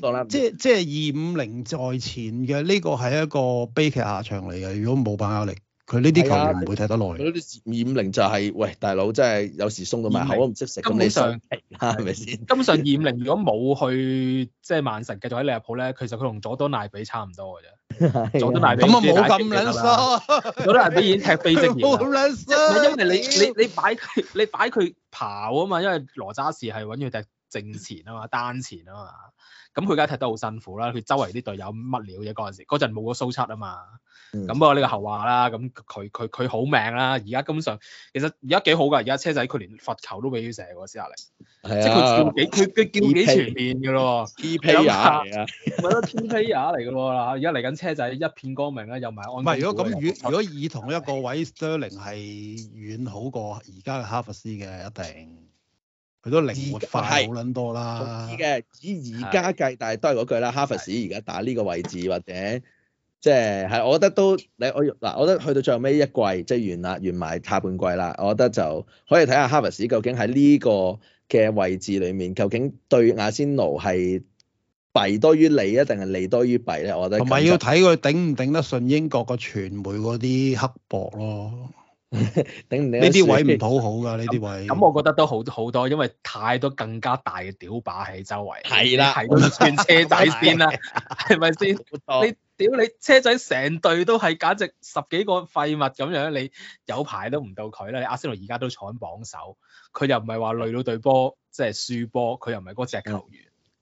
個二，的即係即係二五零在前嘅呢個係一個悲劇下場嚟嘅，如果冇把握力。佢呢啲球員唔會踢得耐。嗰啲二五零就係喂，大佬，真係有時送到埋口都唔識食咁你。根本上係，係咪先？根本上二五零如果冇去即係曼城繼續喺利入浦咧，其實佢同佐多奈比差唔多嘅啫。佐多奈比冇咁撚衰。佐多奈比已經踢非職業。冇咁撚衰。因為你你你擺佢你擺佢跑啊嘛，因為羅渣士係揾佢踢正前啊嘛，單前啊嘛。咁佢而家踢得好辛苦啦，佢周圍啲隊友乜料嘢嗰陣時，嗰陣冇咗蘇七啊嘛。咁不過呢個後話啦，咁佢佢佢好命啦。而家根本上其實而家幾好噶，而家車仔佢連罰球都俾佢射喎，斯亞力。係啊。即係佢叫幾，佢佢叫幾全面噶咯。e p a y r 嚟啊，唔係都 e p a y r 嚟噶喎啦。而家嚟緊車仔一片光明啦，又埋安。唔係，如果咁與如果以同一個位 Sterling 係遠好過而家嘅哈伐斯嘅一定。佢都靈活快好捻多啦，嘅。以而家計，但係都係嗰句啦。的哈伐斯而家打呢個位置或者，即係，係我覺得都你我嗱，我覺得去到最後尾一季即係完啦，完埋下半季啦，我覺得就可以睇下哈伐斯究竟喺呢個嘅位置裏面，究竟對阿仙奴係弊多於利啊，定係利多於弊咧？我覺得同埋要睇佢頂唔頂得順英國個傳媒嗰啲刻薄咯。頂唔頂呢啲位唔討好噶，呢啲位。咁、 嗯嗯、我覺得都好好多，因為太多更加大嘅屌把喺周圍。係啦，係咁轉車仔先啦、啊，係咪先？ 多你屌你車仔成隊都係簡直十幾個廢物咁樣，你有排都唔到佢啦。你阿仙奴而家都坐緊榜首，佢又唔係話累到隊波，即係輸波，佢又唔係嗰隻球員。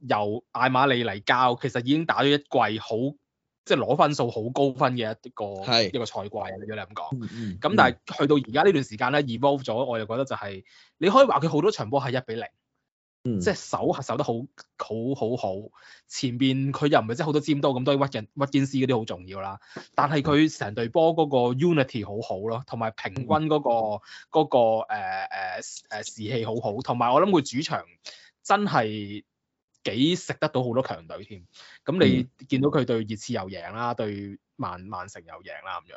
由艾馬利嚟教，其實已經打咗一季好，即係攞分數好高分嘅一個是一個賽季，如果你咁講。咁、嗯嗯、但係去到而家呢段時間咧，evolve 咗，我又覺得就係、是、你可以話佢好多場波係一比零、嗯，即係守係守得好好好好。前邊佢又唔係即係好多尖刀咁多屈屈堅斯嗰啲好重要啦。但係佢成隊波嗰個 unity 好好咯，同埋平均嗰、那個嗰、那個誒誒誒士氣好好，同埋我諗佢主場真係。幾食得到好多強隊添，咁你見到佢對熱刺又贏啦，對曼曼城又贏啦咁樣。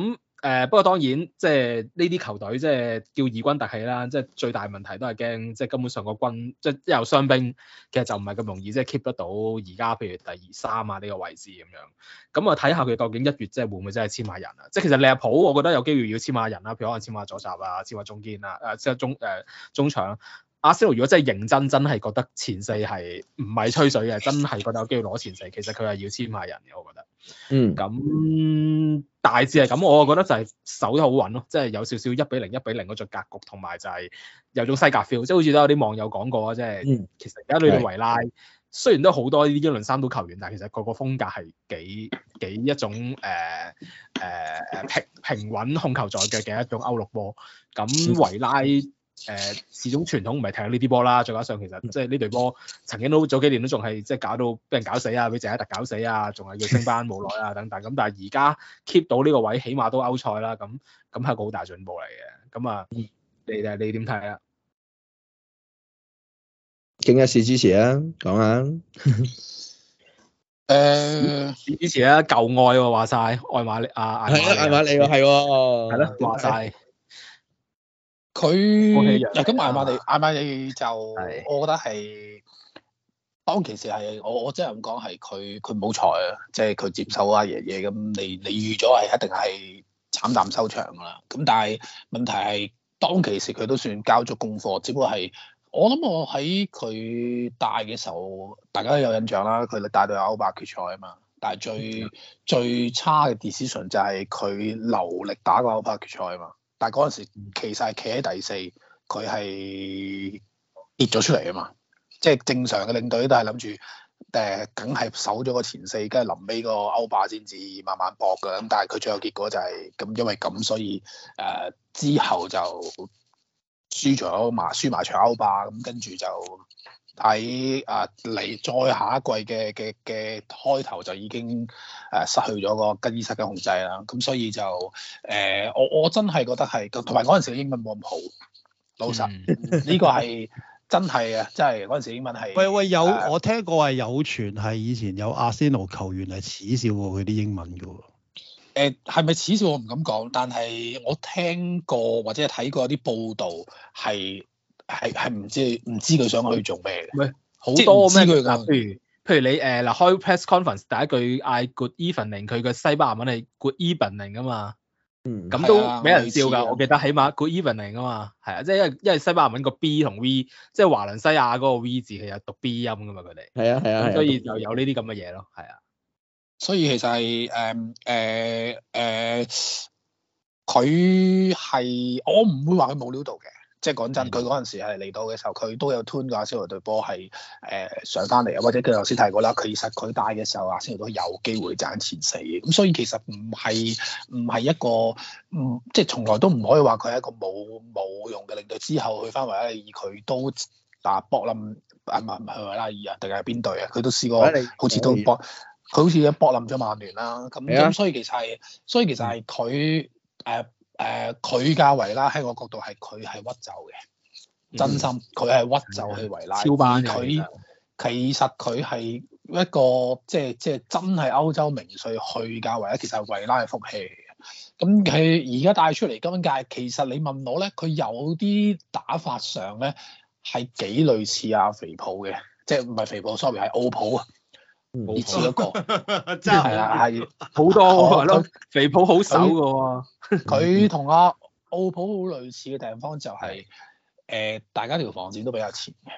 咁誒、呃、不過當然即係呢啲球隊即係叫異軍突起啦，即係最大問題都係驚即係根本上個軍即有傷兵，其實就唔係咁容易即係 keep 得到而家譬如第二三啊呢個位置咁樣，咁啊睇下佢究竟一月即係會唔會真係簽埋人啊？即係其實利物浦，浦我覺得有機會要簽埋人啦，譬如可能簽埋左閘啊，簽埋中堅啊，誒即係中誒、呃、中場。阿 c e l l 如果真係認真，真係覺得前四係唔係吹水嘅，真係覺得有機會攞前四。其實佢係要簽下人嘅，我覺得。嗯。咁大致係咁，我覺得就係守得好穩咯，即係有少少一比零、一比零嗰種格局，同埋就係有種西甲 feel，即係好似都有啲網友講過啊，即係其實而家你哋維拉的雖然都好多呢啲英倫三島球員，但係其實佢個風格係幾幾一種誒誒、呃、平平穩控球在腳嘅一種歐陸波。咁維拉。誒始種傳統，唔係踢呢啲波啦。再加上其實即係呢隊波曾經都早幾年都仲係即係搞到俾人搞死啊，俾鄭一達搞死啊，仲係要升班冇耐啊等等。咁但係而家 keep 到呢個位，起碼都歐賽啦。咁咁係一個好大進步嚟嘅。咁啊，你哋你點睇啊？京一事支持啊，講下。誒，支持啊！舊愛話晒。愛馬利啊，係啊，愛馬利喎，啊，係喎，啊，咯，話晒。佢，咁艾米莉，艾米莉就，我覺得係的當其時係，我我真係咁講係佢佢冇才啊，即係佢接受阿爺爺咁，你你預咗係一定係慘淡收場噶啦。咁但係問題係，當其時佢都算交足功課，只不過係我諗我喺佢大嘅時候，大家都有印象啦，佢哋帶到有歐霸決賽啊嘛。但係最、嗯、最差嘅 decision 就係佢留力打個歐霸決賽啊嘛。但係嗰陣其實係企喺第四，佢係跌咗出嚟啊嘛！即、就、係、是、正常嘅領隊都係諗住誒，梗、呃、係守咗個前四，跟住臨尾個歐霸先至慢慢搏嘅。咁但係佢最後結果就係、是、咁，因為咁所以誒、呃、之後就輸咗，麻輸埋場歐霸咁，跟、嗯、住就。喺啊嚟再下一季嘅嘅嘅開頭就已經誒失去咗個更衣室嘅控制啦，咁所以就誒、呃、我我真係覺得係，同埋嗰陣時英文冇咁好，老實呢、嗯、 個係真係啊真係嗰陣時英文係喂喂有、呃、有我聽過係有傳係以前有阿仙奴球員係恥笑過佢啲英文㗎喎，誒係咪恥笑我唔敢講，但係我聽過或者睇過啲報導係。係係唔知唔知佢想去做咩嘅？唔係、嗯、好多咩？譬如譬如你誒嗱、呃、開 press conference 第一句嗌 good evening，佢嘅西班牙文係 good evening 噶嘛？咁、嗯、都俾人笑噶，啊、我，我記得起碼 good evening 噶嘛，係啊，即係因為因為西班牙文個 B 同 V，即係華倫西亞嗰個 V 字其實讀 B 音噶嘛，佢哋係啊係啊，啊啊所以就有呢啲咁嘅嘢咯，係啊。所以其實係誒誒誒，佢、呃、係、呃呃呃、我唔會話佢冇料到嘅。即係講真，佢嗰陣時係嚟到嘅時候，佢都有 turn 亞視台隊波係誒上翻嚟啊，或者佢頭先提過啦，其實佢帶嘅時候亞視台都有機會賺錢，四咁，所以其實唔係唔係一個唔即係從來都唔可以話佢係一個冇冇用嘅，領隊之後去翻維拉里爾，佢都打博冧啊唔唔係維拉里爾啊，定係邊隊啊？佢都試過，好似都博佢好似啊博冧咗曼聯啦，咁咁所以其實係，所以其實係佢誒。yeah? 誒，佢加、呃、維拉喺我角度係佢係屈就嘅，嗯、真心佢係屈就係維拉，嗯、超班，佢其實佢係一個即係即係真係歐洲名帥去加維拉，其實係維拉嘅福氣嚟嘅。咁佢而家帶出嚟今屆，其實你問我咧，佢有啲打法上咧係幾類似阿、啊、肥普嘅，即係唔係肥普，sorry，係奧普啊。熱刺嗰個，係啊係，好多咯，肥 他 普好手嘅喎。佢同阿奧普好類似嘅地方就係、是，誒、 呃，大家條防線都比較前嘅。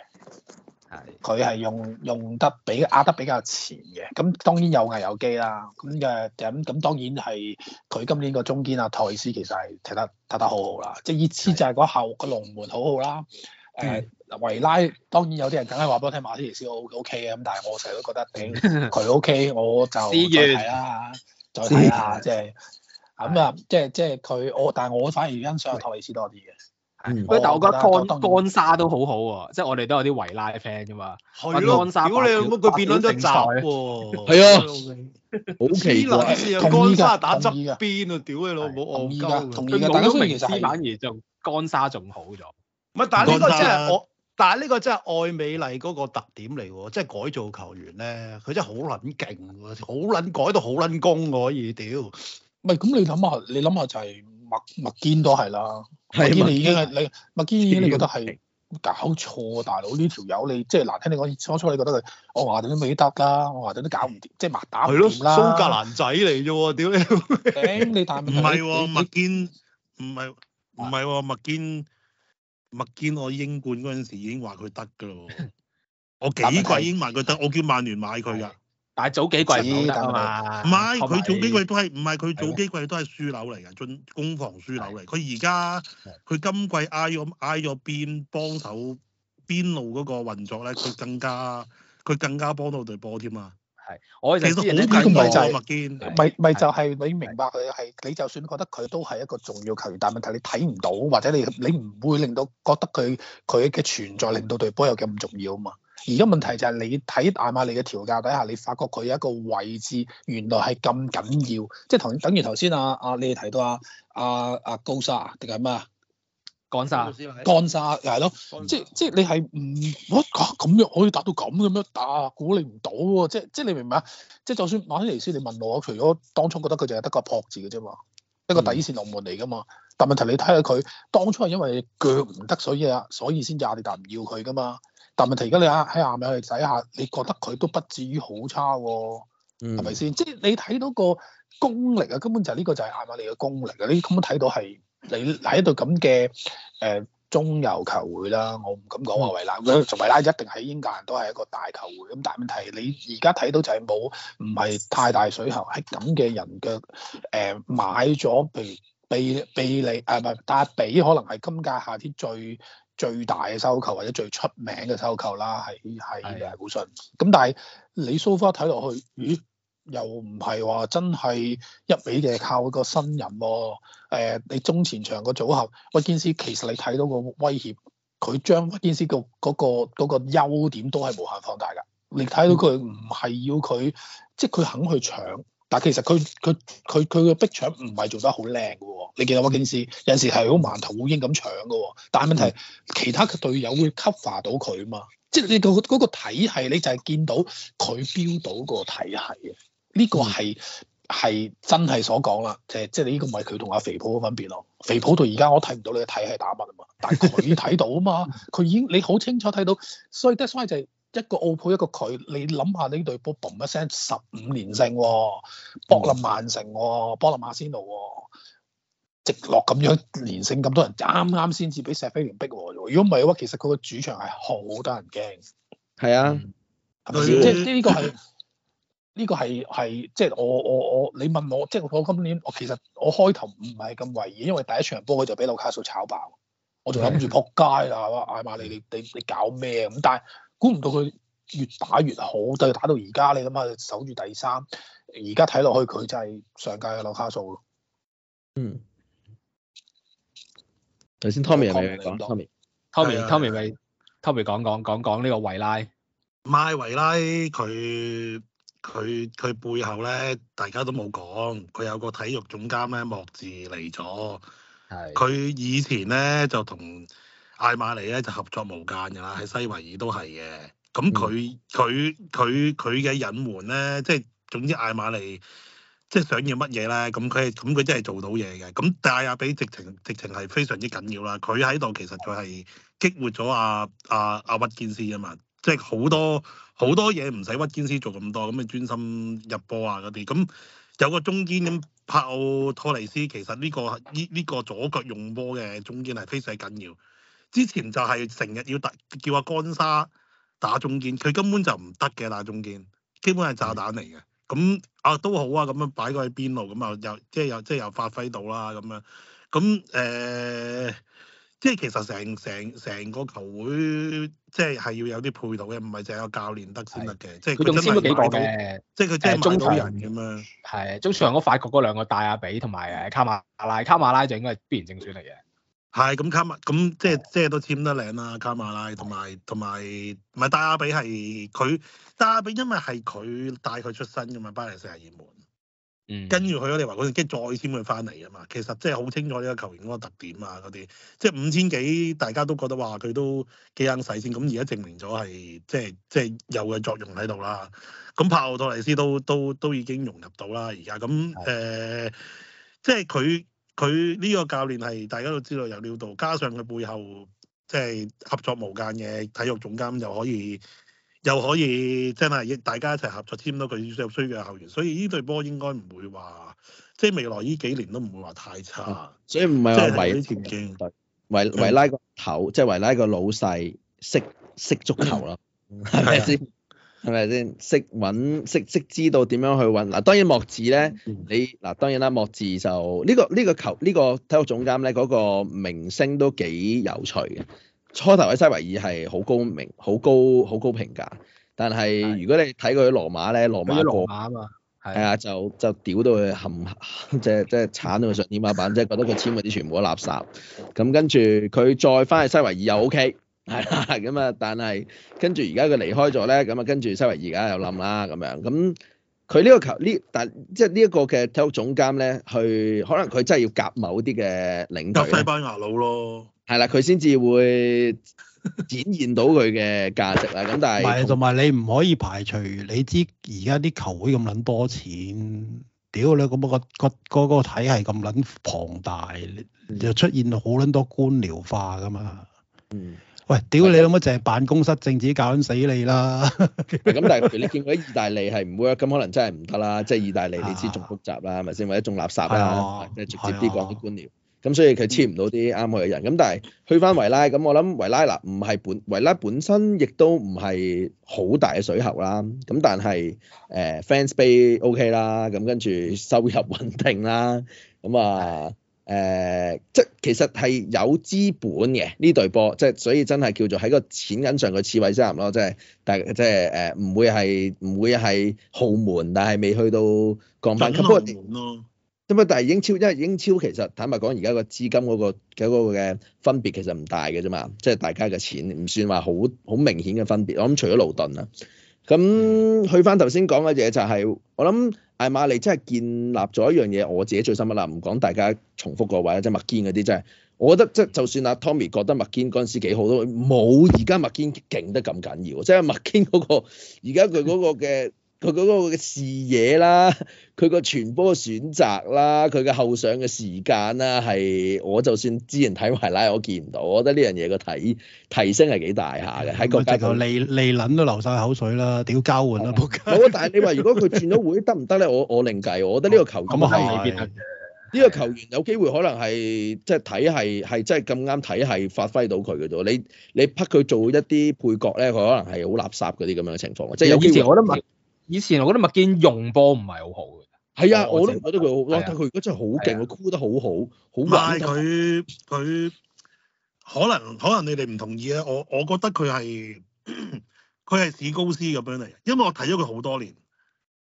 係。 佢係用用得比壓得比較前嘅，咁當然有危有機啦。咁嘅咁咁，當然係佢今年個中堅阿托斯其實係踢得踢得好好啦。即係意思就係個後個龍門好好啦。誒、呃。嗯嗱維拉當然有啲人梗係話俾我聽馬天尼斯 O O K 嘅，咁但係我成日都覺得頂佢 O K，我就再睇啦，再睇下即係咁啊，即係即係佢我，但係我反而欣賞托尼斯多啲嘅，嗰但我覺得幹幹沙都好好喎，即係我哋都有啲維拉嘅 friend 噶嘛，係咯，屌你老母佢變咗咗雜喎，係啊，好奇怪，同依家同依家，屌你老母戇鳩，佢冇名師反而就幹沙仲好咗，唔係，但係呢個即係我。但係呢個真係愛美麗嗰個特點嚟喎，即係改造球員咧，佢真係好撚勁喎，好撚改到好撚功可以屌。唔係咁你諗下，你諗下就係麥麥堅都係啦。麥堅你已經係你麥堅你已經，你覺得係搞錯大佬呢條友你即係、就是、難聽你講，初初你覺得佢我話你都未得啦，我話你都搞唔掂，即係麥打唔掂啦。蘇格蘭仔嚟啫喎，屌你，你但唔係麥堅，唔係，唔係麥堅。麥堅我英冠嗰陣時已經話佢得噶咯，我幾季已經話佢得，我叫曼聯買佢噶。但係早幾季已經得嘛？唔係，佢早幾季都係唔係佢早幾季都係樞紐嚟噶，進攻防樞紐嚟。佢而家佢今季挨咗挨咗邊幫手邊路嗰個運作咧，佢更加佢更加幫到隊波添啊！係，我係睇到人哋緊要。咪咪就係你明白佢係，是你就算覺得佢都係一個重要球員，但問題你睇唔到，或者你你唔會令到覺得佢佢嘅存在令到隊波有咁重要啊嘛。而家問題就係、是、你睇大馬利嘅調教底下，你發覺佢有一個位置原來係咁緊要，即係同等於頭先阿阿你提到阿阿阿高沙定係咩啊？干晒，干晒又係咯，即即你係唔，咁、啊、樣可以打到咁嘅咩？打估你唔到喎、啊，即即你明唔明啊？即就算馬尼、啊、尼斯你問我，除咗當初覺得佢淨係得個撲字嘅啫嘛，嗯、一個底線龍門嚟噶嘛，但問題你睇下佢當初係因為腳唔得水，所以啊，所以先至阿迪達唔要佢噶嘛。但問題而家你喺喺下面去睇下，你覺得佢都不至於好差喎、啊，係咪先？即你睇到個功力啊，根本，根本就係呢個就係亞馬利嘅功力啊，你根本睇到係。你喺度咁嘅誒中游球會啦，我唔敢講話維拉，咁維拉一定喺英格蘭都係一個大球會。咁但係問題，你而家睇到就係冇唔係太大水喉，喺咁嘅人腳誒買咗，譬如被被你啊唔係，但係比可能係今屆夏天最最大嘅收購或者最出名嘅收購啦，係係股信。咁但係你 so far 睇落去，嗯。又唔係話真係一味嘅靠個新人喎、哦呃。你中前場個組合，屈堅斯其實你睇到個威脅，佢將屈堅斯個嗰個嗰個優點都係無限放大㗎。你睇到佢唔係要佢，嗯、即係佢肯去搶，但其實佢佢佢佢嘅逼搶唔係做得好靚嘅喎。你見到屈堅斯有陣時係好盲頭烏蠅咁搶嘅喎、哦，但係問題其他嘅隊友會 cover 到佢嘛？即係你、那個嗰個體系，你就係見到佢標到個體係,個體系。嘅。呢個係係真係所講啦，就係即係呢個唔係佢同阿肥普嘅分別咯。肥普到而家我睇唔到你嘅體系打乜啊嘛，但係佢睇到啊嘛，佢已經你好清楚睇到，所以 that's why 就係一個奧普一個佢。你諗下呢隊波嘣一聲十五連勝，博林曼城，博林馬仙奴，直落咁樣連勝咁多人，啱啱先至俾錫菲聯逼。如果唔係嘅話，其實佢個主場係好得人驚。係啊，係咪？即係呢個係。呢個係係即係我我我你問我即係我今年我其實我開頭唔係咁為意，因為第一場波佢就俾紐卡素炒爆，我仲諗住扑街啦，係的、哎、嘛嗌埋你你你你搞咩咁？但係估唔到佢越打越好，到打到而家你諗下守住第三，而家睇落去佢就係上屆嘅紐卡素咯。嗯，頭先 Tommy 咪講，Tommy，Tommy，Tommy 咪 Tommy 講講講講呢個維的拉，my 維拉佢。嗯佢佢背後咧，大家都冇講。佢有個體育總監咧，莫治嚟咗。係的。佢以前咧就同艾瑪尼咧就合作無間㗎啦，喺西維爾都係嘅。咁佢佢佢佢嘅隱瞞咧，即係總之艾瑪尼即係想要乜嘢咧？咁佢係咁佢真係做到嘢嘅。咁但係阿比直情直情係非常之緊要啦。佢喺度其實佢係激活咗阿阿阿屈堅斯啊，啊，啊，啊，啊，啊嘛，即係好多。好多嘢唔使屈堅斯做咁多，咁咪專心入波啊嗰啲。咁有個中堅咁，帕奧托尼斯其實呢、呢個呢呢、呢個左腳用波嘅中堅係非常緊要。之前就係成日要打叫阿干沙打中堅，佢根本就唔得嘅打中堅，基本係炸彈嚟嘅。咁啊都好啊，咁樣擺佢去邊路咁啊又即係又即係又發揮到啦咁樣。咁誒，即、呃、係、即係、其實成成成個球會。即係係要有啲配套嘅，唔係淨係個教練得先得嘅。是即係佢仲簽咗幾個嘅，即係佢即係中場人咁樣。係中場嗰法國嗰兩個戴亞比同埋卡馬拉，卡馬拉就應該係必然正選嚟嘅。係咁卡馬咁即係的即係都簽得靚啦，卡馬拉同埋同埋唔係戴亞比係佢，戴亞比因為係佢帶佢出身噶嘛，巴黎四廿二門。嗯、跟住佢咯，你話嗰陣即再簽佢翻嚟啊嘛，其實即係好清楚呢個球員嗰個特點啊嗰啲，即係五千幾大家都覺得話佢都幾硬使先，咁而家證明咗係即係即係有嘅作用喺度啦。咁帕奧托利斯都都都已經融入到啦而家，咁誒、呃，即係佢佢呢個教練係大家都知道有料到，加上佢背後即係合作無間嘅體育總監又可以。又可以即係，大家一齊合作簽多句入需要嘅球員，所以呢隊波應該唔會話，即係未來呢幾年都唔會話太差。啊、所以唔係話維維，維拉個頭，嗯、即係維拉個老細識識足球咯，係咪先？係咪先？識揾識識知道點樣去揾嗱？當然莫治咧，你嗱當然啦，莫治就呢、呢個呢、呢個球呢、呢個體育總監咧，嗰、嗰個名聲都幾有趣嘅。初頭喺西維爾係好高明，好高好高評價。但係如果你睇佢羅馬咧，羅的馬羅馬啊嘛，係啊，就 就屌、是就是、到佢冚，即係即係鏟到佢上天花板，即係 覺得佢簽嗰啲全部都垃圾。咁跟住佢再翻去西維爾又 OK，係係咁啊。但係跟住而家佢離開咗咧，咁啊跟住西維爾而家又冧啦咁樣。咁佢呢個球呢？但即係呢一個嘅體育總監咧，去可能佢真係要夾某啲嘅領隊，西班牙佬咯。係啦，佢先至會展現到佢嘅價值啦。咁但係唔同埋你唔可以排除，你知而家啲球會咁撚多錢，屌你咁、嗰個個嗰、嗰個體系咁撚龐大，就出現好撚多官僚化㗎嘛。嗯，喂，屌你老母淨係辦公室政治搞撚死你啦。咁 但係你見佢喺意大利係唔 work，咁可能真係唔得啦。即係意大利你知仲複雜啦，係咪先或者仲垃圾啦，即係的直接啲講啲官僚。咁所以佢簽唔到啲啱佢嘅人。咁但係去翻維拉，咁我諗維拉嗱唔係本維拉本身亦都唔係好大嘅水喉啦。咁但係誒 fans base OK 啦，咁跟住收入穩定啦。咁啊誒，即係其實係有資本嘅呢隊波。即係所以真係叫做喺個錢銀上嘅刺位商人咯。即係但係即係誒，唔會係唔會係豪門，但係未去到降班級嗰啲。咁但係英超，因為英超其實坦白講，而家個資金嗰個嘅嗰個嘅分別其實唔大嘅啫嘛，即係大家嘅錢唔算話好好明顯嘅分別。我諗除咗勞頓啊，咁去翻頭先講嘅嘢就係，我諗艾馬利真係建立咗一樣嘢，我自己最深刻啦。唔講大家重複個位即係麥堅嗰啲真係，即係我覺得即係就算阿 Tommy 覺得麥堅嗰陣時幾好，都冇而家麥堅勁得咁緊要，即係麥堅嗰個而家佢嗰個嘅。 佢嗰個嘅視野啦，佢個傳波嘅選擇啦，佢嘅後上嘅時間啦，係我就算之前睇埋啦，我見唔到，我覺得呢樣嘢個提提升係幾大下嘅喺國家。球、嗯，直頭利利卵都流晒口水啦，屌交換啦仆街！冇啊，但係你話如果佢轉咗會得唔得咧？我我另計，我覺得呢個球員咁啊係呢個球員有機會可能係即係體係係即係咁啱體係發揮到佢嘅啫。你你拋佢做一啲配角咧，佢可能係好垃圾嗰啲咁樣嘅情況。即係以前我都問。以前我覺得麥堅用波唔係好好嘅，係啊，我都覺得佢，我睇佢而家真係好勁，佢酷得好好，好玩、啊。但係佢佢可能可能你哋唔同意啊，我我覺得佢係佢係史高斯咁樣嚟，ette, 因為我睇咗佢好多年。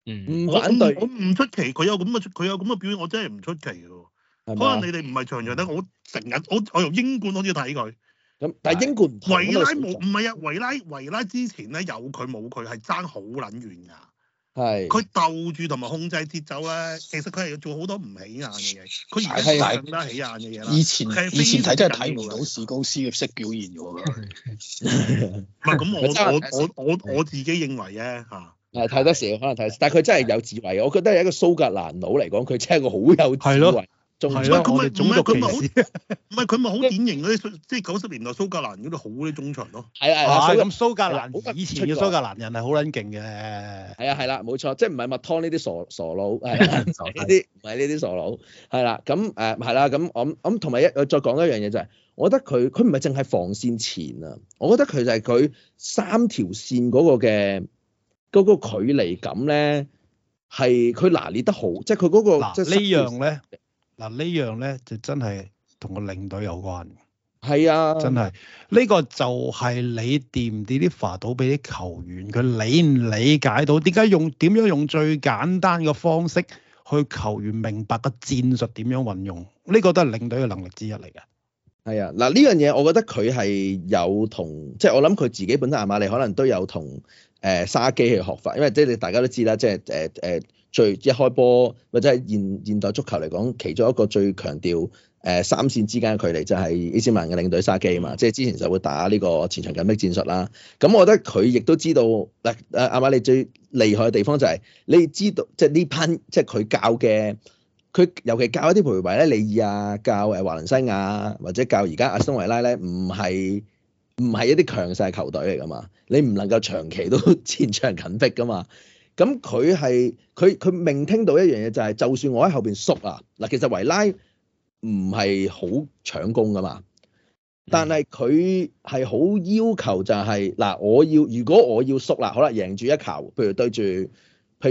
嗯，我對我唔出奇，佢有咁嘅佢有咁嘅表演，我真係唔出奇嘅喎。可能你哋唔係長日得嗎我成日我我由英冠開始睇佢。咁但係英冠是維拉冇唔係啊，維拉維拉之前咧有佢冇佢係爭好撚遠噶，係佢是鬥住同埋控制節奏咧，其實佢係做好多唔起眼嘅嘢，佢而家更加起眼嘅嘢啦。以前以前睇真係睇唔到史高斯嘅色表現喎。唔係咁我我我我我自己認為咧嚇，係太多事可能睇，但係佢真係有智慧，我覺得係一個蘇格蘭佬嚟講，佢真係個好有智慧。所以佢咪種族歧視？唔係佢咪好典型嗰啲，即係九十年代蘇格蘭嗰度好啲中場咯。係啊係啊，咁蘇格蘭以前嘅蘇格蘭人係好撚勁嘅。係啊係啦，冇錯，即係唔係麥湯呢啲傻傻，傻佬？呢啲唔係呢啲傻佬。係啦，咁誒係啦，咁我我同埋一再講一樣嘢就係，我覺得佢佢唔係淨係防線前啊，我覺得佢就係佢三條線嗰個嘅嗰個距離感咧，係佢拿捏得好，即係佢嗰個。嗱呢樣咧？是嗱呢樣咧就真係同個領隊有關，係啊，真係。呢個就係你掂啲啲法度俾啲球員，佢理唔理解到點解用點樣用最簡單嘅方式去球員明白個戰術點樣運用？呢個都係領隊嘅能力之一嚟㗎。係啊，嗱呢樣嘢我覺得佢係有同，即係我諗佢自己本身亞馬利可能都有同誒沙基去學法，因為即係大家都知啦，即係誒誒。呃呃最一開波或者係現現代足球嚟講，其中一個最強調誒三線之間嘅距離就係伊斯曼嘅領隊沙基啊嘛，即係之前就會打呢個前場緊逼戰術啦。咁我覺得佢亦都知道嗱，阿馬利最厲害嘅地方就係你知道，即係呢班即係佢教嘅，佢尤其教一啲維拉里爾啊、教誒華倫西亞或者教而家阿斯頓維拉咧，唔係唔係一啲強勢球隊嚟噶嘛，你唔能夠長期都前場緊逼噶嘛。咁佢係佢佢明聽到一樣嘢就係、是，就算我喺後邊縮啊，嗱，其實維拉唔係好搶攻㗎嘛，但係佢係好要求就係，嗱，我要如果我要縮啦，好啦，贏住一球，譬如對住譬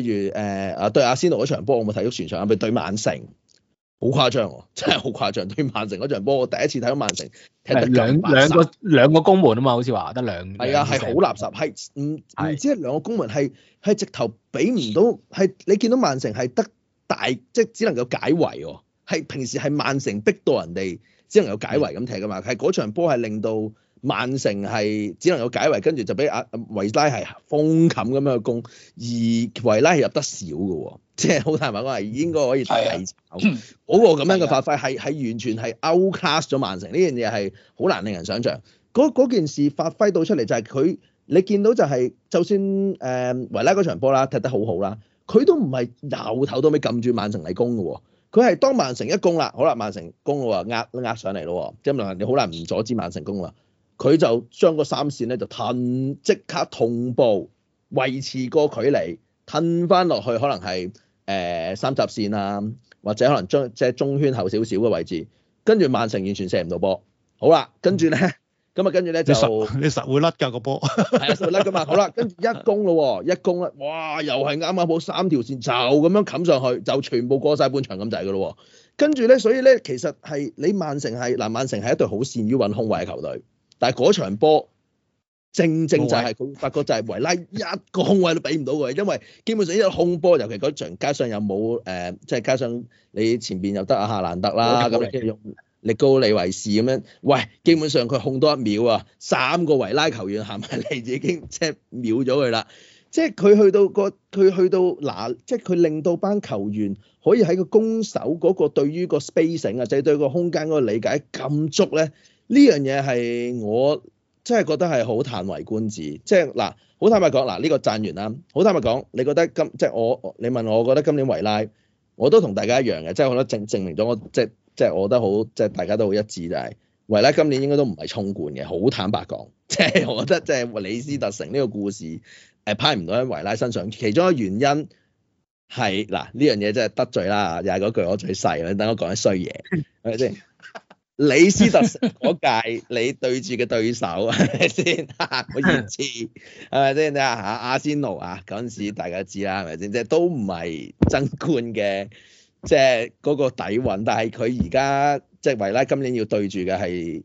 如誒啊、呃、對阿仙奴嗰場波，我冇睇足全場，啊，譬如對曼城。好誇張喎、啊！真係好誇張。對曼城嗰場波，我第一次睇到曼城踢得咁垃圾。兩個兩個攻門啊嘛，好似話得兩。係啊，係好垃圾。係唔唔知兩個攻門係係直頭畀唔到。係你見到曼城係得大，即係只能夠解圍喎、啊。係平時係曼城逼到人哋，只能夠解圍咁踢噶嘛。係嗰場波係令到。曼城係只能夠解圍，跟住就俾阿維拉係封冚咁樣去攻，而維拉係入得少嘅，即係好坦白講係應該可以睇走嗰、嗯、個咁樣嘅發揮係係完全係 outclass 咗曼城呢樣嘢係好難令人想像。嗰件事發揮到出嚟就係佢，你見到就係、是、就算誒、呃、維拉嗰場波啦，踢得好好啦，佢都唔係由頭到尾撳住曼城嚟攻嘅喎，佢係當曼城一攻啦，好啦，曼城攻啦，壓壓上嚟咯，即係你好難唔阻止曼城攻啦。佢就將嗰三線咧就褪，即刻同步維持個距離，褪翻落去可能係誒、呃、三執線啊，或者可能將即係中圈後少少嘅位置。跟住曼城完全射唔到波。好啦，跟住咧，咁啊跟住咧就你實你會甩㗎個波，係啊會甩㗎嘛。好啦，跟住一攻咯、哦，一攻咧，哇又係啱啱好三條線就咁樣冚上去，就全部過晒半場咁滯㗎咯。跟住咧，所以咧其實係你曼城係嗱，曼城係一隊好善於揾空位嘅球隊。 但係嗰場波，正正就係佢發覺就係維拉一個空位都俾唔到佢，因為基本上呢個控波，尤其嗰場加上又冇誒，即係加上你前邊又得阿夏蘭特啦，咁你高利維士咁樣，喂，基本上佢控多一秒啊，三個維拉球員行埋嚟已經即係秒咗佢啦。即係佢去到個，佢去到嗱，即係佢令到班球員可以喺個攻守嗰個對於個 spacing 啊，即係對個空間嗰個理解咁足咧。呢樣嘢係我真係覺得係好歎為觀止，即係嗱，好坦白講，嗱呢個讚完啦，好坦白講，你覺得今即係我，你問我，我覺得今年維拉，我都同大家一樣嘅，即係我覺得證證明咗我，即係即係我覺得好，即係大家都好一致就係，維拉今年應該都唔係衝冠嘅，好坦白講，即係我覺得即係李斯特城呢個故事，誒擺唔到喺維拉身上，其中一個原因係嗱呢樣嘢真係得罪啦，又係嗰句我最細，你等我講啲衰嘢，係咪先？李斯特嗰屆，你對住嘅對手係咪先？ 我唔知係咪先？你啊，阿仙奴啊，嗰陣時大家知啦，係咪先？即係都唔係爭冠嘅，即係嗰個底蘊。但係佢而家即係維拉今年要對住嘅係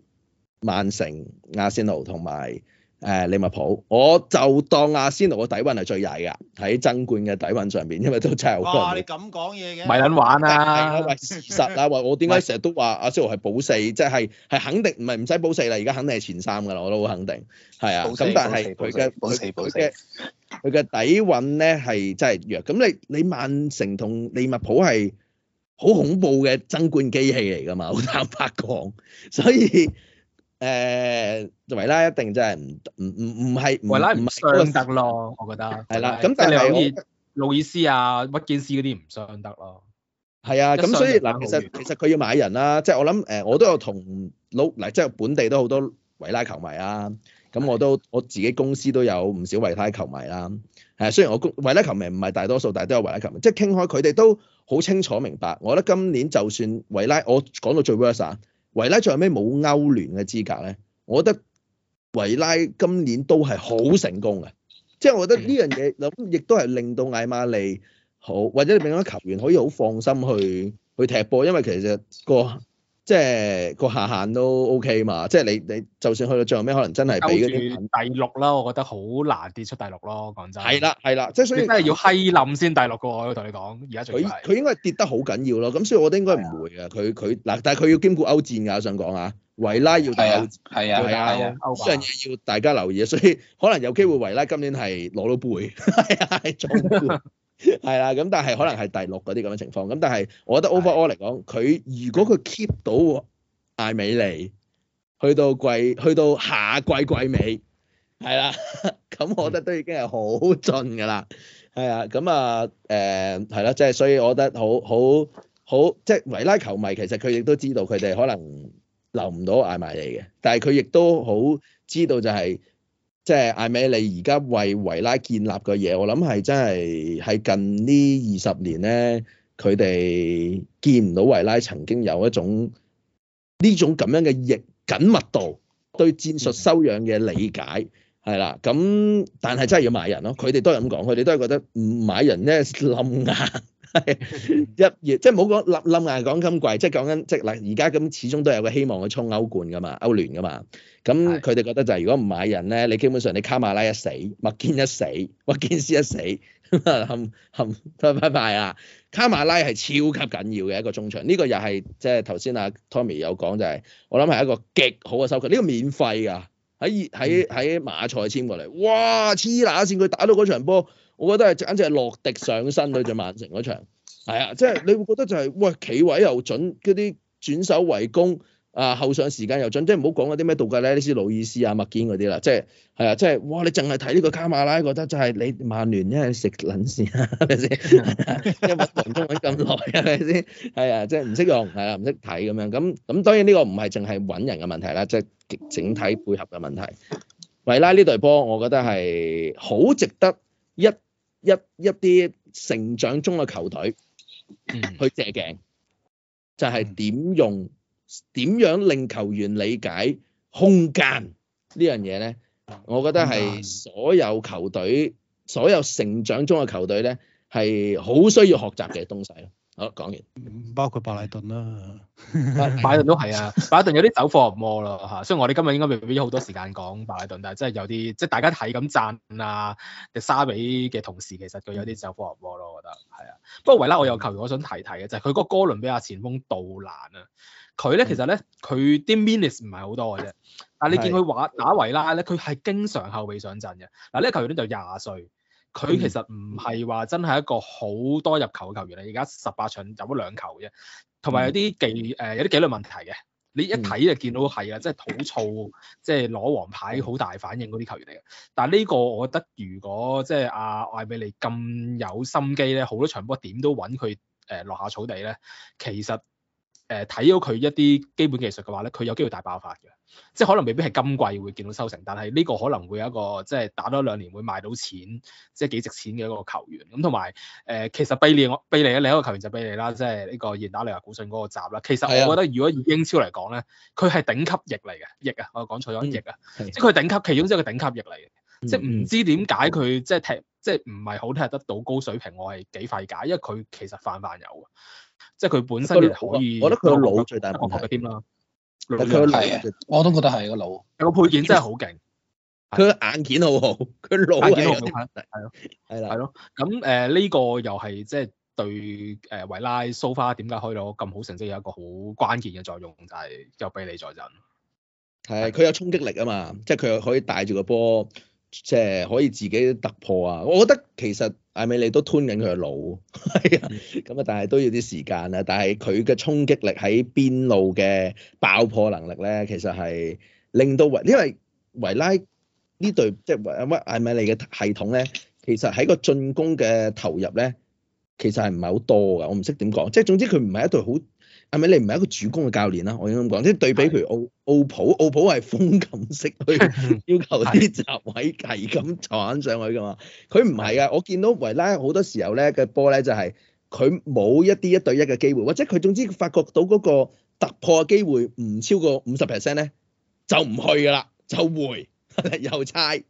曼城、阿仙奴同埋。誒利物浦，我就當阿仙奴嘅底蘊係最曳㗎，喺爭冠嘅底蘊上邊，因為都真係好多人。哇！你咁講嘢嘅，唔係撚玩呀！話事實啊，話我點解成日都話阿仙奴係保四，即係係肯定，唔係唔使保四啦，而家肯定係前三噶啦，我都好肯定。係啊，咁但係佢嘅佢嘅佢嘅底蘊咧係真係弱。咁你你曼城同利物浦係好恐怖嘅爭冠機器嚟㗎嘛？好坦白講，所以。誒，維拉一定就係唔唔唔唔係，維拉唔傷得咯，我覺得係啦。咁但係好似路易斯啊、屈健斯嗰啲唔傷得咯。係啊，咁所以嗱，其實其實佢要買人啦，即係我諗誒，我都有同老嗱，即係本地都好多維拉球迷啦。咁我都我自己公司都有唔少維拉球迷啦。誒，雖然我維拉球迷唔係大多數，但係都有維拉球迷。即係傾開，佢哋都好清楚明白。我覺得今年就算維拉，我講到最 worst 維拉仲有咩冇歐聯嘅資格咧，我覺得維拉今年都係好成功嘅，即係我覺得呢樣嘢諗亦都係令到艾瑪利好，或者令到球員可以好放心去去踢波，因為其實個。即係個下限都 OK 嘛，即係你你就算去到最後尾，可能真係俾嗰啲，兜住第六啦，我覺得好難跌出第六咯，講真。係啦，係啦，即係所以真係要閪冧先第六個，我同你講，而家佢佢應該跌得好緊要咯，咁所以我覺得應該唔會啊，佢佢嗱，但係佢要兼顧歐戰㗎，我想講啊，維拉要留，係啊係啊，呢樣嘢要大家留意啊，所以可能有機會維拉今年係攞到杯，係啊係係啦，咁但係可能係第六嗰啲咁嘅情況，咁但係我覺得 overall 嚟講，佢的如果佢 keep 到艾美利去到季去到下季季尾，係啦，咁 我覺得都已經係好盡㗎啦，係啊，咁、呃、啊，誒係咯，即係所以我覺得好好好，即係、就是、維拉球迷其實佢亦都知道佢哋可能留唔到艾美利嘅，但係佢亦都好知道就係、是。即係艾美利而家為維拉建立嘅嘢，我諗係真係喺近呢二十年咧，佢哋見唔到維拉曾經有一種呢種咁樣嘅逆緊密度對戰術修養嘅理解係啦。咁但係真係要買人咯，佢哋都係咁講，佢哋都係覺得唔買人咧冧硬。 一月，即係冇講立冧硬講咁貴，即係講緊即係嗱，而家咁始終都有個希望去衝歐冠噶嘛，歐聯噶嘛。咁佢哋覺得就係、是、如果唔買人咧，你基本上你卡馬拉一死，麥堅一死，麥堅斯一死，冚冚都拜拜啦。卡馬拉係超級緊要嘅一個中場，呢、這個又係即係、就、頭、是、先阿 Tommy 有講就係、是，我諗係一個極好嘅收購，呢、這個免費噶，喺喺喺馬賽簽過嚟，哇黐乸線佢打到嗰場波。我覺得係簡直隻係落敵上身對住曼城嗰場，係啊，即係你會覺得就係、是，喂，企位又準，嗰啲轉手為攻，啊，後上時間又準，即係唔好講嗰啲咩道格拉斯、勞爾斯啊、麥堅嗰啲啦，即係係啊，即係哇，你淨係睇呢個卡馬拉，覺得就係你曼聯一係食撚線係咪先？即係冇人中揾咁耐啊。咪先？ 係啊，即係唔識用係啊，唔識睇咁樣咁咁，當然呢個唔係淨係揾人嘅問題啦，即係整體配合嘅問題。維拉呢隊波，我覺得係好值得一一一啲成長中嘅球隊去借鏡，就係點用點樣令球員理解空間呢樣嘢咧？我覺得係所有球隊、所有成長中嘅球隊咧，係好需要學習嘅東西咯。好，講完，包括巴里頓啦、啊， 巴里頓都係啊，巴里頓有啲走火入魔咯嚇，所以我哋今日應該未必有好多時間講巴里頓，但係真係有啲即係大家睇咁讚啊，沙比嘅同事其實佢有啲走火入魔咯，我覺得係啊。不過維拉我有球員我想提提嘅，就係佢個哥倫比亞前鋒杜蘭啊，佢咧其實咧佢啲 minutes 唔係好多嘅啫，但係你見佢玩打維拉咧，佢係經常後備上陣嘅。嗱呢個球員咧就廿歲。佢其實唔係話真係一個好多入球嘅球員嚟，而家十八場入咗兩球啫。同埋有啲紀誒有啲紀律問題嘅，你一睇就見到係啊，即係好燥，即係攞黃牌好大反應嗰啲球員嚟嘅。但係呢個我覺得，如果即係阿艾美利咁有心機咧，好多場波點都揾佢誒落下草地咧，其實。誒睇到佢一啲基本技術嘅話咧，佢有機會大爆發嘅，即係可能未必係今季會見到收成，但係呢個可能會有一個即係打多兩年會賣到錢，即係幾值錢嘅一個球員。咁同埋誒，其實貝利我貝利嘅另一個球員就貝利啦，即係呢個現打利華古遜嗰個集啦。其實我覺得、啊、如果以英超嚟講咧，佢係頂級翼嚟嘅翼啊，我講錯咗翼啊，即係佢係頂級其中一個頂級翼嚟嘅，即係唔知點解佢即係踢即係唔係好踢得到高水平，我係幾費解，因為佢其實泛泛有。即係佢本身亦可以，我覺得佢個腦最大問題添啦。佢個脳，我都覺得係個腦。佢個配件真係好勁，佢個硬件好好，佢腦係好強大。係咯，係咯。咁誒呢個又係即係對誒維拉蘇花點解可以攞咁好成績有一個好關鍵嘅作用，就係有比利在陣。係，佢有衝擊力啊嘛！即係佢又可以帶住個波。即係可以自己突破啊！我覺得其實艾美利都吞緊佢嘅腦，係啊，咁啊，但係都要啲時間啦、啊。但係佢嘅衝擊力喺邊路嘅爆破能力咧，其實係令到維，因為維拉呢隊即係艾美利嘅系統咧，其實喺個進攻嘅投入咧，其實係唔係好多㗎？我唔識點講，即係總之佢唔係一隊好。係咪？你唔係一個主攻嘅教練啦，我應該咁講，即係對比，譬如澳普，澳普係風琴式去要求啲閘位係咁撞上去噶嘛？佢唔係啊！我見到維拉好多時候咧嘅波咧就係佢冇一啲一對一嘅機會，或者佢總之發覺到嗰個突破嘅機會唔超過五十 percent 咧，就唔去噶啦，就回又猜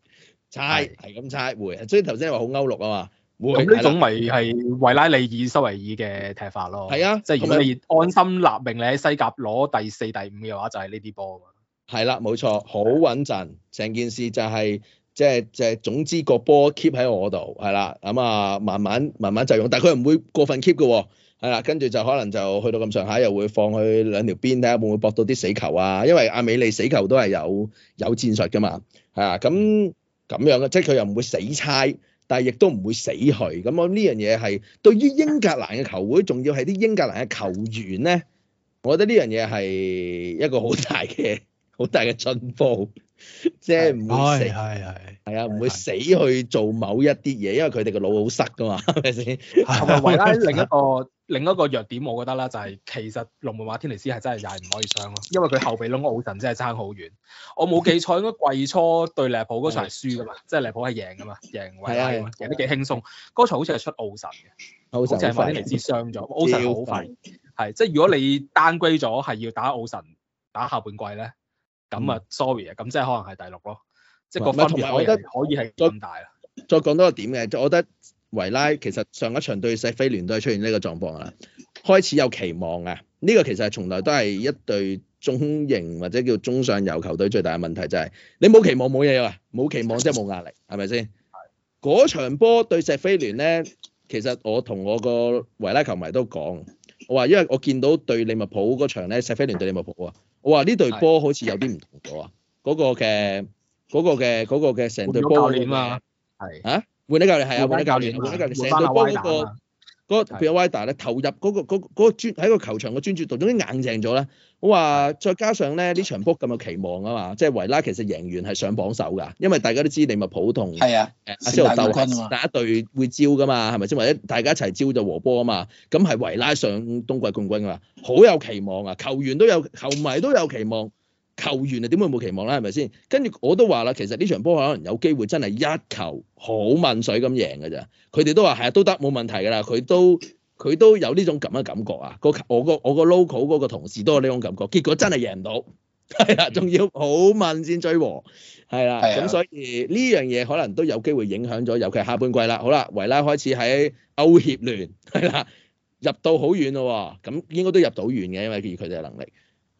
猜係咁猜回。所以頭先你話好歐陸啊嘛。咁呢種咪係維拉利爾蘇維爾嘅踢法咯，係啊，即係如果你安心立命，你喺西甲攞第四、第五嘅話，就係呢啲波。係啦、啊，冇錯，好穩陣，成件事就係即係即係，總之個波 keep 喺我度，係啦，咁啊，慢慢慢慢就用，但係佢唔會過分 keep 嘅、啊，係啦、啊，跟住就可能就去到咁上下，又會放去兩條邊睇下會唔會搏到啲死球啊，因為阿美利死球都係有有戰術噶嘛，係啊，咁咁樣嘅，嗯、即係佢又唔會死差。但係亦都唔會死去。咁我呢樣嘢係對於英格蘭嘅球會，仲要係啲英格蘭嘅球員咧，我覺得呢樣嘢係一個好大嘅。好大嘅進步，即係唔會死係係啊，唔會死去做某一啲嘢，因為佢哋個腦好塞噶嘛，係咪先？同埋維拉另一個另一個弱點，我覺得啦，就係其實龍門馬天尼斯係真係又係唔可以傷咯，因為佢後備窿奧神真係爭好遠。我冇記錯，應該季初對利物浦嗰場係輸噶嘛，即係利物浦係贏噶嘛，贏維拉，贏得幾輕鬆。嗰場好似係出奧神嘅，好似係馬天尼斯傷咗，奧神好快，係即係如果你 downgrade 咗，係要打奧神打下半季咧？咁啊，sorry 啊，咁即係可能係第六咯，即係個分別係可以係再大啊。再講多個點嘅，就我覺得維拉其實上一場對石飛聯都係出現呢個狀況啦，開始有期望啊。呢個其實係從來都係一隊中型或者叫中上游球隊最大嘅問題，就係你冇期望冇嘢啊，冇期望即係冇壓力，係咪先？係。嗰場波對石飛聯咧，其實我同我個維拉球迷都講，我話因為我見到對利物浦嗰場咧，石飛聯對利物浦啊。我話呢隊波好似有啲唔同咗啊！嗰個嘅，嗰個嘅，嗰個嘅成隊波點啊，係啊，換咗教練係啊，換咗教練，換咗教練，換咗教練，成隊波嗰個那個譬如維拉咧投入嗰、那個嗰嗰、那個那個、專喺個球場嘅專注度，總之硬淨咗咧，我話再加上咧，呢場波咁有期望啊嘛，即係維拉其實贏完係上榜首㗎，因為大家都知利物浦同阿仙奴第一隊會招㗎嘛，係咪先？或者大家一齊招就和波啊嘛，咁係維拉上冬季冠軍㗎嘛，好有期望啊！球員都有，球迷都有期望。球員啊，點會冇期望啦？係咪先？跟住我都話啦，其實呢場波可能有機會真係一球好掹水咁贏嘅咋，佢哋都話係啊，都得冇問題㗎啦。佢都佢都有呢種咁嘅感覺啊。我個我個 local 嗰個同事都有呢種感覺。結果真係贏唔到，係啊，仲要好掹先追和。係啦、啊，咁、啊、所以呢樣嘢可能都有機會影響咗，尤其係下半季啦。好啦，維拉開始喺歐協聯係啦、啊，入到好遠咯，咁應該都入到好遠嘅，因為佢哋嘅能力。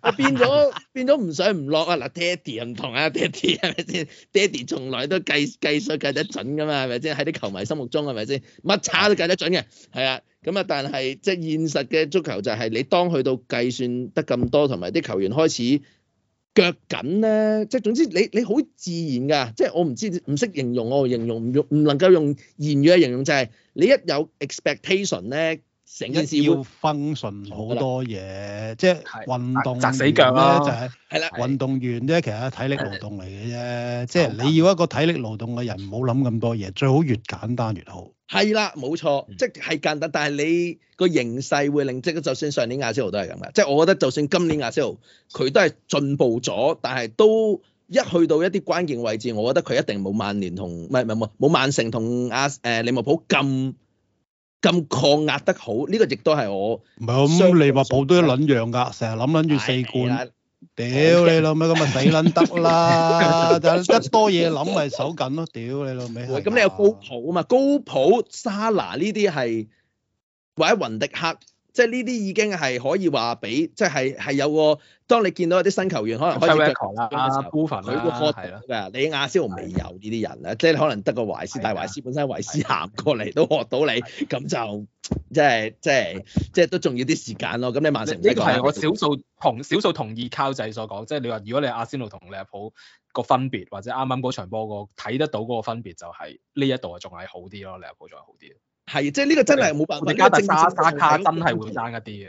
啊， 變咗變咗唔上唔落啊！嗱，爹哋唔同啊，爹哋係咪先？爹哋從來都計計數計得準噶嘛，係咪先？喺啲球迷心目中係咪先？乜叉都計得準嘅，係啊，咁啊，但係即係現實嘅足球就係你當去到計算得咁多，同埋啲球員開始腳緊咧，即係總之你你好自然噶，即係我唔知唔識形容我形容唔用唔能夠用言語去形容就係你一有 expectation 咧。成件事要分順好多嘢，即係運動，砸死腳啦！就係，係啦，運動員啫，其實係體力勞動嚟嘅啫，即係你要一個體力勞動嘅人，唔好諗咁多嘢，最好越簡單越好。係啦，冇錯，即係簡單。但係你個形勢會令，即就算上年亞視豪都係咁嘅，即係我覺得就算今年亞視豪，佢都係進步咗，但係都一去到一啲關鍵位置，我覺得佢一定冇曼聯同，唔係唔係冇冇曼城同阿誒利物浦咁。咁抗壓得好，呢個亦都係我唔係咁利物浦都一撚樣㗎，成日諗諗住四冠，屌你老味咁咪死撚得啦！但係一多嘢諗咪手緊咯，屌你老味。喂，咁你有高普啊嘛？高普、沙拿呢啲係或者雲迪克。即係呢啲已經係可以話俾，即係係有個，當你見到一啲新球員可能可以著啦，佢會、啊啊、學到嘅。的你亞仙奴未有呢啲人咧，的即係可能得個懷斯，但係懷斯本身懷斯行過嚟的都學到你，咁的就即係的即係即係都仲要啲時間咯。咁你曼城呢個係我少數，少數同少數同意 Karl 仔所講，即係你話如果你阿仙亞仙奴同你利物浦個分別，或者啱啱嗰場波個睇得到嗰個分別，就係，就係呢一度係仲係好啲咯，你利物浦仲係好啲。係，即係呢個真係冇辦法，因為卡真係會爭一啲嘅，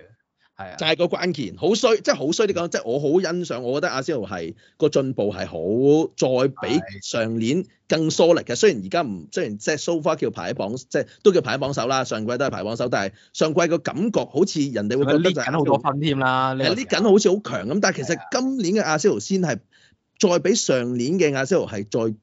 係啊，就係個關鍵，好衰，嗯、即係好衰啲講，即係我好欣賞，我覺得阿仙奴係、個進步係好，再比上年更疏力嘅。雖然而家唔，雖然即係 so far 叫排喺榜，即係都叫排喺榜首啦。上季都係排榜首，但係上季個感覺好似人哋會覺得就好多分添啦，有啲緊好似好強咁。但係其實今年嘅阿仙奴先係再比上年嘅阿仙奴係再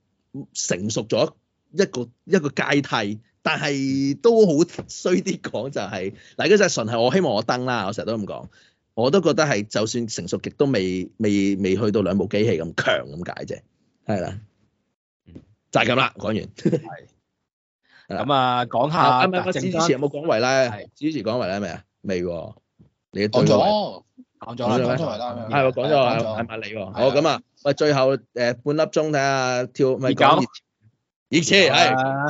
成熟咗一個一個,一個階替。但係都好衰啲講就係嗱，嗰隻純係我希望我登啦，我成日都咁講，我都覺得係就算成熟極都未未未去到兩部機器咁強咁解啫，係啦，就係咁啦，講完。係。咁啊，講下之前主持有冇講維拉？主持講維拉未啊？未喎。你講咗。講咗咩？係講咗係係埋你喎。好咁啊，咪最後誒半粒鐘睇下跳咪講熱。而且係田啊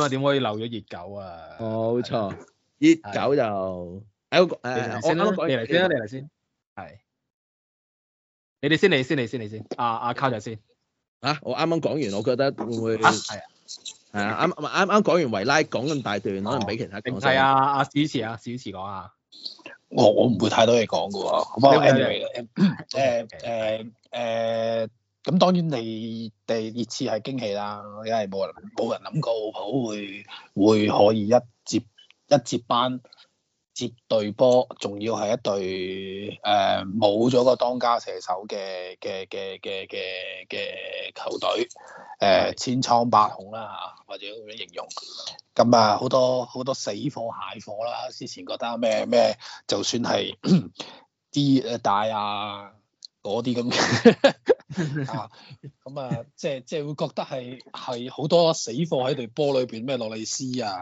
嘛，點可以漏咗熱狗啊？冇錯，對熱狗就誒誒，啊、我嚟先啦、啊，嚟嚟先，係你哋先嚟先嚟先嚟先，阿阿 Karl 住先。啊！啊啊我啱啱講完，我覺得會唔會？係啊，係啊，啱啱啱講完維拉講咁大段，啊、可能俾其他講先、啊。啊，阿史主持啊，史主持講啊。我我唔會太多嘢講嘅喎。我誒誒咁當然，你哋熱刺係驚喜啦，因為冇人冇人諗過，奧普會會可以一接一接班接對波，仲要係一隊誒冇咗個當家射手嘅嘅嘅嘅嘅嘅球隊，誒、呃、千瘡百孔啦嚇，或者咁樣形容。咁啊，好多好多死貨蟹貨啦！之前覺得咩咩，就算係啲誒大啊嗰啲咁。 啊，咁、嗯、啊，即係即係會覺得係係好多死貨喺隊波裏邊，咩洛里斯啊，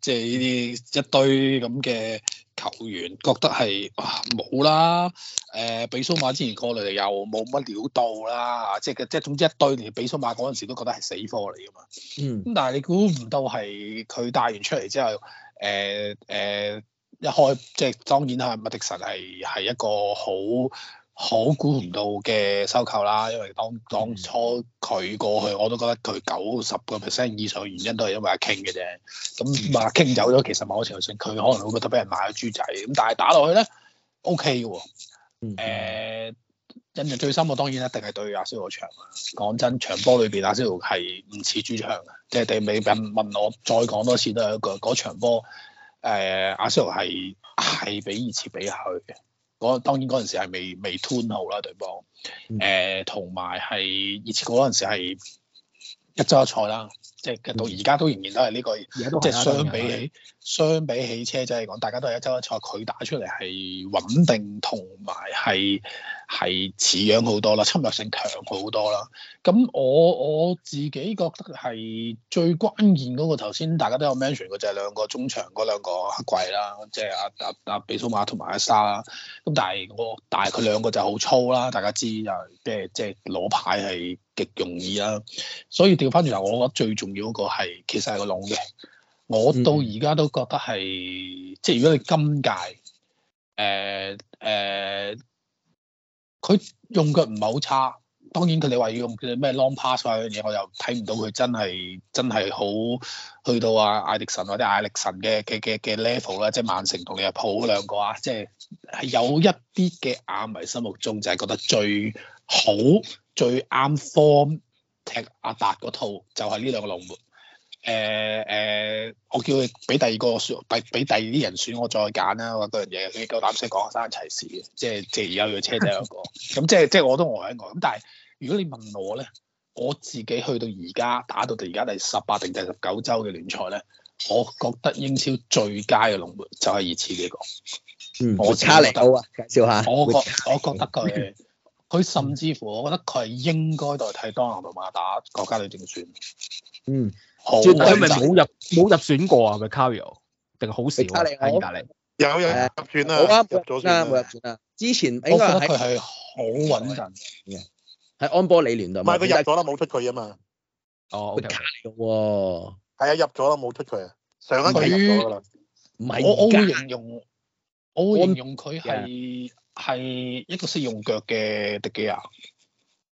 即係呢啲一堆咁嘅球員，覺得係冇啦。誒、呃，比蘇馬之前過嚟又冇乜料到啦，即係嘅即係總之一堆連比蘇馬嗰陣時都覺得係死貨嚟㗎嘛。嗯。咁但係你估唔到係佢帶完出嚟之後，誒、呃、誒、呃、一開，即係當然啦，麥迪神係係一個好。好估唔到嘅收購啦，因為當當初佢過去，我都覺得佢九十個 percent 以上嘅原因都係因為阿 King 嘅啫。咁阿 King 走咗，其實某程度上佢可能會覺得俾人賣咗豬仔。咁但係打落去咧，OK 嘅、哦。嗯、呃。印象最深我當然一定係對阿仙奴個場啦。講真，場波裏邊阿仙奴係唔似豬場嘅，即係你咪問我再講多次都係一個嗰場波。誒、呃，阿仙奴係係俾二次俾佢嘅。嗰當然嗰陣時係未未 tune 好啦，對方。誒同埋係熱刺嗰陣時係一週一賽啦，即係、嗯、到而家都仍然都係呢、呢個，即係相比起。相比起車仔嚟講，大家都係一週一賽，佢打出嚟係穩定同埋係係似樣好多啦，侵略性強好多啦。咁我我自己覺得係最關鍵嗰個頭先大家都有 mention 嘅就係兩個中場嗰兩個黑鬼啦，即係阿阿阿比蘇馬同埋阿沙啦。咁但係我但係佢兩個就好粗啦，大家知就即係即係攞牌係極容易啦。所以調翻轉頭，我覺得最重要嗰個係其實係個狼嘅。我到而家都覺得係，即係如果你今屆，誒、呃、誒，佢、呃、用腳唔係好差，當然佢哋話要用咩 long pass 啊樣嘢，我又睇唔到佢真係真係好去到啊艾迪臣或者艾力臣嘅嘅嘅嘅 level 啦，即係曼城同利物浦嗰兩個啊，即係係有一啲嘅阿迷心目中就係覺得最好最啱 form 踢阿達嗰套就係、是、呢兩個龍門。誒誒、呃，我叫佢俾第二個選，第俾第二啲人選我再揀啦。嗰樣嘢你夠膽唔使講生一齊事嘅，即係即係而家要車仔二、那個，咁即係即係我都呆喺我。咁但係如果你問我咧，我自己去到而家打到而家第十八定第十九周嘅聯賽咧，我覺得英超最佳嘅龍門就係熱刺呢個。嗯、我差嚟到啊！介紹下我，我覺我覺得佢，佢、嗯、甚至乎我覺得佢係應該代替當奴馬打國家隊正選。嗯。轉佢咪冇入冇入選過啊？咪卡里奧，定係好少喺意大利。有有入選啦，冇啊，冇入選啦。之前應該覺得佢係好穩陣嘅，喺安波里聯度。唔係佢入咗啦，冇出佢啊嘛。哦，卡嚟嘅喎。係啊，入咗啦，冇出佢。上一季入咗噶啦。唔係。我我會形容，我會形容佢係係一個識用腳嘅迪基亞。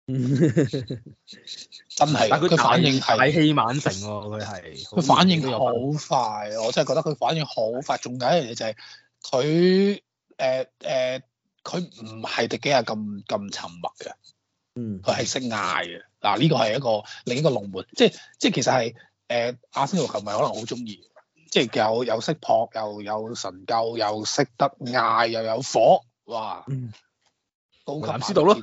嗯，真係、啊，但係佢反應係喺曼城，佢係佢反應好快，我真係覺得佢反應好快。仲有一樣嘢就係佢誒誒，佢唔係第幾日咁咁沉默嘅，嗯，佢係識嗌嘅。嗱，呢個係一個另一個龍門，即係即係其實係誒阿仙奴球迷可能好中意，即係有有，有，有，有，有，有，有有識撲，又有神救，又識得嗌，又有火，哇！高級藍斯道咯，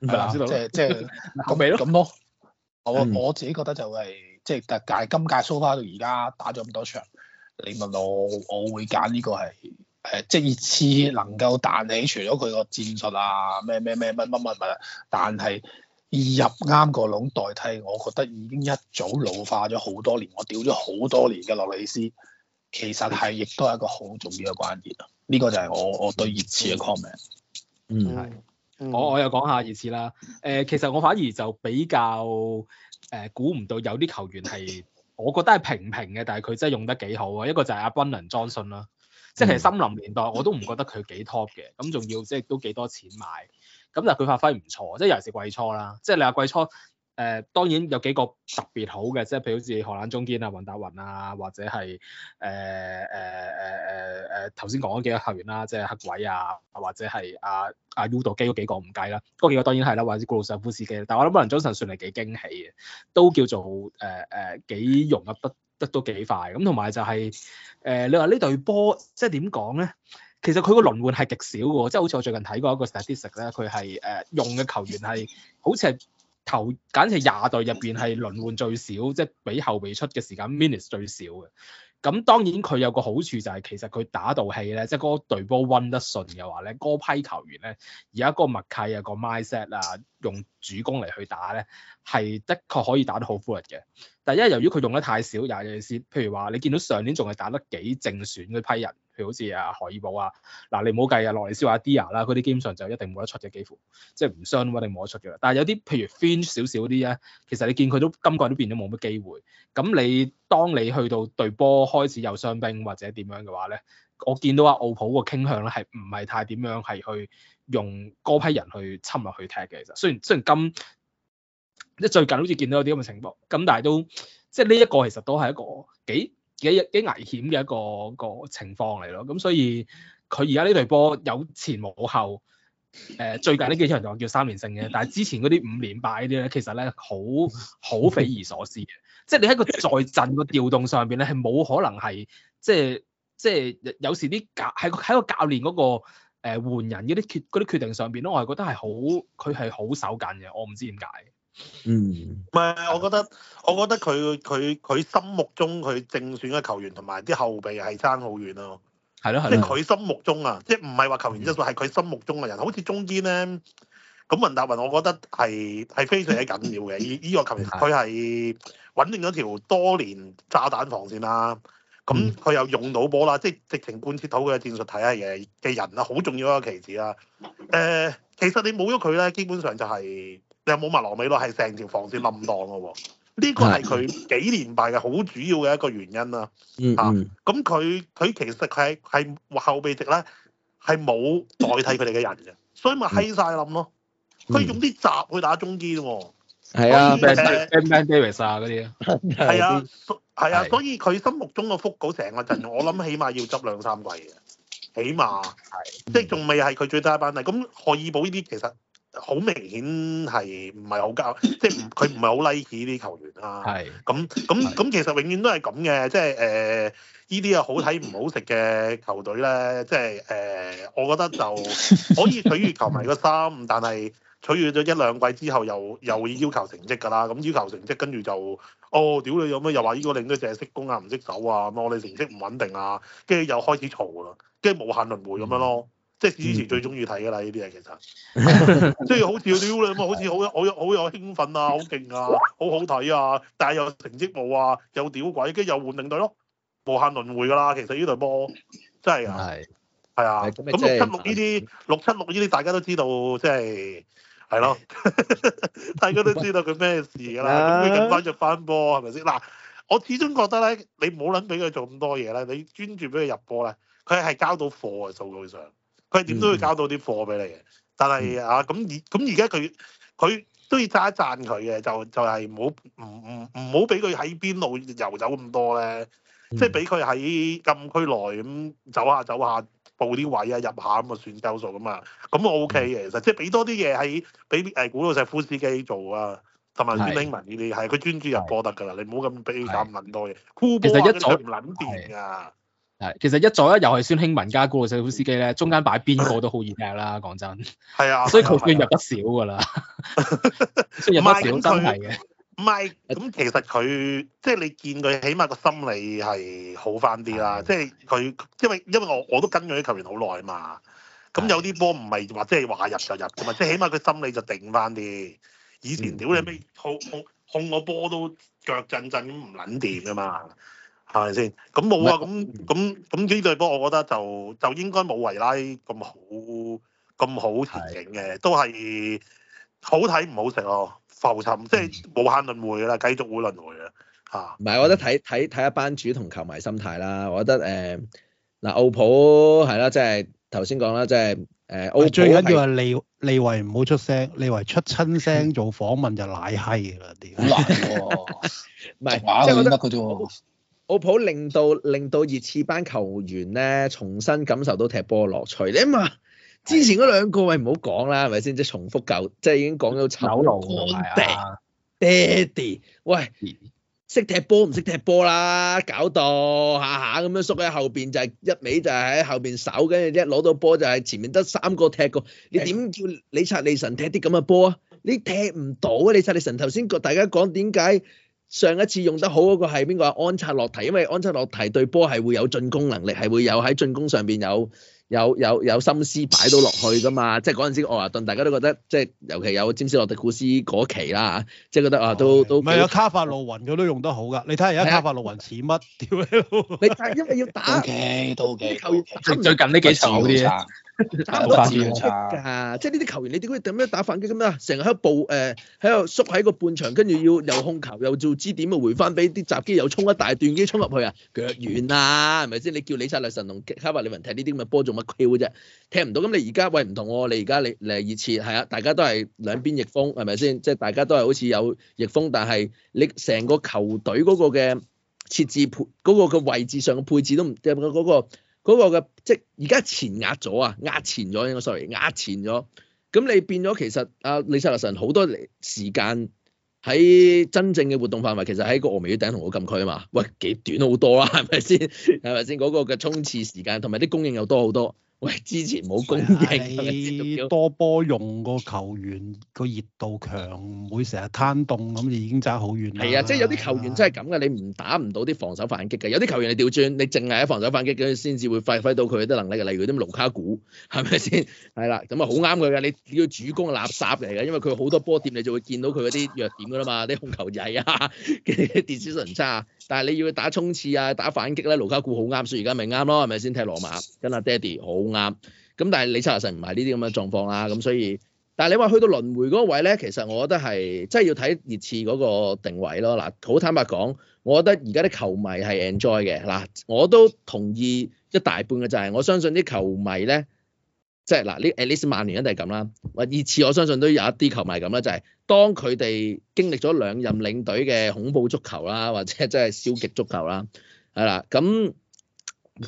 唔係藍斯道即係即係咁咪咯，咁咯。我我自己覺得就係即係但係今屆 Super 到而家打咗咁多場，你問我我會揀呢個係即係熱刺能夠彈起，除咗佢個戰術啊咩咩咩乜乜乜乜，但係入啱個籠代替，我覺得已經一早老化咗好多年，我屌咗好多年嘅洛里斯，其實係亦都係一個好重要嘅關鍵啊！呢、這個就係我我對熱刺嘅 comment。 嗯，係、嗯，我我又講下熱刺啦。誒、呃，其實我反而就比較誒、呃、估唔到有啲球員係，我覺得係平平嘅，但係佢真係用得幾好啊。一個就係阿賓倫莊信啦，即係森林年代我都唔覺得佢幾 top 嘅，咁仲要即係都幾多錢買，咁但係佢發揮唔錯，即係尤其是季初啦，即係你話季初。誒當然有幾個特別好嘅，即係譬如好似荷蘭中堅啊、雲達雲啊，或者係誒誒誒誒誒頭先講嗰幾個球員啦，即係黑鬼啊，或者係阿阿 Udo 基嗰幾個唔計啦，嗰幾個當然係啦，或者古魯斯夫斯基。但係我諗可能 Johnson 算嚟幾驚喜嘅，都叫做誒誒、呃、幾融入得得都幾快咁。同埋就係、是、誒、呃、你話呢隊波即係點講咧？其實佢個輪換係極少嘅，即、就、係、是、好似我最近睇過一個 statistic 咧，佢係誒用嘅球員係好似係。頭簡直係廿隊入邊係輪換最少，即係俾後備出嘅時間 minus 最少嘅。咁當然佢有個好處就係、是，其實佢打到戲咧，即係嗰隊波 run 得順嘅話咧，嗰批球員咧而家嗰個默契啊、個 mindset 啊，用主攻嚟去打咧，係的確可以打得好 full 嘅。但係因為由於佢用得太少廿嘅意思，譬如話你見到上年仲係打得幾正選嗰批人。好似啊何爾保啊嗱，你唔好計啊落嚟消化 Dia 啦，嗰啲基本上就一定冇得出嘅，幾乎即係唔傷一定冇得出嘅。但係有啲譬如 finch 少少啲咧，其實你見佢都今季都變咗冇乜機會。咁你當你去到隊波開始有傷兵或者點樣嘅話咧，我見到阿奧普個傾向咧係唔係太點樣係去用嗰批人去侵入去踢嘅。其實雖然雖然今即係最近好似見到有啲咁嘅情況，咁但係都即係呢一個其實都係一個幾。幾幾危險嘅一個一個情況嚟咯，咁所以佢而家呢隊波有前冇後，誒、呃、最近呢幾場就叫三連勝嘅，但係之前嗰啲五連敗呢啲咧，其實咧好好匪夷所思嘅，即係你喺個在陣嘅調動上邊咧係冇可能係即係即係有時啲教係喺個教練嗰、嗰個誒、呃、換人嗰啲決啲決定上邊咯，我係覺得係好佢係好守緊嘅，我唔知點解。嗯，唔係，我覺得我覺得佢佢佢心目中佢正選嘅球員同埋啲後備係差好遠咯、啊的。係咯，即係佢心目中啊，的即係唔係話球員質素，係佢、嗯、心目中嘅人。好似中堅咧，咁文達雲，我覺得係係非常之緊要嘅。 而呢個球員，佢係的穩定咗條多年炸彈防線啦、啊。咁佢又用到波啦，嗯、即係直情貫徹到佢嘅戰術體系嘅嘅人啊。好重要一個棋子啦。誒、呃，其實你冇咗佢咧，基本上就係、是。有冇埋羅美洛？係成條防線冧檔嘅喎，呢個係佢幾連敗嘅好主要嘅一個原因啦。嚇，咁佢佢其實佢係係後備席咧，係冇代替佢哋嘅人嘅，所以咪閪晒冧咯。佢用啲閘去打中堅喎。係啊，誒 Ben Davies 啊嗰啲，係啊，所以佢心目中嘅復稿成個陣容，我諗起碼要執兩三季嘅，起碼係，即係仲未係佢最差一班底。咁何爾保呢啲其實。好明顯係唔係好交，即係佢唔係好 like 啲球員啊。係咁咁咁，其實永遠都係咁嘅，即係誒呢啲又好睇唔好食嘅球隊咧。即係誒、呃，我覺得就可以取悅球迷個心，但係取悅咗一兩季之後又，又又要求成績㗎啦。咁、嗯、要求成績，跟住就哦，屌你有咩？又話呢個領隊淨係識攻啊，唔識守啊，咁、嗯、我哋成績唔穩定啊，跟住又開始嘈啦，跟住無限輪迴咁樣咯。即係以前最中意睇噶啦，呢啲嘢其實，即係 好笑屌啦，好似好有好好有興奮啊，好勁啊，好好睇啊，但係又成績冇啊，又屌鬼，跟住又換領隊咯，無限輪迴噶啦，其實呢隊波真係，係係啊，咁六七六呢啲六七六呢啲大家都知道，即係係咯， 大家都知道佢咩事噶啦，咁佢緊返入翻波係咪先？嗱，我始終覺得咧，你唔好諗俾佢做咁多嘢咧，你專注俾佢入波咧，佢係交到貨嘅數據上。佢點都會交到啲貨俾你嘅，但係啊咁而咁而家佢佢都要讚一讚佢嘅，就不要不要就係唔好唔唔唔好俾佢喺邊度遊走咁多咧，即係俾佢喺禁區內咁走下走下報啲位啊，入下咁啊算夠數噶嘛，咁我 OK 嘅其實即係俾多啲嘢喺俾誒古老石夫斯基做啊，同埋威廉呢啲係佢專注入波得噶啦，你唔好咁俾佢搞咁多嘢，酷其實一組唔撚掂㗎。係，其實一左一右係孫興慜加高路西古斯基咧，中間擺邊個都好易聽啦，講真。係啊，所以佢券入得少噶啦，券入得少真係嘅。唔係，咁其實佢即係你見佢起碼個心理係好翻啲啦，即係佢因為因為我我都跟咗啲球員好耐嘛，咁有啲波唔係話即係話入就入噶嘛，即係起碼佢心理就定翻啲。以前屌你咩控控控個波都腳震震咁唔撚掂噶嘛。係咪先？咁冇啊！咁咁咁呢對波，我覺得就就應該冇維拉咁好咁好前景嘅。的都係好睇唔好食咯。哦。浮沉即係無限輪迴啦，繼續會輪迴啊！嚇！唔係，我覺得睇睇睇下班主同球迷心態啦。我覺得誒嗱，奧普係啦，即係頭先講啦，即係誒奧。呃、最緊要係利利維唔好出聲，利維出親聲做訪問就瀨閪啦！點瀨。好 難唔，啊、係， 是即係覺得。許澳浦令到令到熱刺班球員咧重新感受到踢波嘅樂趣。你啊嘛，之前嗰兩個位唔好講啦，係咪先？即係重複九，即係已經講咗七個係啊。爹哋，喂，識踢波唔識踢波啦？搞到下下咁樣縮喺後邊，就係一味就係喺後邊守緊嘅啫。一攞到波就係前面得三個踢過。你點叫李察李神踢啲咁嘅波啊？你踢唔到啊！李察李神頭先個大家講點解？上一次用得好嗰個係邊個啊？安察洛提，因為安察洛提對波係會有進攻能力，係會有喺進攻上邊有有有有心思擺到落去噶嘛。即係嗰陣時，愛華頓大家都覺得，即係尤其有詹士洛迪古斯嗰期啦，即係覺得啊都對都唔係有卡法路雲，佢都用得好噶。你睇下而家卡法路雲似乜？屌、啊！ 你睇係因為要打 O K 最近呢幾場好啲。打反擊㗎，即係呢啲球員，你點解咁樣打反擊咁啊？成日喺度布誒，喺、呃、度縮喺個半場，跟住要又控球又做支點，回翻俾啲閘機，又衝一大段機衝入去啊！腳軟啊，係咪先？你叫李察力臣、卡瓦列文踢呢啲咁嘅波，做乜嘢嘅啫？踢唔到。咁你而家喂唔同喎、哦，你而家你嚟熱刺係啊，大家都係兩邊逆風，係咪先？即、就、係、是、大家都係好似有逆風，但係你成個球隊嗰個嘅設置配嗰、那個嘅位置上嘅配置都唔入、那個那個嗰、那個嘅即係而家前壓咗啊，壓前咗，應該 sorry，壓前咗。咁你變咗其實啊，李世神好多時間喺真正嘅活動範圍，其實喺個峨眉頂同個禁區啊嘛。喂，幾短好多啦、啊，係咪先？係咪先？嗰、那個嘅衝刺時間同埋啲供應又多好多。喂，之前冇攻擊，啊、多波用個球員個熱度強，唔會成日攤凍咁，就已經揸好遠啦。係啊，即係有啲球員真係咁嘅，你唔打唔到啲防守反擊嘅，有啲球員你掉轉，你淨係喺防守反擊嗰啲先至會發揮到佢啲能力嘅。例如啲盧卡古，係咪先？係啦、啊，咁啊好啱佢噶，你要主攻係垃圾嚟嘅，因為佢好多波店，你就會見到佢嗰啲弱點噶啦嘛，啲控球滯啊，啲電子順差。但係你要去打衝刺啊，打反擊咧、啊，盧卡古好啱，所以而家咪啱咯，係咪先？踢羅馬跟阿爹哋好。啱，咁但係你查實唔係呢啲咁嘅狀況啦，咁所以，但係你話去到輪回嗰位咧，其實我覺得係即係要睇熱刺嗰個定位咯。嗱，好坦白講，我覺得而家啲球迷係 enjoy 嘅。嗱，我都同意一大半嘅就係、是，我相信啲球迷咧，即係嗱，呢 at least 曼聯一定係咁啦。喂，熱刺我相信都有一啲球迷咁啦，就係、是、當佢哋經歷咗兩任領隊嘅恐怖足球啦，或者即係消極足球啦，係啦咁。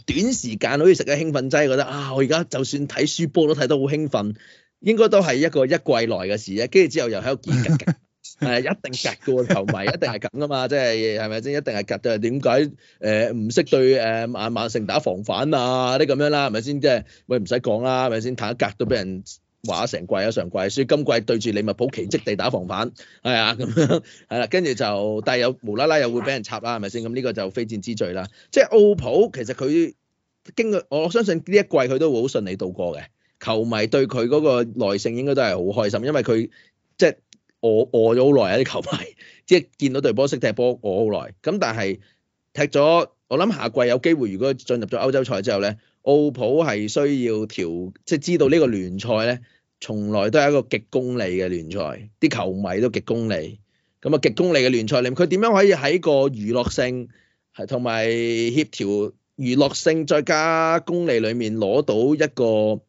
短時間好似食咗興奮劑，覺得啊我而家就算睇輸波都睇得好興奮，應該都係一個一季嚟嘅事啫。跟住之後又喺度夾夾，係 一定夾嘅，球迷一定係咁噶嘛，即係係咪先？一定係夾嘅。點解誒唔識對誒阿曼城打防反啊？啲咁樣啦，係咪先？即係，喂唔使講啦，係咪先？彈一夾都俾人。話成季啊，成季、啊，所以今季對住利物浦奇跡地打防反，係啊咁樣，係、嗯、啦，跟住就但係有無啦啦又會俾人插啦，係咪先？咁呢個就非戰之罪啦。即係奧普，其實佢經過，我相信呢一季佢都會好順利度過嘅。球迷對佢嗰個耐性應該都係好開心，因為佢即係餓餓咗好耐啊！啲、即係、球迷即係、即係、見到隊波識踢波餓好耐，咁但係踢咗我諗下季有機會，如果進入咗歐洲賽之後咧。澳普係需要調，即係知道呢個聯賽咧，從來都係一個極功利嘅聯賽，啲球迷都極功利，咁啊極功利嘅聯賽裏面，佢點樣可以喺個娛樂性係同埋協調娛樂性再加功利裏面攞到一個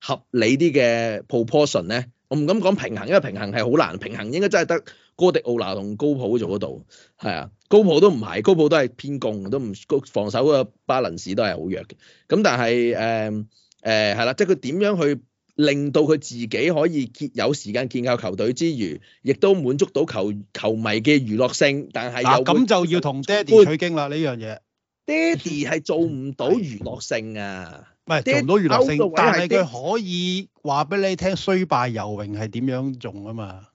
合理啲嘅 proportion 咧？我唔敢講平衡，因為平衡係好難平衡，應該真係得哥迪奧拿同高普做得到，係啊。高普都唔係，高普都係偏攻，都唔高防守嘅巴倫士都係好弱嘅。咁但係誒誒係啦，即係佢點樣去令到佢自己可以結有時間建構球隊之餘，亦都滿足到球球迷嘅娛樂性，但係又會、啊、就要同爹哋取經啦呢、嗯、樣嘢。爹哋係做唔到娛樂性啊，唔係做唔到娛樂性，但係佢可以話俾你聽，衰爹敗游泳係點樣做啊嘛。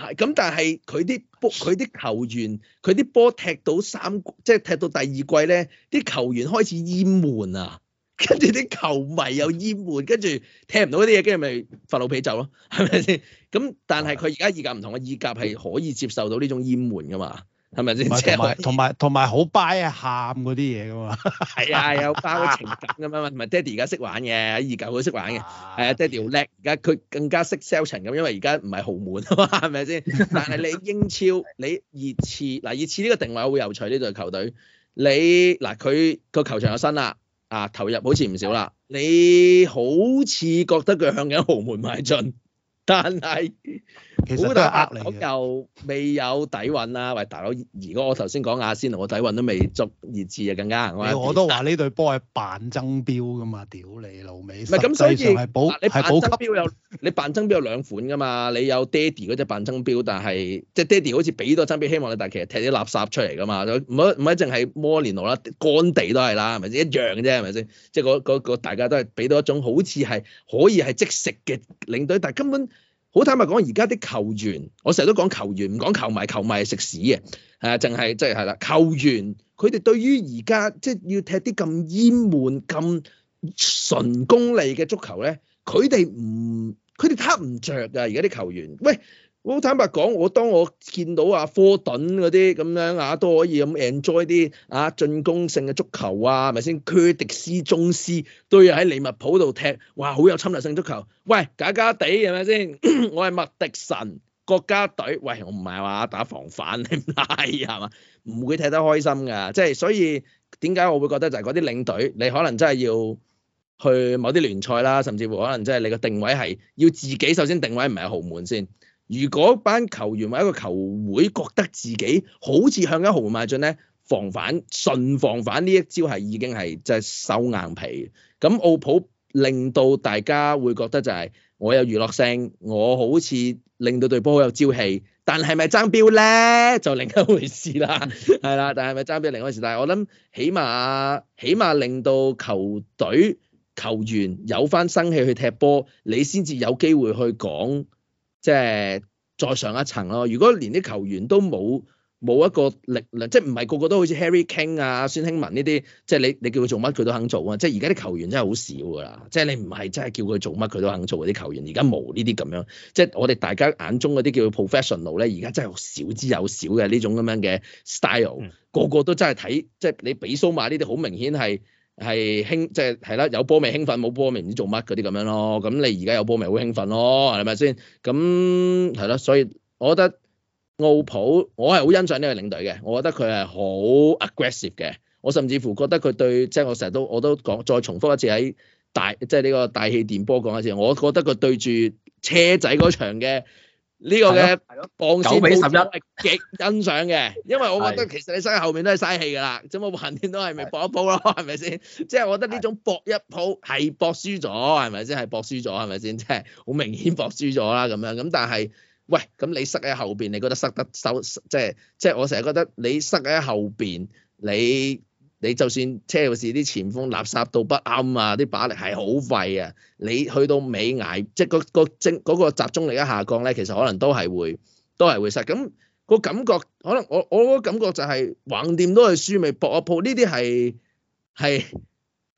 係咁，但係佢啲波，佢啲球員，佢啲波踢到三，即係踢到第二季咧，啲球員開始厭悶啊，跟住啲球迷又厭悶，跟住踢唔到啲嘢，跟住咪發老脾走咯，係咪先？咁 但係佢而家意甲唔同，個意甲係可以接受到呢種厭悶噶嘛。係咪先？同埋同埋好 buy 啊，喊嗰啲嘢噶嘛？係啊 有，有包情感咁樣嘛。同埋爹哋而家識玩嘅，而舊佢識玩嘅，係 啊，爹哋好叻。而家佢更加識 sell 情咁，因為而家唔係豪門啊嘛，係咪先？ 但係你英超，你熱刺，嗱熱刺呢個定位會有趣呢隊球隊，你嗱佢個球場有新啦，啊投入好似唔少啦，你好似覺得佢向緊豪門邁進，但係。其實都係呃嚟，又未有底蘊啦、啊，喂，大佬，如果我頭先講阿仙奴，我底蘊都未足，熱刺又更加，我都話，呢隊波係扮爭標噶嘛，屌你老味。唔係咁，所以你扮爭標有你扮爭標有，有兩款噶嘛，你有爹地嗰隻扮爭標，但係即係爹地好似俾多爭標，希望你但係其實踢啲垃圾出嚟噶嘛，唔好唔好淨係摩連奴啦，干地都係啦，係咪先一樣嘅啫？係咪先？即係個大家都係俾到一種好似係可以係即食嘅領隊，但係根本。好坦白講，而家啲球員，我成日都講球員，唔講球迷，球迷係食屎嘅，誒，淨係即係係啦，球員佢哋對於而家即係要踢啲咁煙悶、咁純功利嘅足球咧，佢哋唔，佢哋撻唔着㗎，而家啲球員，喂。我好坦白講，我當我見到阿科頓嗰啲咁樣啊，都可以咁 enjoy 啲啊進攻性嘅足球啊，係咪先？傑迪斯、中斯、宗師都要喺利物浦度踢，哇，好有侵略性足球。喂，假假地係咪先？我係麥迪神國家隊，喂，我唔係話打防範，你唔係係嘛？唔會踢得開心噶，即係所以點解我會覺得就係嗰啲領隊，你可能真係要去某啲聯賽啦，甚至乎可能真係你個定位係要自己首先定位唔係豪門先。如果班球員或者一個球會覺得自己好似向一毫邁進咧，防反順防反呢一招係已經係就係、係、收硬皮。咁奧普令到大家會覺得就係、係、我有娛樂性，我好似令到隊波好有朝氣。但係咪爭標咧就另一回事啦，係 啦。但係咪爭標另一回事？但係我諗，起碼起碼令到球隊球員有返生氣去踢波，你先至有機會去講。即係再上一層咯。如果連啲球員都冇冇一個力量，即係唔係個個都好似 Harry Kane 啊、孫興文呢啲，即係你你叫佢做乜佢都肯做啊。即係而家啲球員真係好少㗎啦。即係你唔係真係叫佢做乜佢都肯做嗰啲球員，而家冇呢啲咁樣。即係我哋大家眼中嗰啲叫 professional 咧，而家真係少之又少嘅呢種咁樣嘅 style。個個都真係睇，即係你比蘇馬呢啲好明顯係。係興，即係係啦，有波咪興奮，冇波咪唔知做乜嗰啲咁樣咯。咁你而家有波咪好興奮咯，係咪先？咁係啦，所以我覺得奧普，我係好欣賞呢個領隊嘅。我覺得佢係好 aggressive 嘅。我甚至乎覺得佢對，即係我成日都我都講，再重複一次喺大，即係呢個大氣電波講一次。我覺得佢對住車仔嗰場嘅。呢個嘅防線鋪，我係極欣賞嘅，因為我覺得其實你塞喺後面都係嘥氣㗎啦。咁橫掂都係咪搏一鋪咯？係咪先？即係我覺得呢種搏一鋪係搏輸咗，係咪先？係搏輸咗，係咪先？即係好明顯搏輸咗啦。咁樣咁，但係喂，咁你塞喺後邊，你覺得塞得收？即係即係我成日覺得你塞喺後邊，你。你就算車路士啲前鋒垃圾到不啱啊，啲把力係好廢啊！你去到尾挨，即係個個精嗰個集中力一下降咧，其實可能都係會都係會失。咁個感覺，可能我我個感覺就係橫掂都係輸未搏一鋪。呢啲係係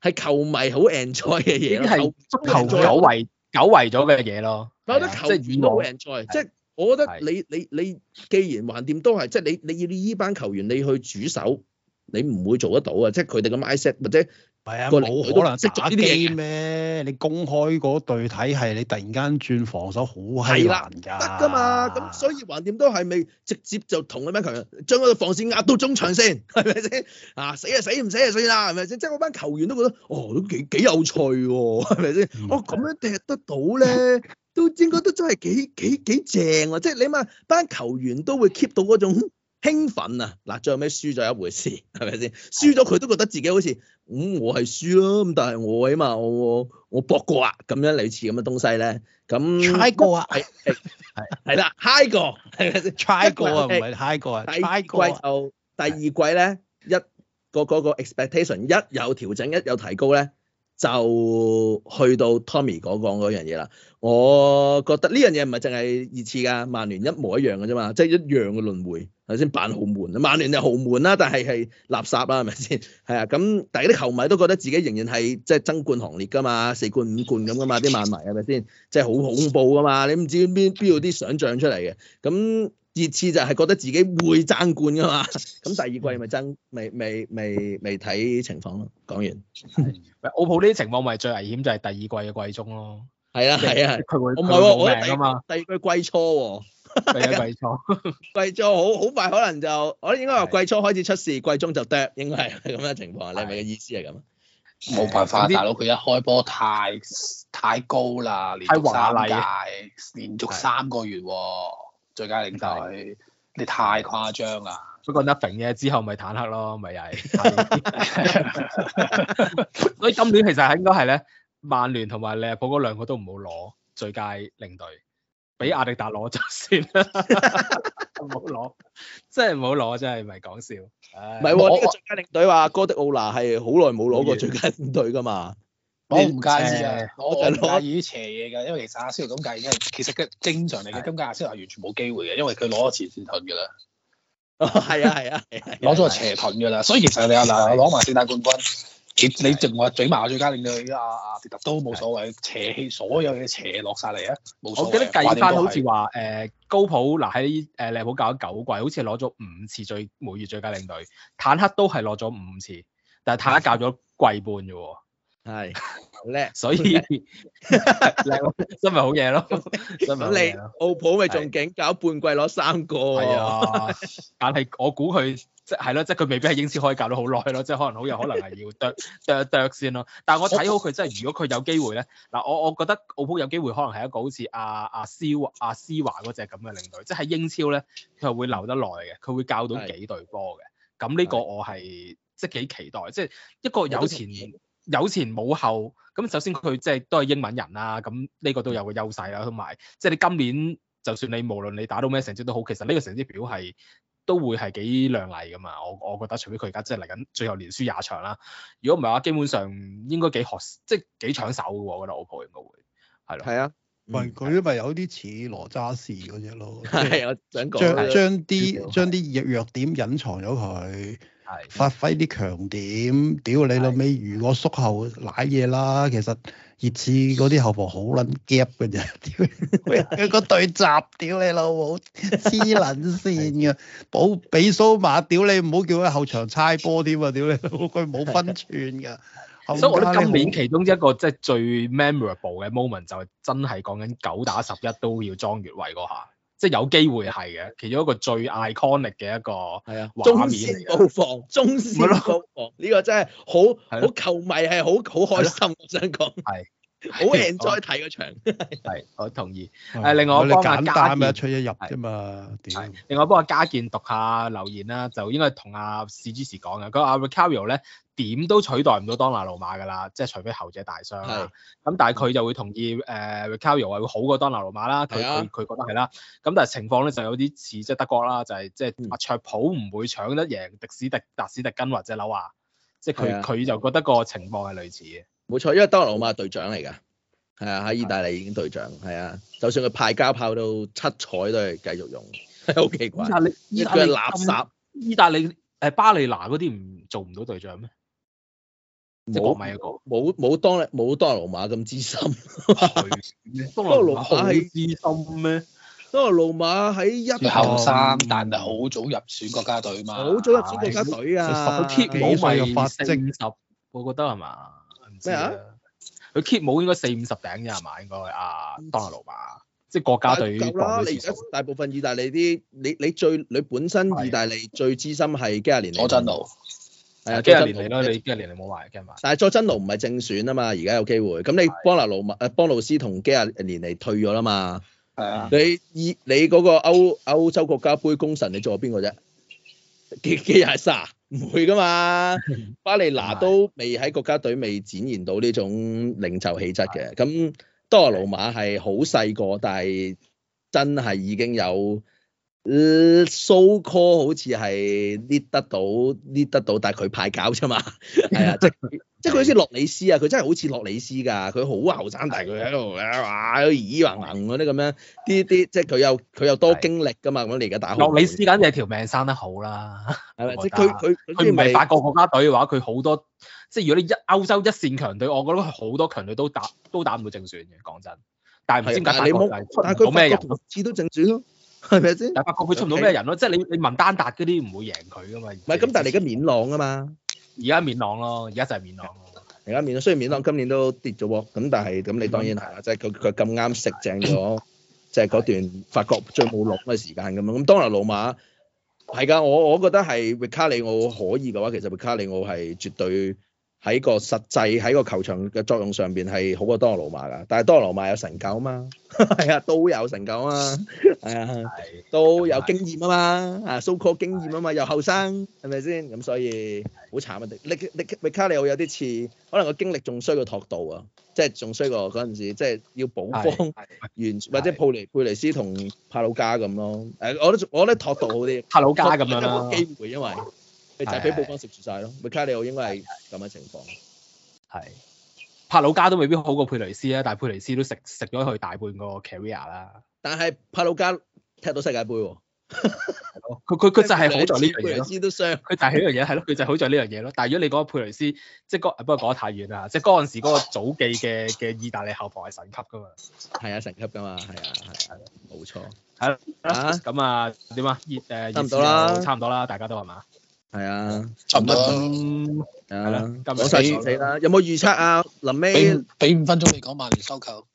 係球迷好 enjoy 嘅嘢。呢啲係足球久違久違咗嘅嘢咯。我覺得球員都好 enjoy。即係我覺得你你你，既然橫掂都係，即係你你要呢班球員你去主手。你唔會做得到啊！即係佢哋咁 mindset 或者係啊，冇可能打機咩？你公開嗰隊體系，你突然間轉防守好係難㗎，得㗎嘛？咁所以橫掂都係咪直接就同嗰班強人將嗰個防線壓到中場先，係咪先？啊死就、啊、死唔死就、啊、算啦、啊，係咪先？即係我班球員都覺得哦都幾幾有趣喎、啊，係咪先？哦咁樣踢得到咧，都應該都真係幾幾幾正啊！即係你嘛班球員都會 keep 到嗰種。興奮啊！嗱，最後尾輸咗一回事，係咪先？輸咗佢都覺得自己好似嗯，我係輸咯咁，但係我起碼我我，我博過啊，咁樣類似咁嘅東西咧，咁。high 過啊，係係啦，high 過，係 try 過啊，唔係 high 過啊，過啊 第一季就第二季咧，的一嗰嗰個 expectation 一有調整，一有提高咧，就去到 Tommy 嗰講嗰樣嘢啦。我覺得呢樣嘢唔係淨係二次噶，曼聯一模一樣嘅啫嘛，即係一樣嘅輪迴。頭先扮豪門？曼聯就豪門啦，但係係垃圾啦，係咪先？係啊，咁大家啲球迷都覺得自己仍然係即係爭冠行列㗎嘛，四冠五冠咁㗎嘛，啲曼迷係咪先？即係好恐怖㗎嘛，你唔知邊邊度啲想像出嚟嘅。咁熱刺就係覺得自己會爭冠㗎嘛。咁第二季咪爭？未未未未，睇情況咯。講完。奧普呢啲情況咪最危險就係第二季嘅季中咯。係啊係啊，佢唔係喎，我一第第二季季初喎、啊。未啊，季初，季初好好快，可能就我應該話季初開始出事，季中就 drop，應該係係咁樣情況。你係咪嘅意思係咁？冇辦法，大佬佢一開波太太高啦，連續三屆，連續三個月最佳領隊，你太誇張啦！不過一搵嘢之後咪坦克咯，咪又係。所以今年其實係應該係咧，曼聯同埋利物浦嗰兩個都唔好攞最佳領隊。俾阿迪達攞咗先啦，唔好攞，真係唔好攞，真係唔係講笑。唔係喎，呢個最佳領隊話哥迪奧拿係好耐冇攞過最佳領隊噶嘛。沒完 嗯、我唔介意啊，呃、我唔介意啲邪嘢噶，因為其實阿仙奴咁計，因為其實嘅正常嚟計，今屆阿仙奴完全冇機會嘅，因為佢攞咗前線盾噶啦。係啊，係啊，攞咗個斜盾噶啦，所以其實你啊嗱，攞埋四大冠軍。你你仲話嘴麻最佳領隊啊啊！跌突都冇所謂，邪氣所有嘢邪落曬嚟啊！冇所謂。我記得計翻好似話誒高普嗱喺誒利物浦搞咗九季，好似攞咗五次最每月最佳領隊，坦克都係攞咗五次，但係坦克教咗季半啫喎。係好叻，所以真係好嘢咯。咁你奧普咪仲勁，搞半季攞三個喎。係啊，但係我估佢。即係咯，即係佢未必喺英超可以教到好耐咯，即係可能好有可能係要哚 先咯。但係我睇好佢，即係如果佢有機會咧，嗱，我我覺得奧普有機會可能係一個好似阿阿斯華阿斯華嗰隻咁嘅領隊，即係喺英超咧，佢會留得耐嘅，佢會教到幾隊波嘅。咁呢是個我係是即係幾期待，即係一個有前有，有前冇後。咁首先佢即係都係英文人啦、啊，咁呢個都有個優勢啦、啊。同埋即係你今年就算你無論你打到咩成績都好，其實呢個成績表係，都會係幾靚麗噶嘛？我我覺得，除非佢而家即係嚟緊最後連輸廿場啦。如果唔係話，基本上應該幾學即係幾搶手嘅喎。我覺得我估應該會係咯。係啊，唔係佢都咪有啲似羅渣士嗰隻咯。係， 我想講將啲將啲弱弱點隱藏咗佢。係發揮啲強點，屌你老尾！的如果縮後攋嘢啦，其實熱刺嗰啲後防好撚夾嘅啫，屌佢個對閘，屌你老母黐撚線嘅，保的比蘇馬，屌你唔好叫佢後場猜波添啊！屌你老母，佢冇分寸嘅。所以我覺得今年其中一個即係最 memorable 嘅 moment 就係真係講緊九打十一都要裝越位嗰下。即係有機會係嘅，其中一個最 iconic 嘅一個，係啊，中線爆放，中線爆放，呢個真係好 好球迷係好好開心， 的我想講。好 enjoy 睇嗰場，我同意。誒 對，另外幫下加建出一入啫嘛，點？另外幫我加建讀下留言啦，就應該同阿史主持講嘅，佢阿 Recario 咧點都取代唔到當拿魯馬噶啦，即係除非後者大傷。咁對、嗯、但係佢就會同意誒 Recario 話會好過當拿魯馬啦，佢佢佢覺得係啦。咁但係情況咧就有啲似即係德國啦，就係、是、即係阿卓普唔會搶得贏迪史迪，士迪達史迪根或者紐亞，即係佢佢就覺得個情況係類似嘅。冇錯，因為當羅馬係隊長嚟㗎，係啊，喺意大利已經隊長，係啊，就算佢派膠炮到七彩都係繼續用，係好奇怪。意大利垃圾，意大利誒巴利拿嗰啲唔做唔到隊長咩？冇冇冇當冇當羅馬咁資深。當羅馬係資深咩？當羅馬喺一後生，但係好早入選國家隊嘛，好早入選國家隊啊，冇米入法證十，我覺得係嘛？咩啊？佢 keep 冇應該四五十頂啫係嘛？應該啊，當拿魯馬即係國家隊。咁你而家大部分意大利啲你你最你本身意大利最資深係的幾廿年來？佐真奴係啊，幾廿年嚟啦，你幾廿年嚟冇賣，幾廿年。但係佐真奴唔係正選啊嘛，而家有機會。咁你邦拿奴馬誒邦魯斯同幾廿年嚟退咗啦嘛？係啊的。你二你嗰個歐，歐洲國家杯功臣你仲有邊個啫？幾幾廿三？唔會㗎嘛， 巴里拿都未喺國家隊未展現到呢種領袖氣質嘅， 咁多羅魯馬係好細個，但係真係已經有。蘇科、呃、好似係 lift 得到 lift 得到，但係佢派搞啫嘛，係啊，即係即係佢好似洛里斯，洛斯啊，佢真係好似洛里斯噶，佢好後生，但係佢喺度啊，咦、啊，行唔行嗰啲咁樣？啲啲即係佢又佢又多經歷噶嘛，咁你而家打洛里斯簡直係條命生得好啦，係咪？ 即係佢佢佢唔係法國國家隊嘅話，佢好多即係如果你一歐、就是、洲一線強隊，我覺得好多強隊都打都打唔到正選嘅，講真。但係唔知點解法國係冇咩人次都正選咯。係咪先？但係法國佢出唔到咩人咯，即係你你文丹達嗰啲唔會贏佢噶嘛。唔係咁，但係你而家免浪啊嘛。而家免浪咯，而家就係免浪。而家免，雖然免浪今年都跌咗，咁但係咁你當然係啦， 即係佢佢咁啱食正咗， 即係嗰段法國最冇落嘅時間咁啊。咁當然老馬係㗎，我我覺得係維卡里奧可以嘅話，其實維卡里奧係絕對。喺個實際喺個球場嘅作用上邊係好過多羅馬㗎，但係多羅馬有成就啊嘛，係 啊都有成就啊嘛，係、哎、啊都有經驗啊嘛，啊蘇科經驗啊嘛，又後生係咪先？咁所以好慘啊！你你維卡里奧又有啲似，可能個經歷仲衰過托度啊，即係仲衰過嗰陣時即係要補鋒完 或者普尼、貝是的 尼斯同帕魯加咁咯。誒，我都我覺得托度好啲，帕魯加咁樣啦、啊、機因為。因為你就俾布方食住曬咯，麥卡里奧應該係咁嘅情況。係。帕魯加都未必好過佩雷斯咧，但係佩雷斯都食食咗佢大半個 career 啦。但係帕魯加踢到世界盃喎。佢佢佢就係好在呢樣嘢咯。佩雷斯都傷。佢就係呢樣嘢係咯，佢就好在呢樣嘢咯。但係如果你講佩雷斯，即係不過講得太遠啊，即係嗰陣時嗰個祖記嘅嘅意大利後防係神級噶嘛。係啊，神級噶嘛，係啊，係啊，冇錯。係咁啊，點啊？熱差唔多啦。差唔多啦，大家都係嘛？係啊，差唔多啦，咁就死啦。有冇預測啊？臨尾俾五分鐘你講曼聯收購，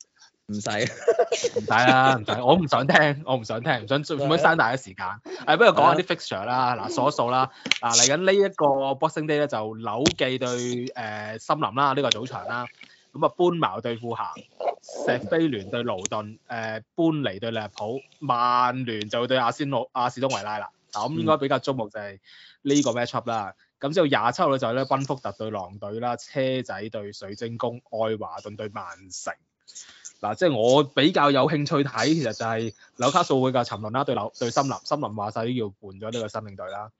唔使唔使啦，唔使，我唔想聽，我唔想聽，唔想最唔好嘥大嘅時間。誒，不如講下啲 fixture 啦，嗱，鎖數啦，嗱，嚟緊呢一個 Boxing Day 咧，就扭記對誒森林啦，呢個早場啦。咁啊，搬矛對富行，石飛聯對勞頓，誒，潘尼對利物浦，曼聯就會對阿仙奴、阿士東維拉啦。嗱，咁應該比較矚目就係。呢個 matchup 啦，咁之後廿七號就係咧奔福特對狼隊啦，車仔對水晶宮，愛華頓對曼城。嗱、啊，即係我比較有興趣睇，其實就係紐卡素會嘅沉淪啦，對紐對森林，森林話晒要叫換咗呢個新領隊啦。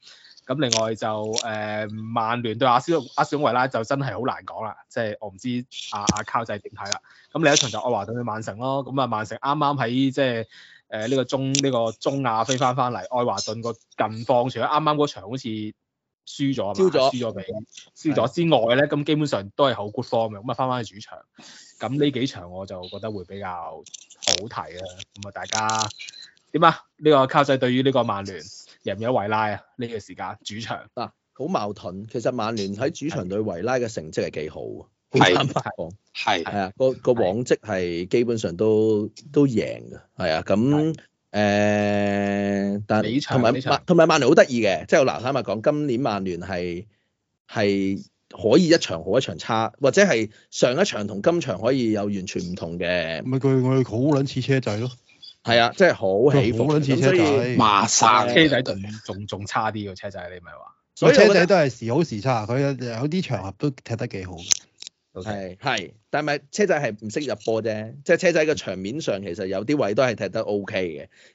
咁、啊、另外就誒、呃、曼聯對阿士東阿士東維拉就真係好難講啦，即係我唔知阿阿、啊啊、卡仔點睇啦。咁、啊、另一場就愛華頓對曼城咯，咁、嗯、啊曼城啱啱喺即係。誒，呢、呃這個中呢、這個中亞飛翻翻嚟，愛華頓個近況除咗啱啱嗰場好似輸咗了啊嘛，輸咗俾輸咗是的 之外咧，咁基本上都係好 good form 嘅，咁啊翻翻去主場，咁呢幾場我就覺得會比較好睇啊，咁啊大家點啊？呢、這個卡仔對於呢個曼聯贏唔贏維拉啊？呢、這個時間主場啊，好矛盾。其實曼聯喺主場對維拉嘅成績係幾好。好坦白講，係係啊，個個往績係基本上都都贏嘅，係啊咁，誒，但係同埋同埋曼聯好得意嘅，即係我嗱坦白講，今年曼聯係係可以一場好一場差，或者係上一場同今場可以有完全唔同嘅。咪佢去好撚似車仔咯，係啊，即係好起伏，好撚似車仔，麻曬車仔隊仲仲差啲個車仔，你咪話。所以車仔都係時好時差，佢有有啲場合都踢得幾好。係係 Okay.，但係車仔係唔識入波啫，即、就、係、是、車仔嘅場面上其實有啲位都係踢得 O K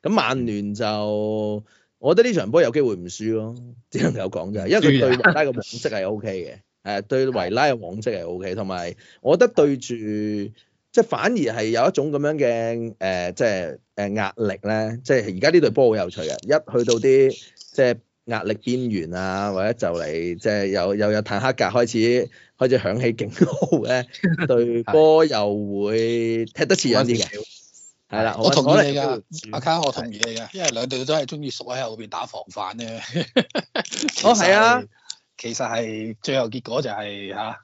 嘅。咁曼聯就，我覺得呢場波有機會唔輸咯，只能夠講啫。因為對維拉嘅模式係 O K 嘅，誒 對維拉嘅往績係 O K，同埋我覺得對住即係反而係有一種咁樣嘅誒，即係誒壓力咧。即係而家呢隊波好有趣嘅，一去到啲即係壓力邊緣啊，或者就嚟即係又又有，又有坦克格開始。開始響起警號咧，對波又會踢得似樣啲嘅。係啦，我同意你㗎。阿卡，我同意你㗎。因為兩隊都係中意縮喺後邊打防反咧。哦，係啊，其實係最後結果就係嚇，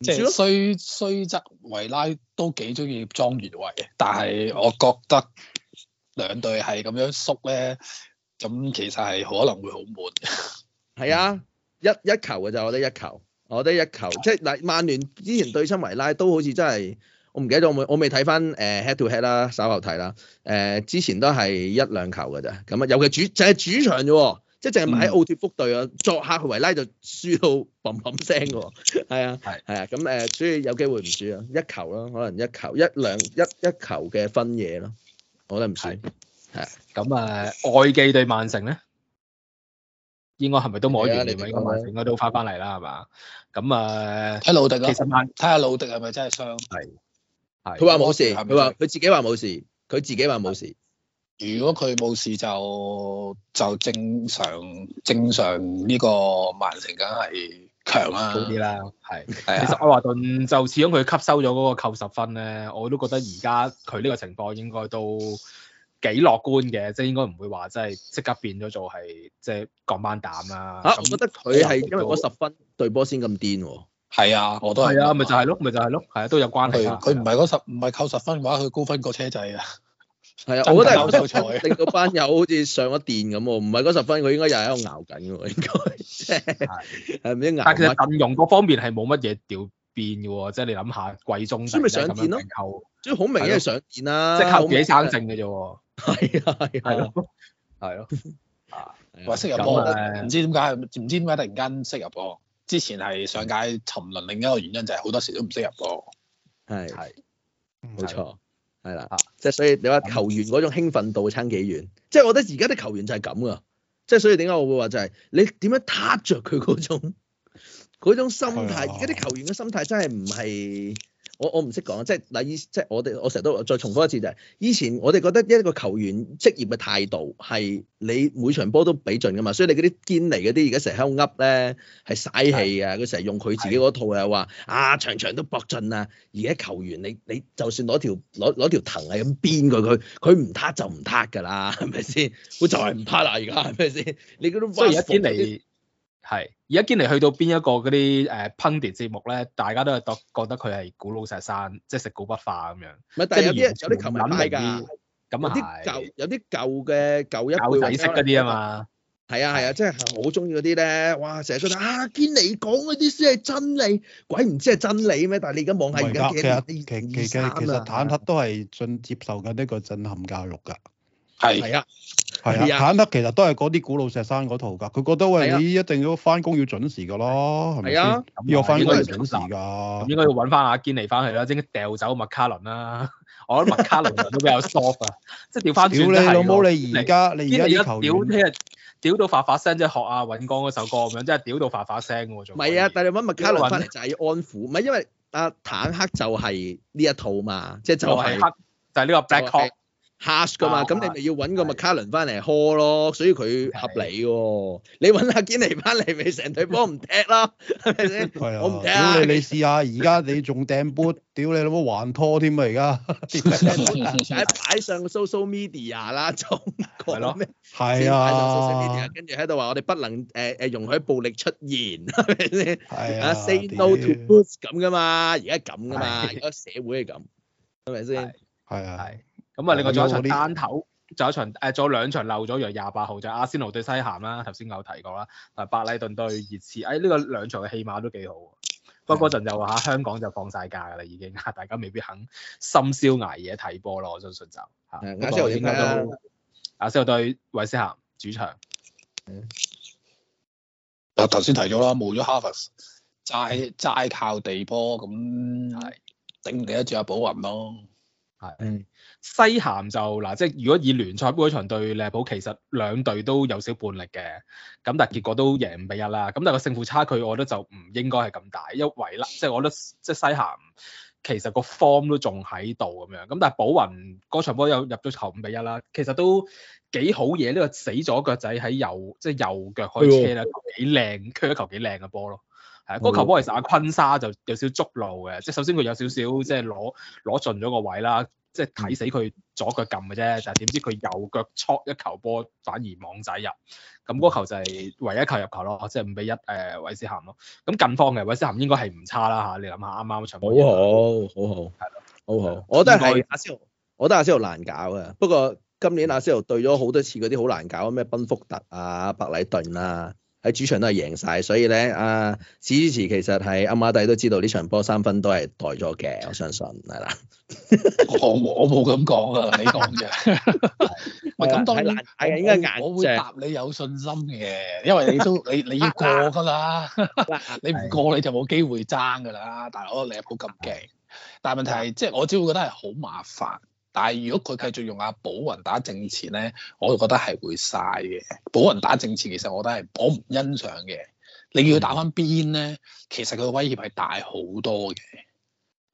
即係雖雖則維拉都幾中意裝原位，但係我覺得兩隊係咁樣縮咧，咁其實係可能會好悶。係啊，一一球嘅就我覺得一球。我得一球，即係嗱，曼聯之前對親維拉都好似真係，我唔記得咗，我我未睇翻誒 head to head 啦，稍後睇啦。誒、呃，之前都係一兩球噶咋，咁啊，尤其主就係主場啫，即係淨係喺奧脫福隊啊，作客去維拉就輸到嘭嘭聲嘅，係啊，係啊，咁誒是的，所以有機會唔輸啊。一球咯，可能一球一兩一一球嘅分嘢咯，我覺得唔輸，係。咁啊，外記對曼城咧？應該係咪都冇咗原因？應該應該都翻翻嚟啦，係嘛？咁啊，睇老迪其實睇下老迪係咪真係傷？係係，佢話冇事，佢話佢自己話冇事，佢自己話冇事。如果佢冇事就就正常，正常呢個曼城梗係強啦，好啲啦，係。其實愛華頓就始終，佢吸收咗嗰個扣十分咧，我都覺得而家佢呢個情況應該都。幾樂觀嘅，即係應該唔會話即係即刻變咗做係即係降班膽啊。我覺得佢係因為嗰十分對波先咁癲喎。係啊，我都係。啊，咪就係咯，咪就係咯，係都有關係。佢唔係嗰十，唔係扣十分嘅話，佢高分過車仔啊。係啊， 我覺得都係好秀才。令嗰班友好似上咗電咁喎，唔係嗰十分，佢應該又喺度熬緊喎，應該。係。 係咪啲熬？但其實陣容各方面係冇乜嘢調變嘅喎，即係你諗下季中。所以咪上電咯。所以好明顯係上電啦。即的刻自己生性嘅啫。啊係啊，係係咯，係咯啊，話識入波，唔 知點解唔知點解突然間識入波。之前係上屆沉淪，另一個原因就係、是、好多時都唔識入波。係係的，冇錯的，係啦，即係所以你話球員嗰種興奮度差幾遠？即、就、係、是、我覺得而家啲球員就係咁噶，即、就、係、是、所以點解我會話就係、是、你點樣撻着佢嗰種，嗰種心態，而家啲球員嘅心態真係唔係。我我唔識講，即係嗱，以即係我哋我成日都再重複一次就係，以前我哋覺得一個球員職業嘅態度係你每場波都俾盡噶嘛，所以你嗰啲堅尼嗰啲，而家成日喺度噏咧，係嘥氣啊，佢成日用佢自己嗰套又話啊，場場都搏盡啊，而家球員你你就算攞條攞攞條藤係咁鞭佢，佢佢唔撻就唔撻㗎啦，係咪先？佢就係唔撻啦，而家係咪先？你嗰種堅尼係，而家堅尼去到邊一個嗰啲誒 pundit 節目咧，大家都係度覺得佢係古老石山，即係食古不化咁樣。唔係，但係有啲有啲琴物都係，咁啊，舊有啲舊嘅舊一輩嗰啲啊嘛。係啊係啊，即係好中意嗰啲咧，哇！成日信啊，堅尼講嗰啲先係真理，鬼唔知係真理咩？但係你而家望下而家其實坦克都係進接受緊呢個震撼教育㗎。係。係啊。係啊，坦克其實都係嗰啲古老石山嗰套㗎。佢覺得喂，你一定要翻工要準時㗎咯，係咪先？邊個翻工唔準時㗎？應該要揾翻阿堅尼翻去啦，即係掉走麥卡倫啦。我覺得麥卡倫都比較 soft 啊，即係調翻屌你老母你而家你而家而家屌屌到發發聲，即係學阿尹光嗰首歌咁樣，即係屌到發發聲嘅喎仲。唔係啊，但係你揾麥卡倫翻嚟就係安撫，唔係因為阿坦克就係呢一套嘛，即係就係就係呢個 back hash 噶嘛，咁你咪要揾個麥卡倫翻嚟 call 咯，所以佢合理喎。你揾阿堅尼翻嚟咪成隊波唔踢咯，係咪先？係啊。屌你你試下，而家你仲掟 boot，屌你老母還拖添啊！而家。喺擺上 social media 啦，仲講咩？係啊。係啊。跟住喺度話我哋不能誒誒容許暴力出現，係咪先？啊，say no to boots 咁噶嘛，而家咁噶嘛，而家社會係咁，係咪先？係啊。咁啊，另外仲有場單頭，仲有場誒，仲有兩場漏咗，約廿八號就阿仙奴對西咸啦，頭先我有提過啦。阿白禮頓對熱刺，誒呢個兩場嘅戲碼都幾好。不過嗰陣就話喺香港就放晒假噶啦，已經，大家未必肯深宵捱夜睇波咯。我相信就嚇。阿仙奴對韋斯咸主場。啊，頭先提咗啦，冇咗哈伐斯，齋齋靠地波咁，係頂唔頂得住阿保雲咯。係。西咸就嗱，即係如果以聯賽嗰場對利物浦，其實兩隊都有少半力嘅，咁但係結果都贏五比一啦。咁但係個勝負差距，我覺得就唔應該係咁大，因為即係我覺得即係西咸其實個 form 都仲喺度咁樣。咁但係保雲嗰場波又入咗球五比一啦，其實都幾好嘢。呢、這個死左腳仔喺右即係、就是、右腳開車啦，幾靚 curve 球幾靚嘅波咯。係啊，嗰、那個、球波其實阿昆沙就有少捉路嘅，即係首先佢有少少即係攞攞盡咗個位啦。即係睇死佢左腳撳嘅啫，就係點知佢右腳搓一球波反而網仔入，咁、那、嗰、個、球就係唯一球入球咯，即係五比一誒、呃、韋斯咸咯。咁近況嘅韋斯咸應該係唔差啦嚇，你諗下啱啱場波。好好好好，係咯，好好。我覺得係阿思豪，我覺得阿思豪難搞嘅。不過今年阿思豪對咗好多次嗰啲好難搞，咩賓福特啊、白禮頓啊。喺主場都係贏晒，所以咧啊，史主持其實係阿馬底都知道呢場波三分都係代咗嘅，我相信係啦 我我冇咁講啊，你講嘅。唔咁當然難解嘅，應該硬 我，我會答你有信心嘅，因為你都你你要過噶啦， 你唔過你就冇機會爭噶啦。但係我利物浦咁勁，但係問題係即係我只會覺得係好麻煩。但係，如果佢繼續用阿保雲打正前咧，我就覺得係會嘥嘅。保雲打正前其實我覺得係我唔欣賞嘅。你要打翻邊咧，嗯、其實佢威脅係大好多嘅。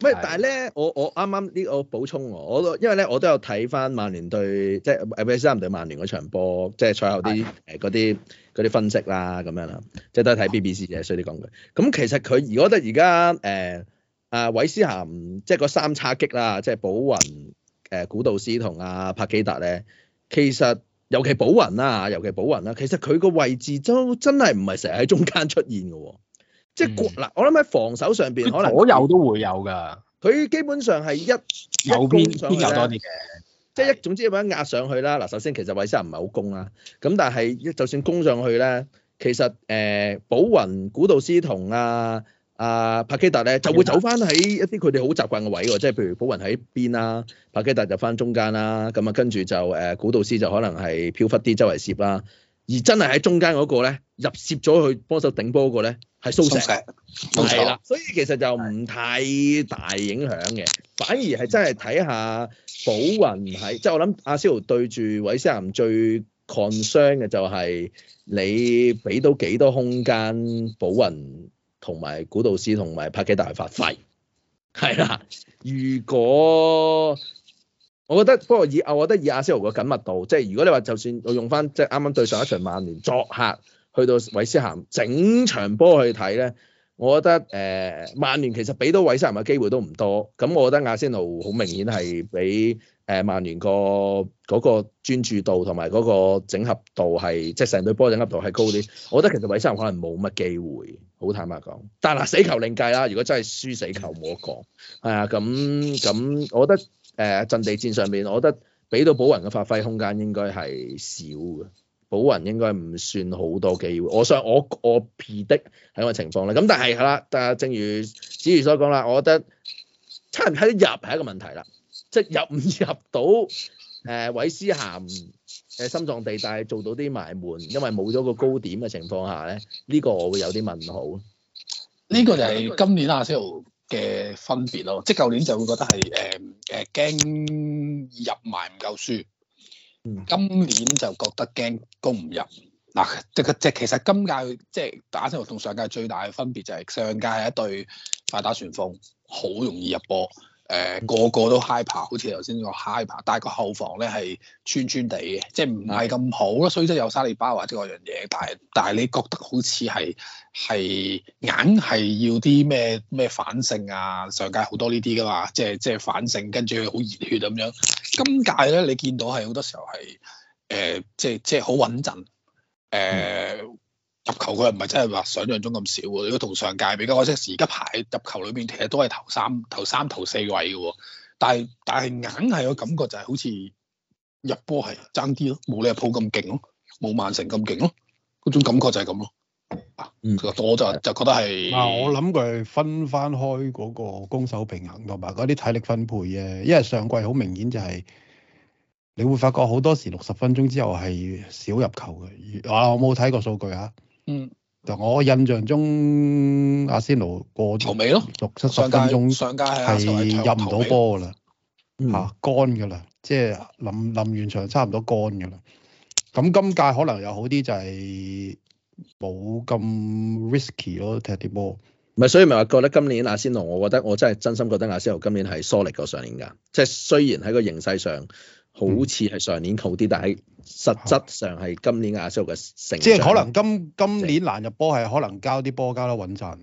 喂，但係咧，我我啱啱呢，我補充我，我都因為咧，我都有睇翻曼聯對即係阿韋斯咸對曼聯嗰場波，即係賽後啲誒嗰啲啲分析啦咁樣啦，即係都係睇 B B C 嘅、嗯，所以啲講句，咁、嗯、其實佢如果得而家誒阿韋斯咸即係個三叉戟啦，即係保雲。叉誒古道斯同啊帕基達咧，其實尤其保雲啦、啊、尤其保雲啦、啊，其實佢個位置都真係唔係成日喺中間出現嘅、哦，即係嗱，嗯、我諗喺防守上邊可能左右都會有㗎。佢基本上係一右邊邊有多啲嘅，即係一對總之咁樣壓上去啦。嗱，首先其實韋斯唔係好攻啦，咁但係就算攻上去咧，其實誒保、呃、雲、古道斯同啊。啊，帕基達咧就會走翻喺一啲佢哋好習慣嘅位喎，即係譬如保雲喺邊啦，帕基達就翻中間啦，咁啊跟住就誒古道斯就可能係飄忽啲周圍攝啦，而真係喺中間嗰個咧入攝咗去幫手頂波嗰個咧係蘇石，係啦，所以其實就唔太大影響嘅，的反而係真係睇下保雲喺，即係我諗阿仙奴對住韋斯咸最抗傷嘅就係你俾到幾多空間保雲。同埋古道師同埋柏基大發揮，係啦。如果我覺得，不過以我覺得以阿仙奴個緊密度，即係如果你話就算我用翻即係啱啱對上一場曼聯作客去到韋斯咸整場波去睇咧。我覺得誒，曼聯其實俾到韋斯人嘅機會都唔多，咁我覺得阿仙奴好明顯係俾誒曼聯個嗰個專注度同埋嗰個整合度係，即係成隊波整合度係高啲。我覺得其實韋斯人可能冇乜機會，好坦白講。但係嗱、呃，死球另計啦。如果真係輸死球冇得講，係啊，咁咁，我覺得誒、呃、陣地戰上面，我覺得俾到保雲嘅發揮空間應該係少嘅。保雲應該唔算好多機會，我想我我 P 的係咩情況咧？咁但係係啦，但係正如子瑜所講啦，我覺得差唔多入係一個問題啦，即係入唔入到誒、呃、韋思涵嘅心臟地帶，做到啲埋門，因為冇咗個高點嘅情況下咧，呢、這個我會有啲問號。呢個就係今年阿 c s 嘅分別咯，即係舊年就會覺得係誒誒驚入埋唔夠輸。今年就覺得驚攻唔入，嗱，即即係其實今屆即係、就是、打成同上屆最大嘅分別就係上屆係一對快打旋風，好容易入波。誒、呃、個個都 hyper，好似頭先個 hyper，但係個後防咧係穿穿地嘅，即係唔係咁好咯，所以即係有沙利巴或者各樣嘢。但係但係你覺得好似係係硬係要啲咩咩反勝啊？上屆好多呢啲㗎嘛，即係即係反勝，跟住好熱血咁樣。今屆咧你見到係好多時候係誒、呃，即係即係好穩陣誒。呃嗯入球佢又唔係真係話想象中咁少喎。如果同上屆比較，即係而家排入球裏邊，其實都係頭三頭三頭四位嘅。但係但係硬係個感覺就係好似入波係爭啲咯，冇利物浦咁勁咯，冇曼城咁勁咯，嗰種感覺就係咁咯。啊，嗯，我就就覺得係我諗佢係分翻開嗰個攻守平衡同埋嗰啲體力分配嘅，因為上季好明顯就係你會發覺好多時六十分鐘之後係少入球嘅。啊，我冇睇過數據啊。嗯，嗱，我印象中阿仙奴過，逃尾咯，六七上，分鐘上屆係是尾入唔到波噶啦，吓干噶啦，即係臨臨完場差唔多干噶啦。咁今屆可能有好啲，就是，就係冇咁 risky 咯，踢啲波。唔係，所以咪話覺得今年阿仙奴，我覺得我真係真心覺得阿仙奴今年係 solid 過上年噶，即係雖然喺個形勢上。好似係上年好啲，但係實質上係今年亞洲嘅成績，嗯，即係可能今今年難入波係可能交啲波交得穩陣，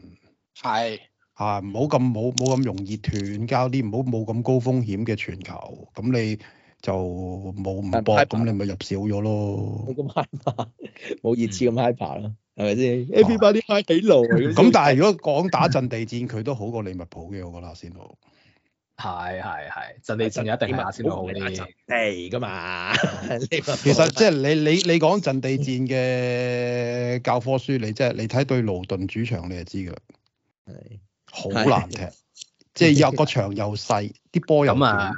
係啊是，唔好咁冇冇咁容易斷，交啲唔好冇咁高風險嘅傳球，咁你就冇唔搏，咁你咪入少咗咯。冇咁嗨爬，冇熱刺咁嗨爬咯，係咪先？A P P 啲嗨幾路？咁？但係如果講打陣地戰，佢 都好過利物浦嘅，我覺得先到。係係係，陣地戰一定係先好啲，地噶嘛？其實即係你你你講陣地戰嘅教科書，你即係你睇對勞頓主場，你就知噶啦，係好的難踢，的即係有個場又細，啲波又咁啊！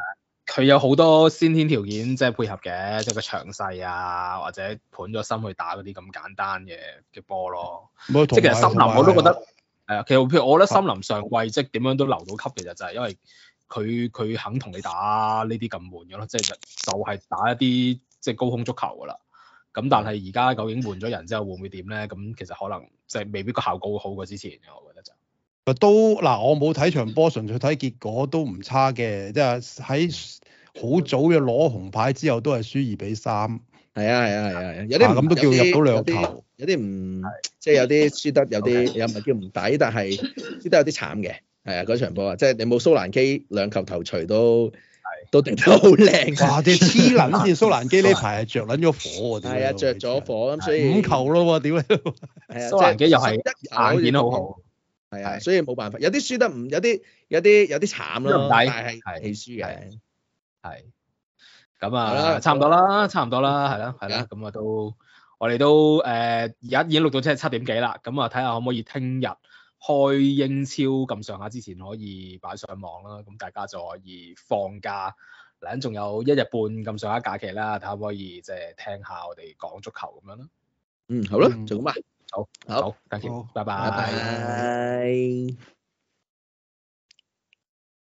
佢有好多先天條件，即係配合嘅，即係個場細啊，或者盤咗心去打嗰啲咁簡單嘅嘅波咯。即係、嗯、其實森林我都覺得，係的、嗯、其實譬如我覺得，森林上季即點樣都留到級，其實就係因為。佢佢肯同你打呢啲咁悶嘅咯，即係就係、是就是、打一啲即係高空足球嘅啦。咁但係而家究竟換咗人之後會唔會點咧？咁其實可能即係、就是、未必個效果會好過之前我覺得就是。都嗱，我冇睇場波，純粹睇結果都唔差嘅，即係喺好早嘅攞紅牌之後都係輸二比三，啊。係啊係啊係啊，有啲咁都叫入到兩球，有啲唔即係有啲、就是、輸得有啲又唔係叫唔抵，但係輸得有啲慘嘅。係啊，嗰場波啊，即係你冇蘇蘭基兩球頭槌都都定得好靚。哇！啲黐撚線，蘇蘭基呢排係着撚咗火喎，啊？係啊，著咗火咁，所以五球咯喎，點啊都？係啊，即係演得好好。係啊，所以冇辦法，有啲輸得唔，有啲有啲有啲慘咯。都唔抵，係輸嘅，係。咁啊，差唔多啦，差唔多啦，係啦，係啦，咁啊都我哋都誒而家已經錄到即係七點幾啦，咁啊睇下可唔可以聽日。開英超咁上下之前可以擺上網啦，咁大家就可以放假，嗱，仲有一日半咁上下假期啦，睇下可唔可以即係聽下我哋講足球咁樣啦？嗯，好啦，就咁啊，好，好，多謝，拜拜。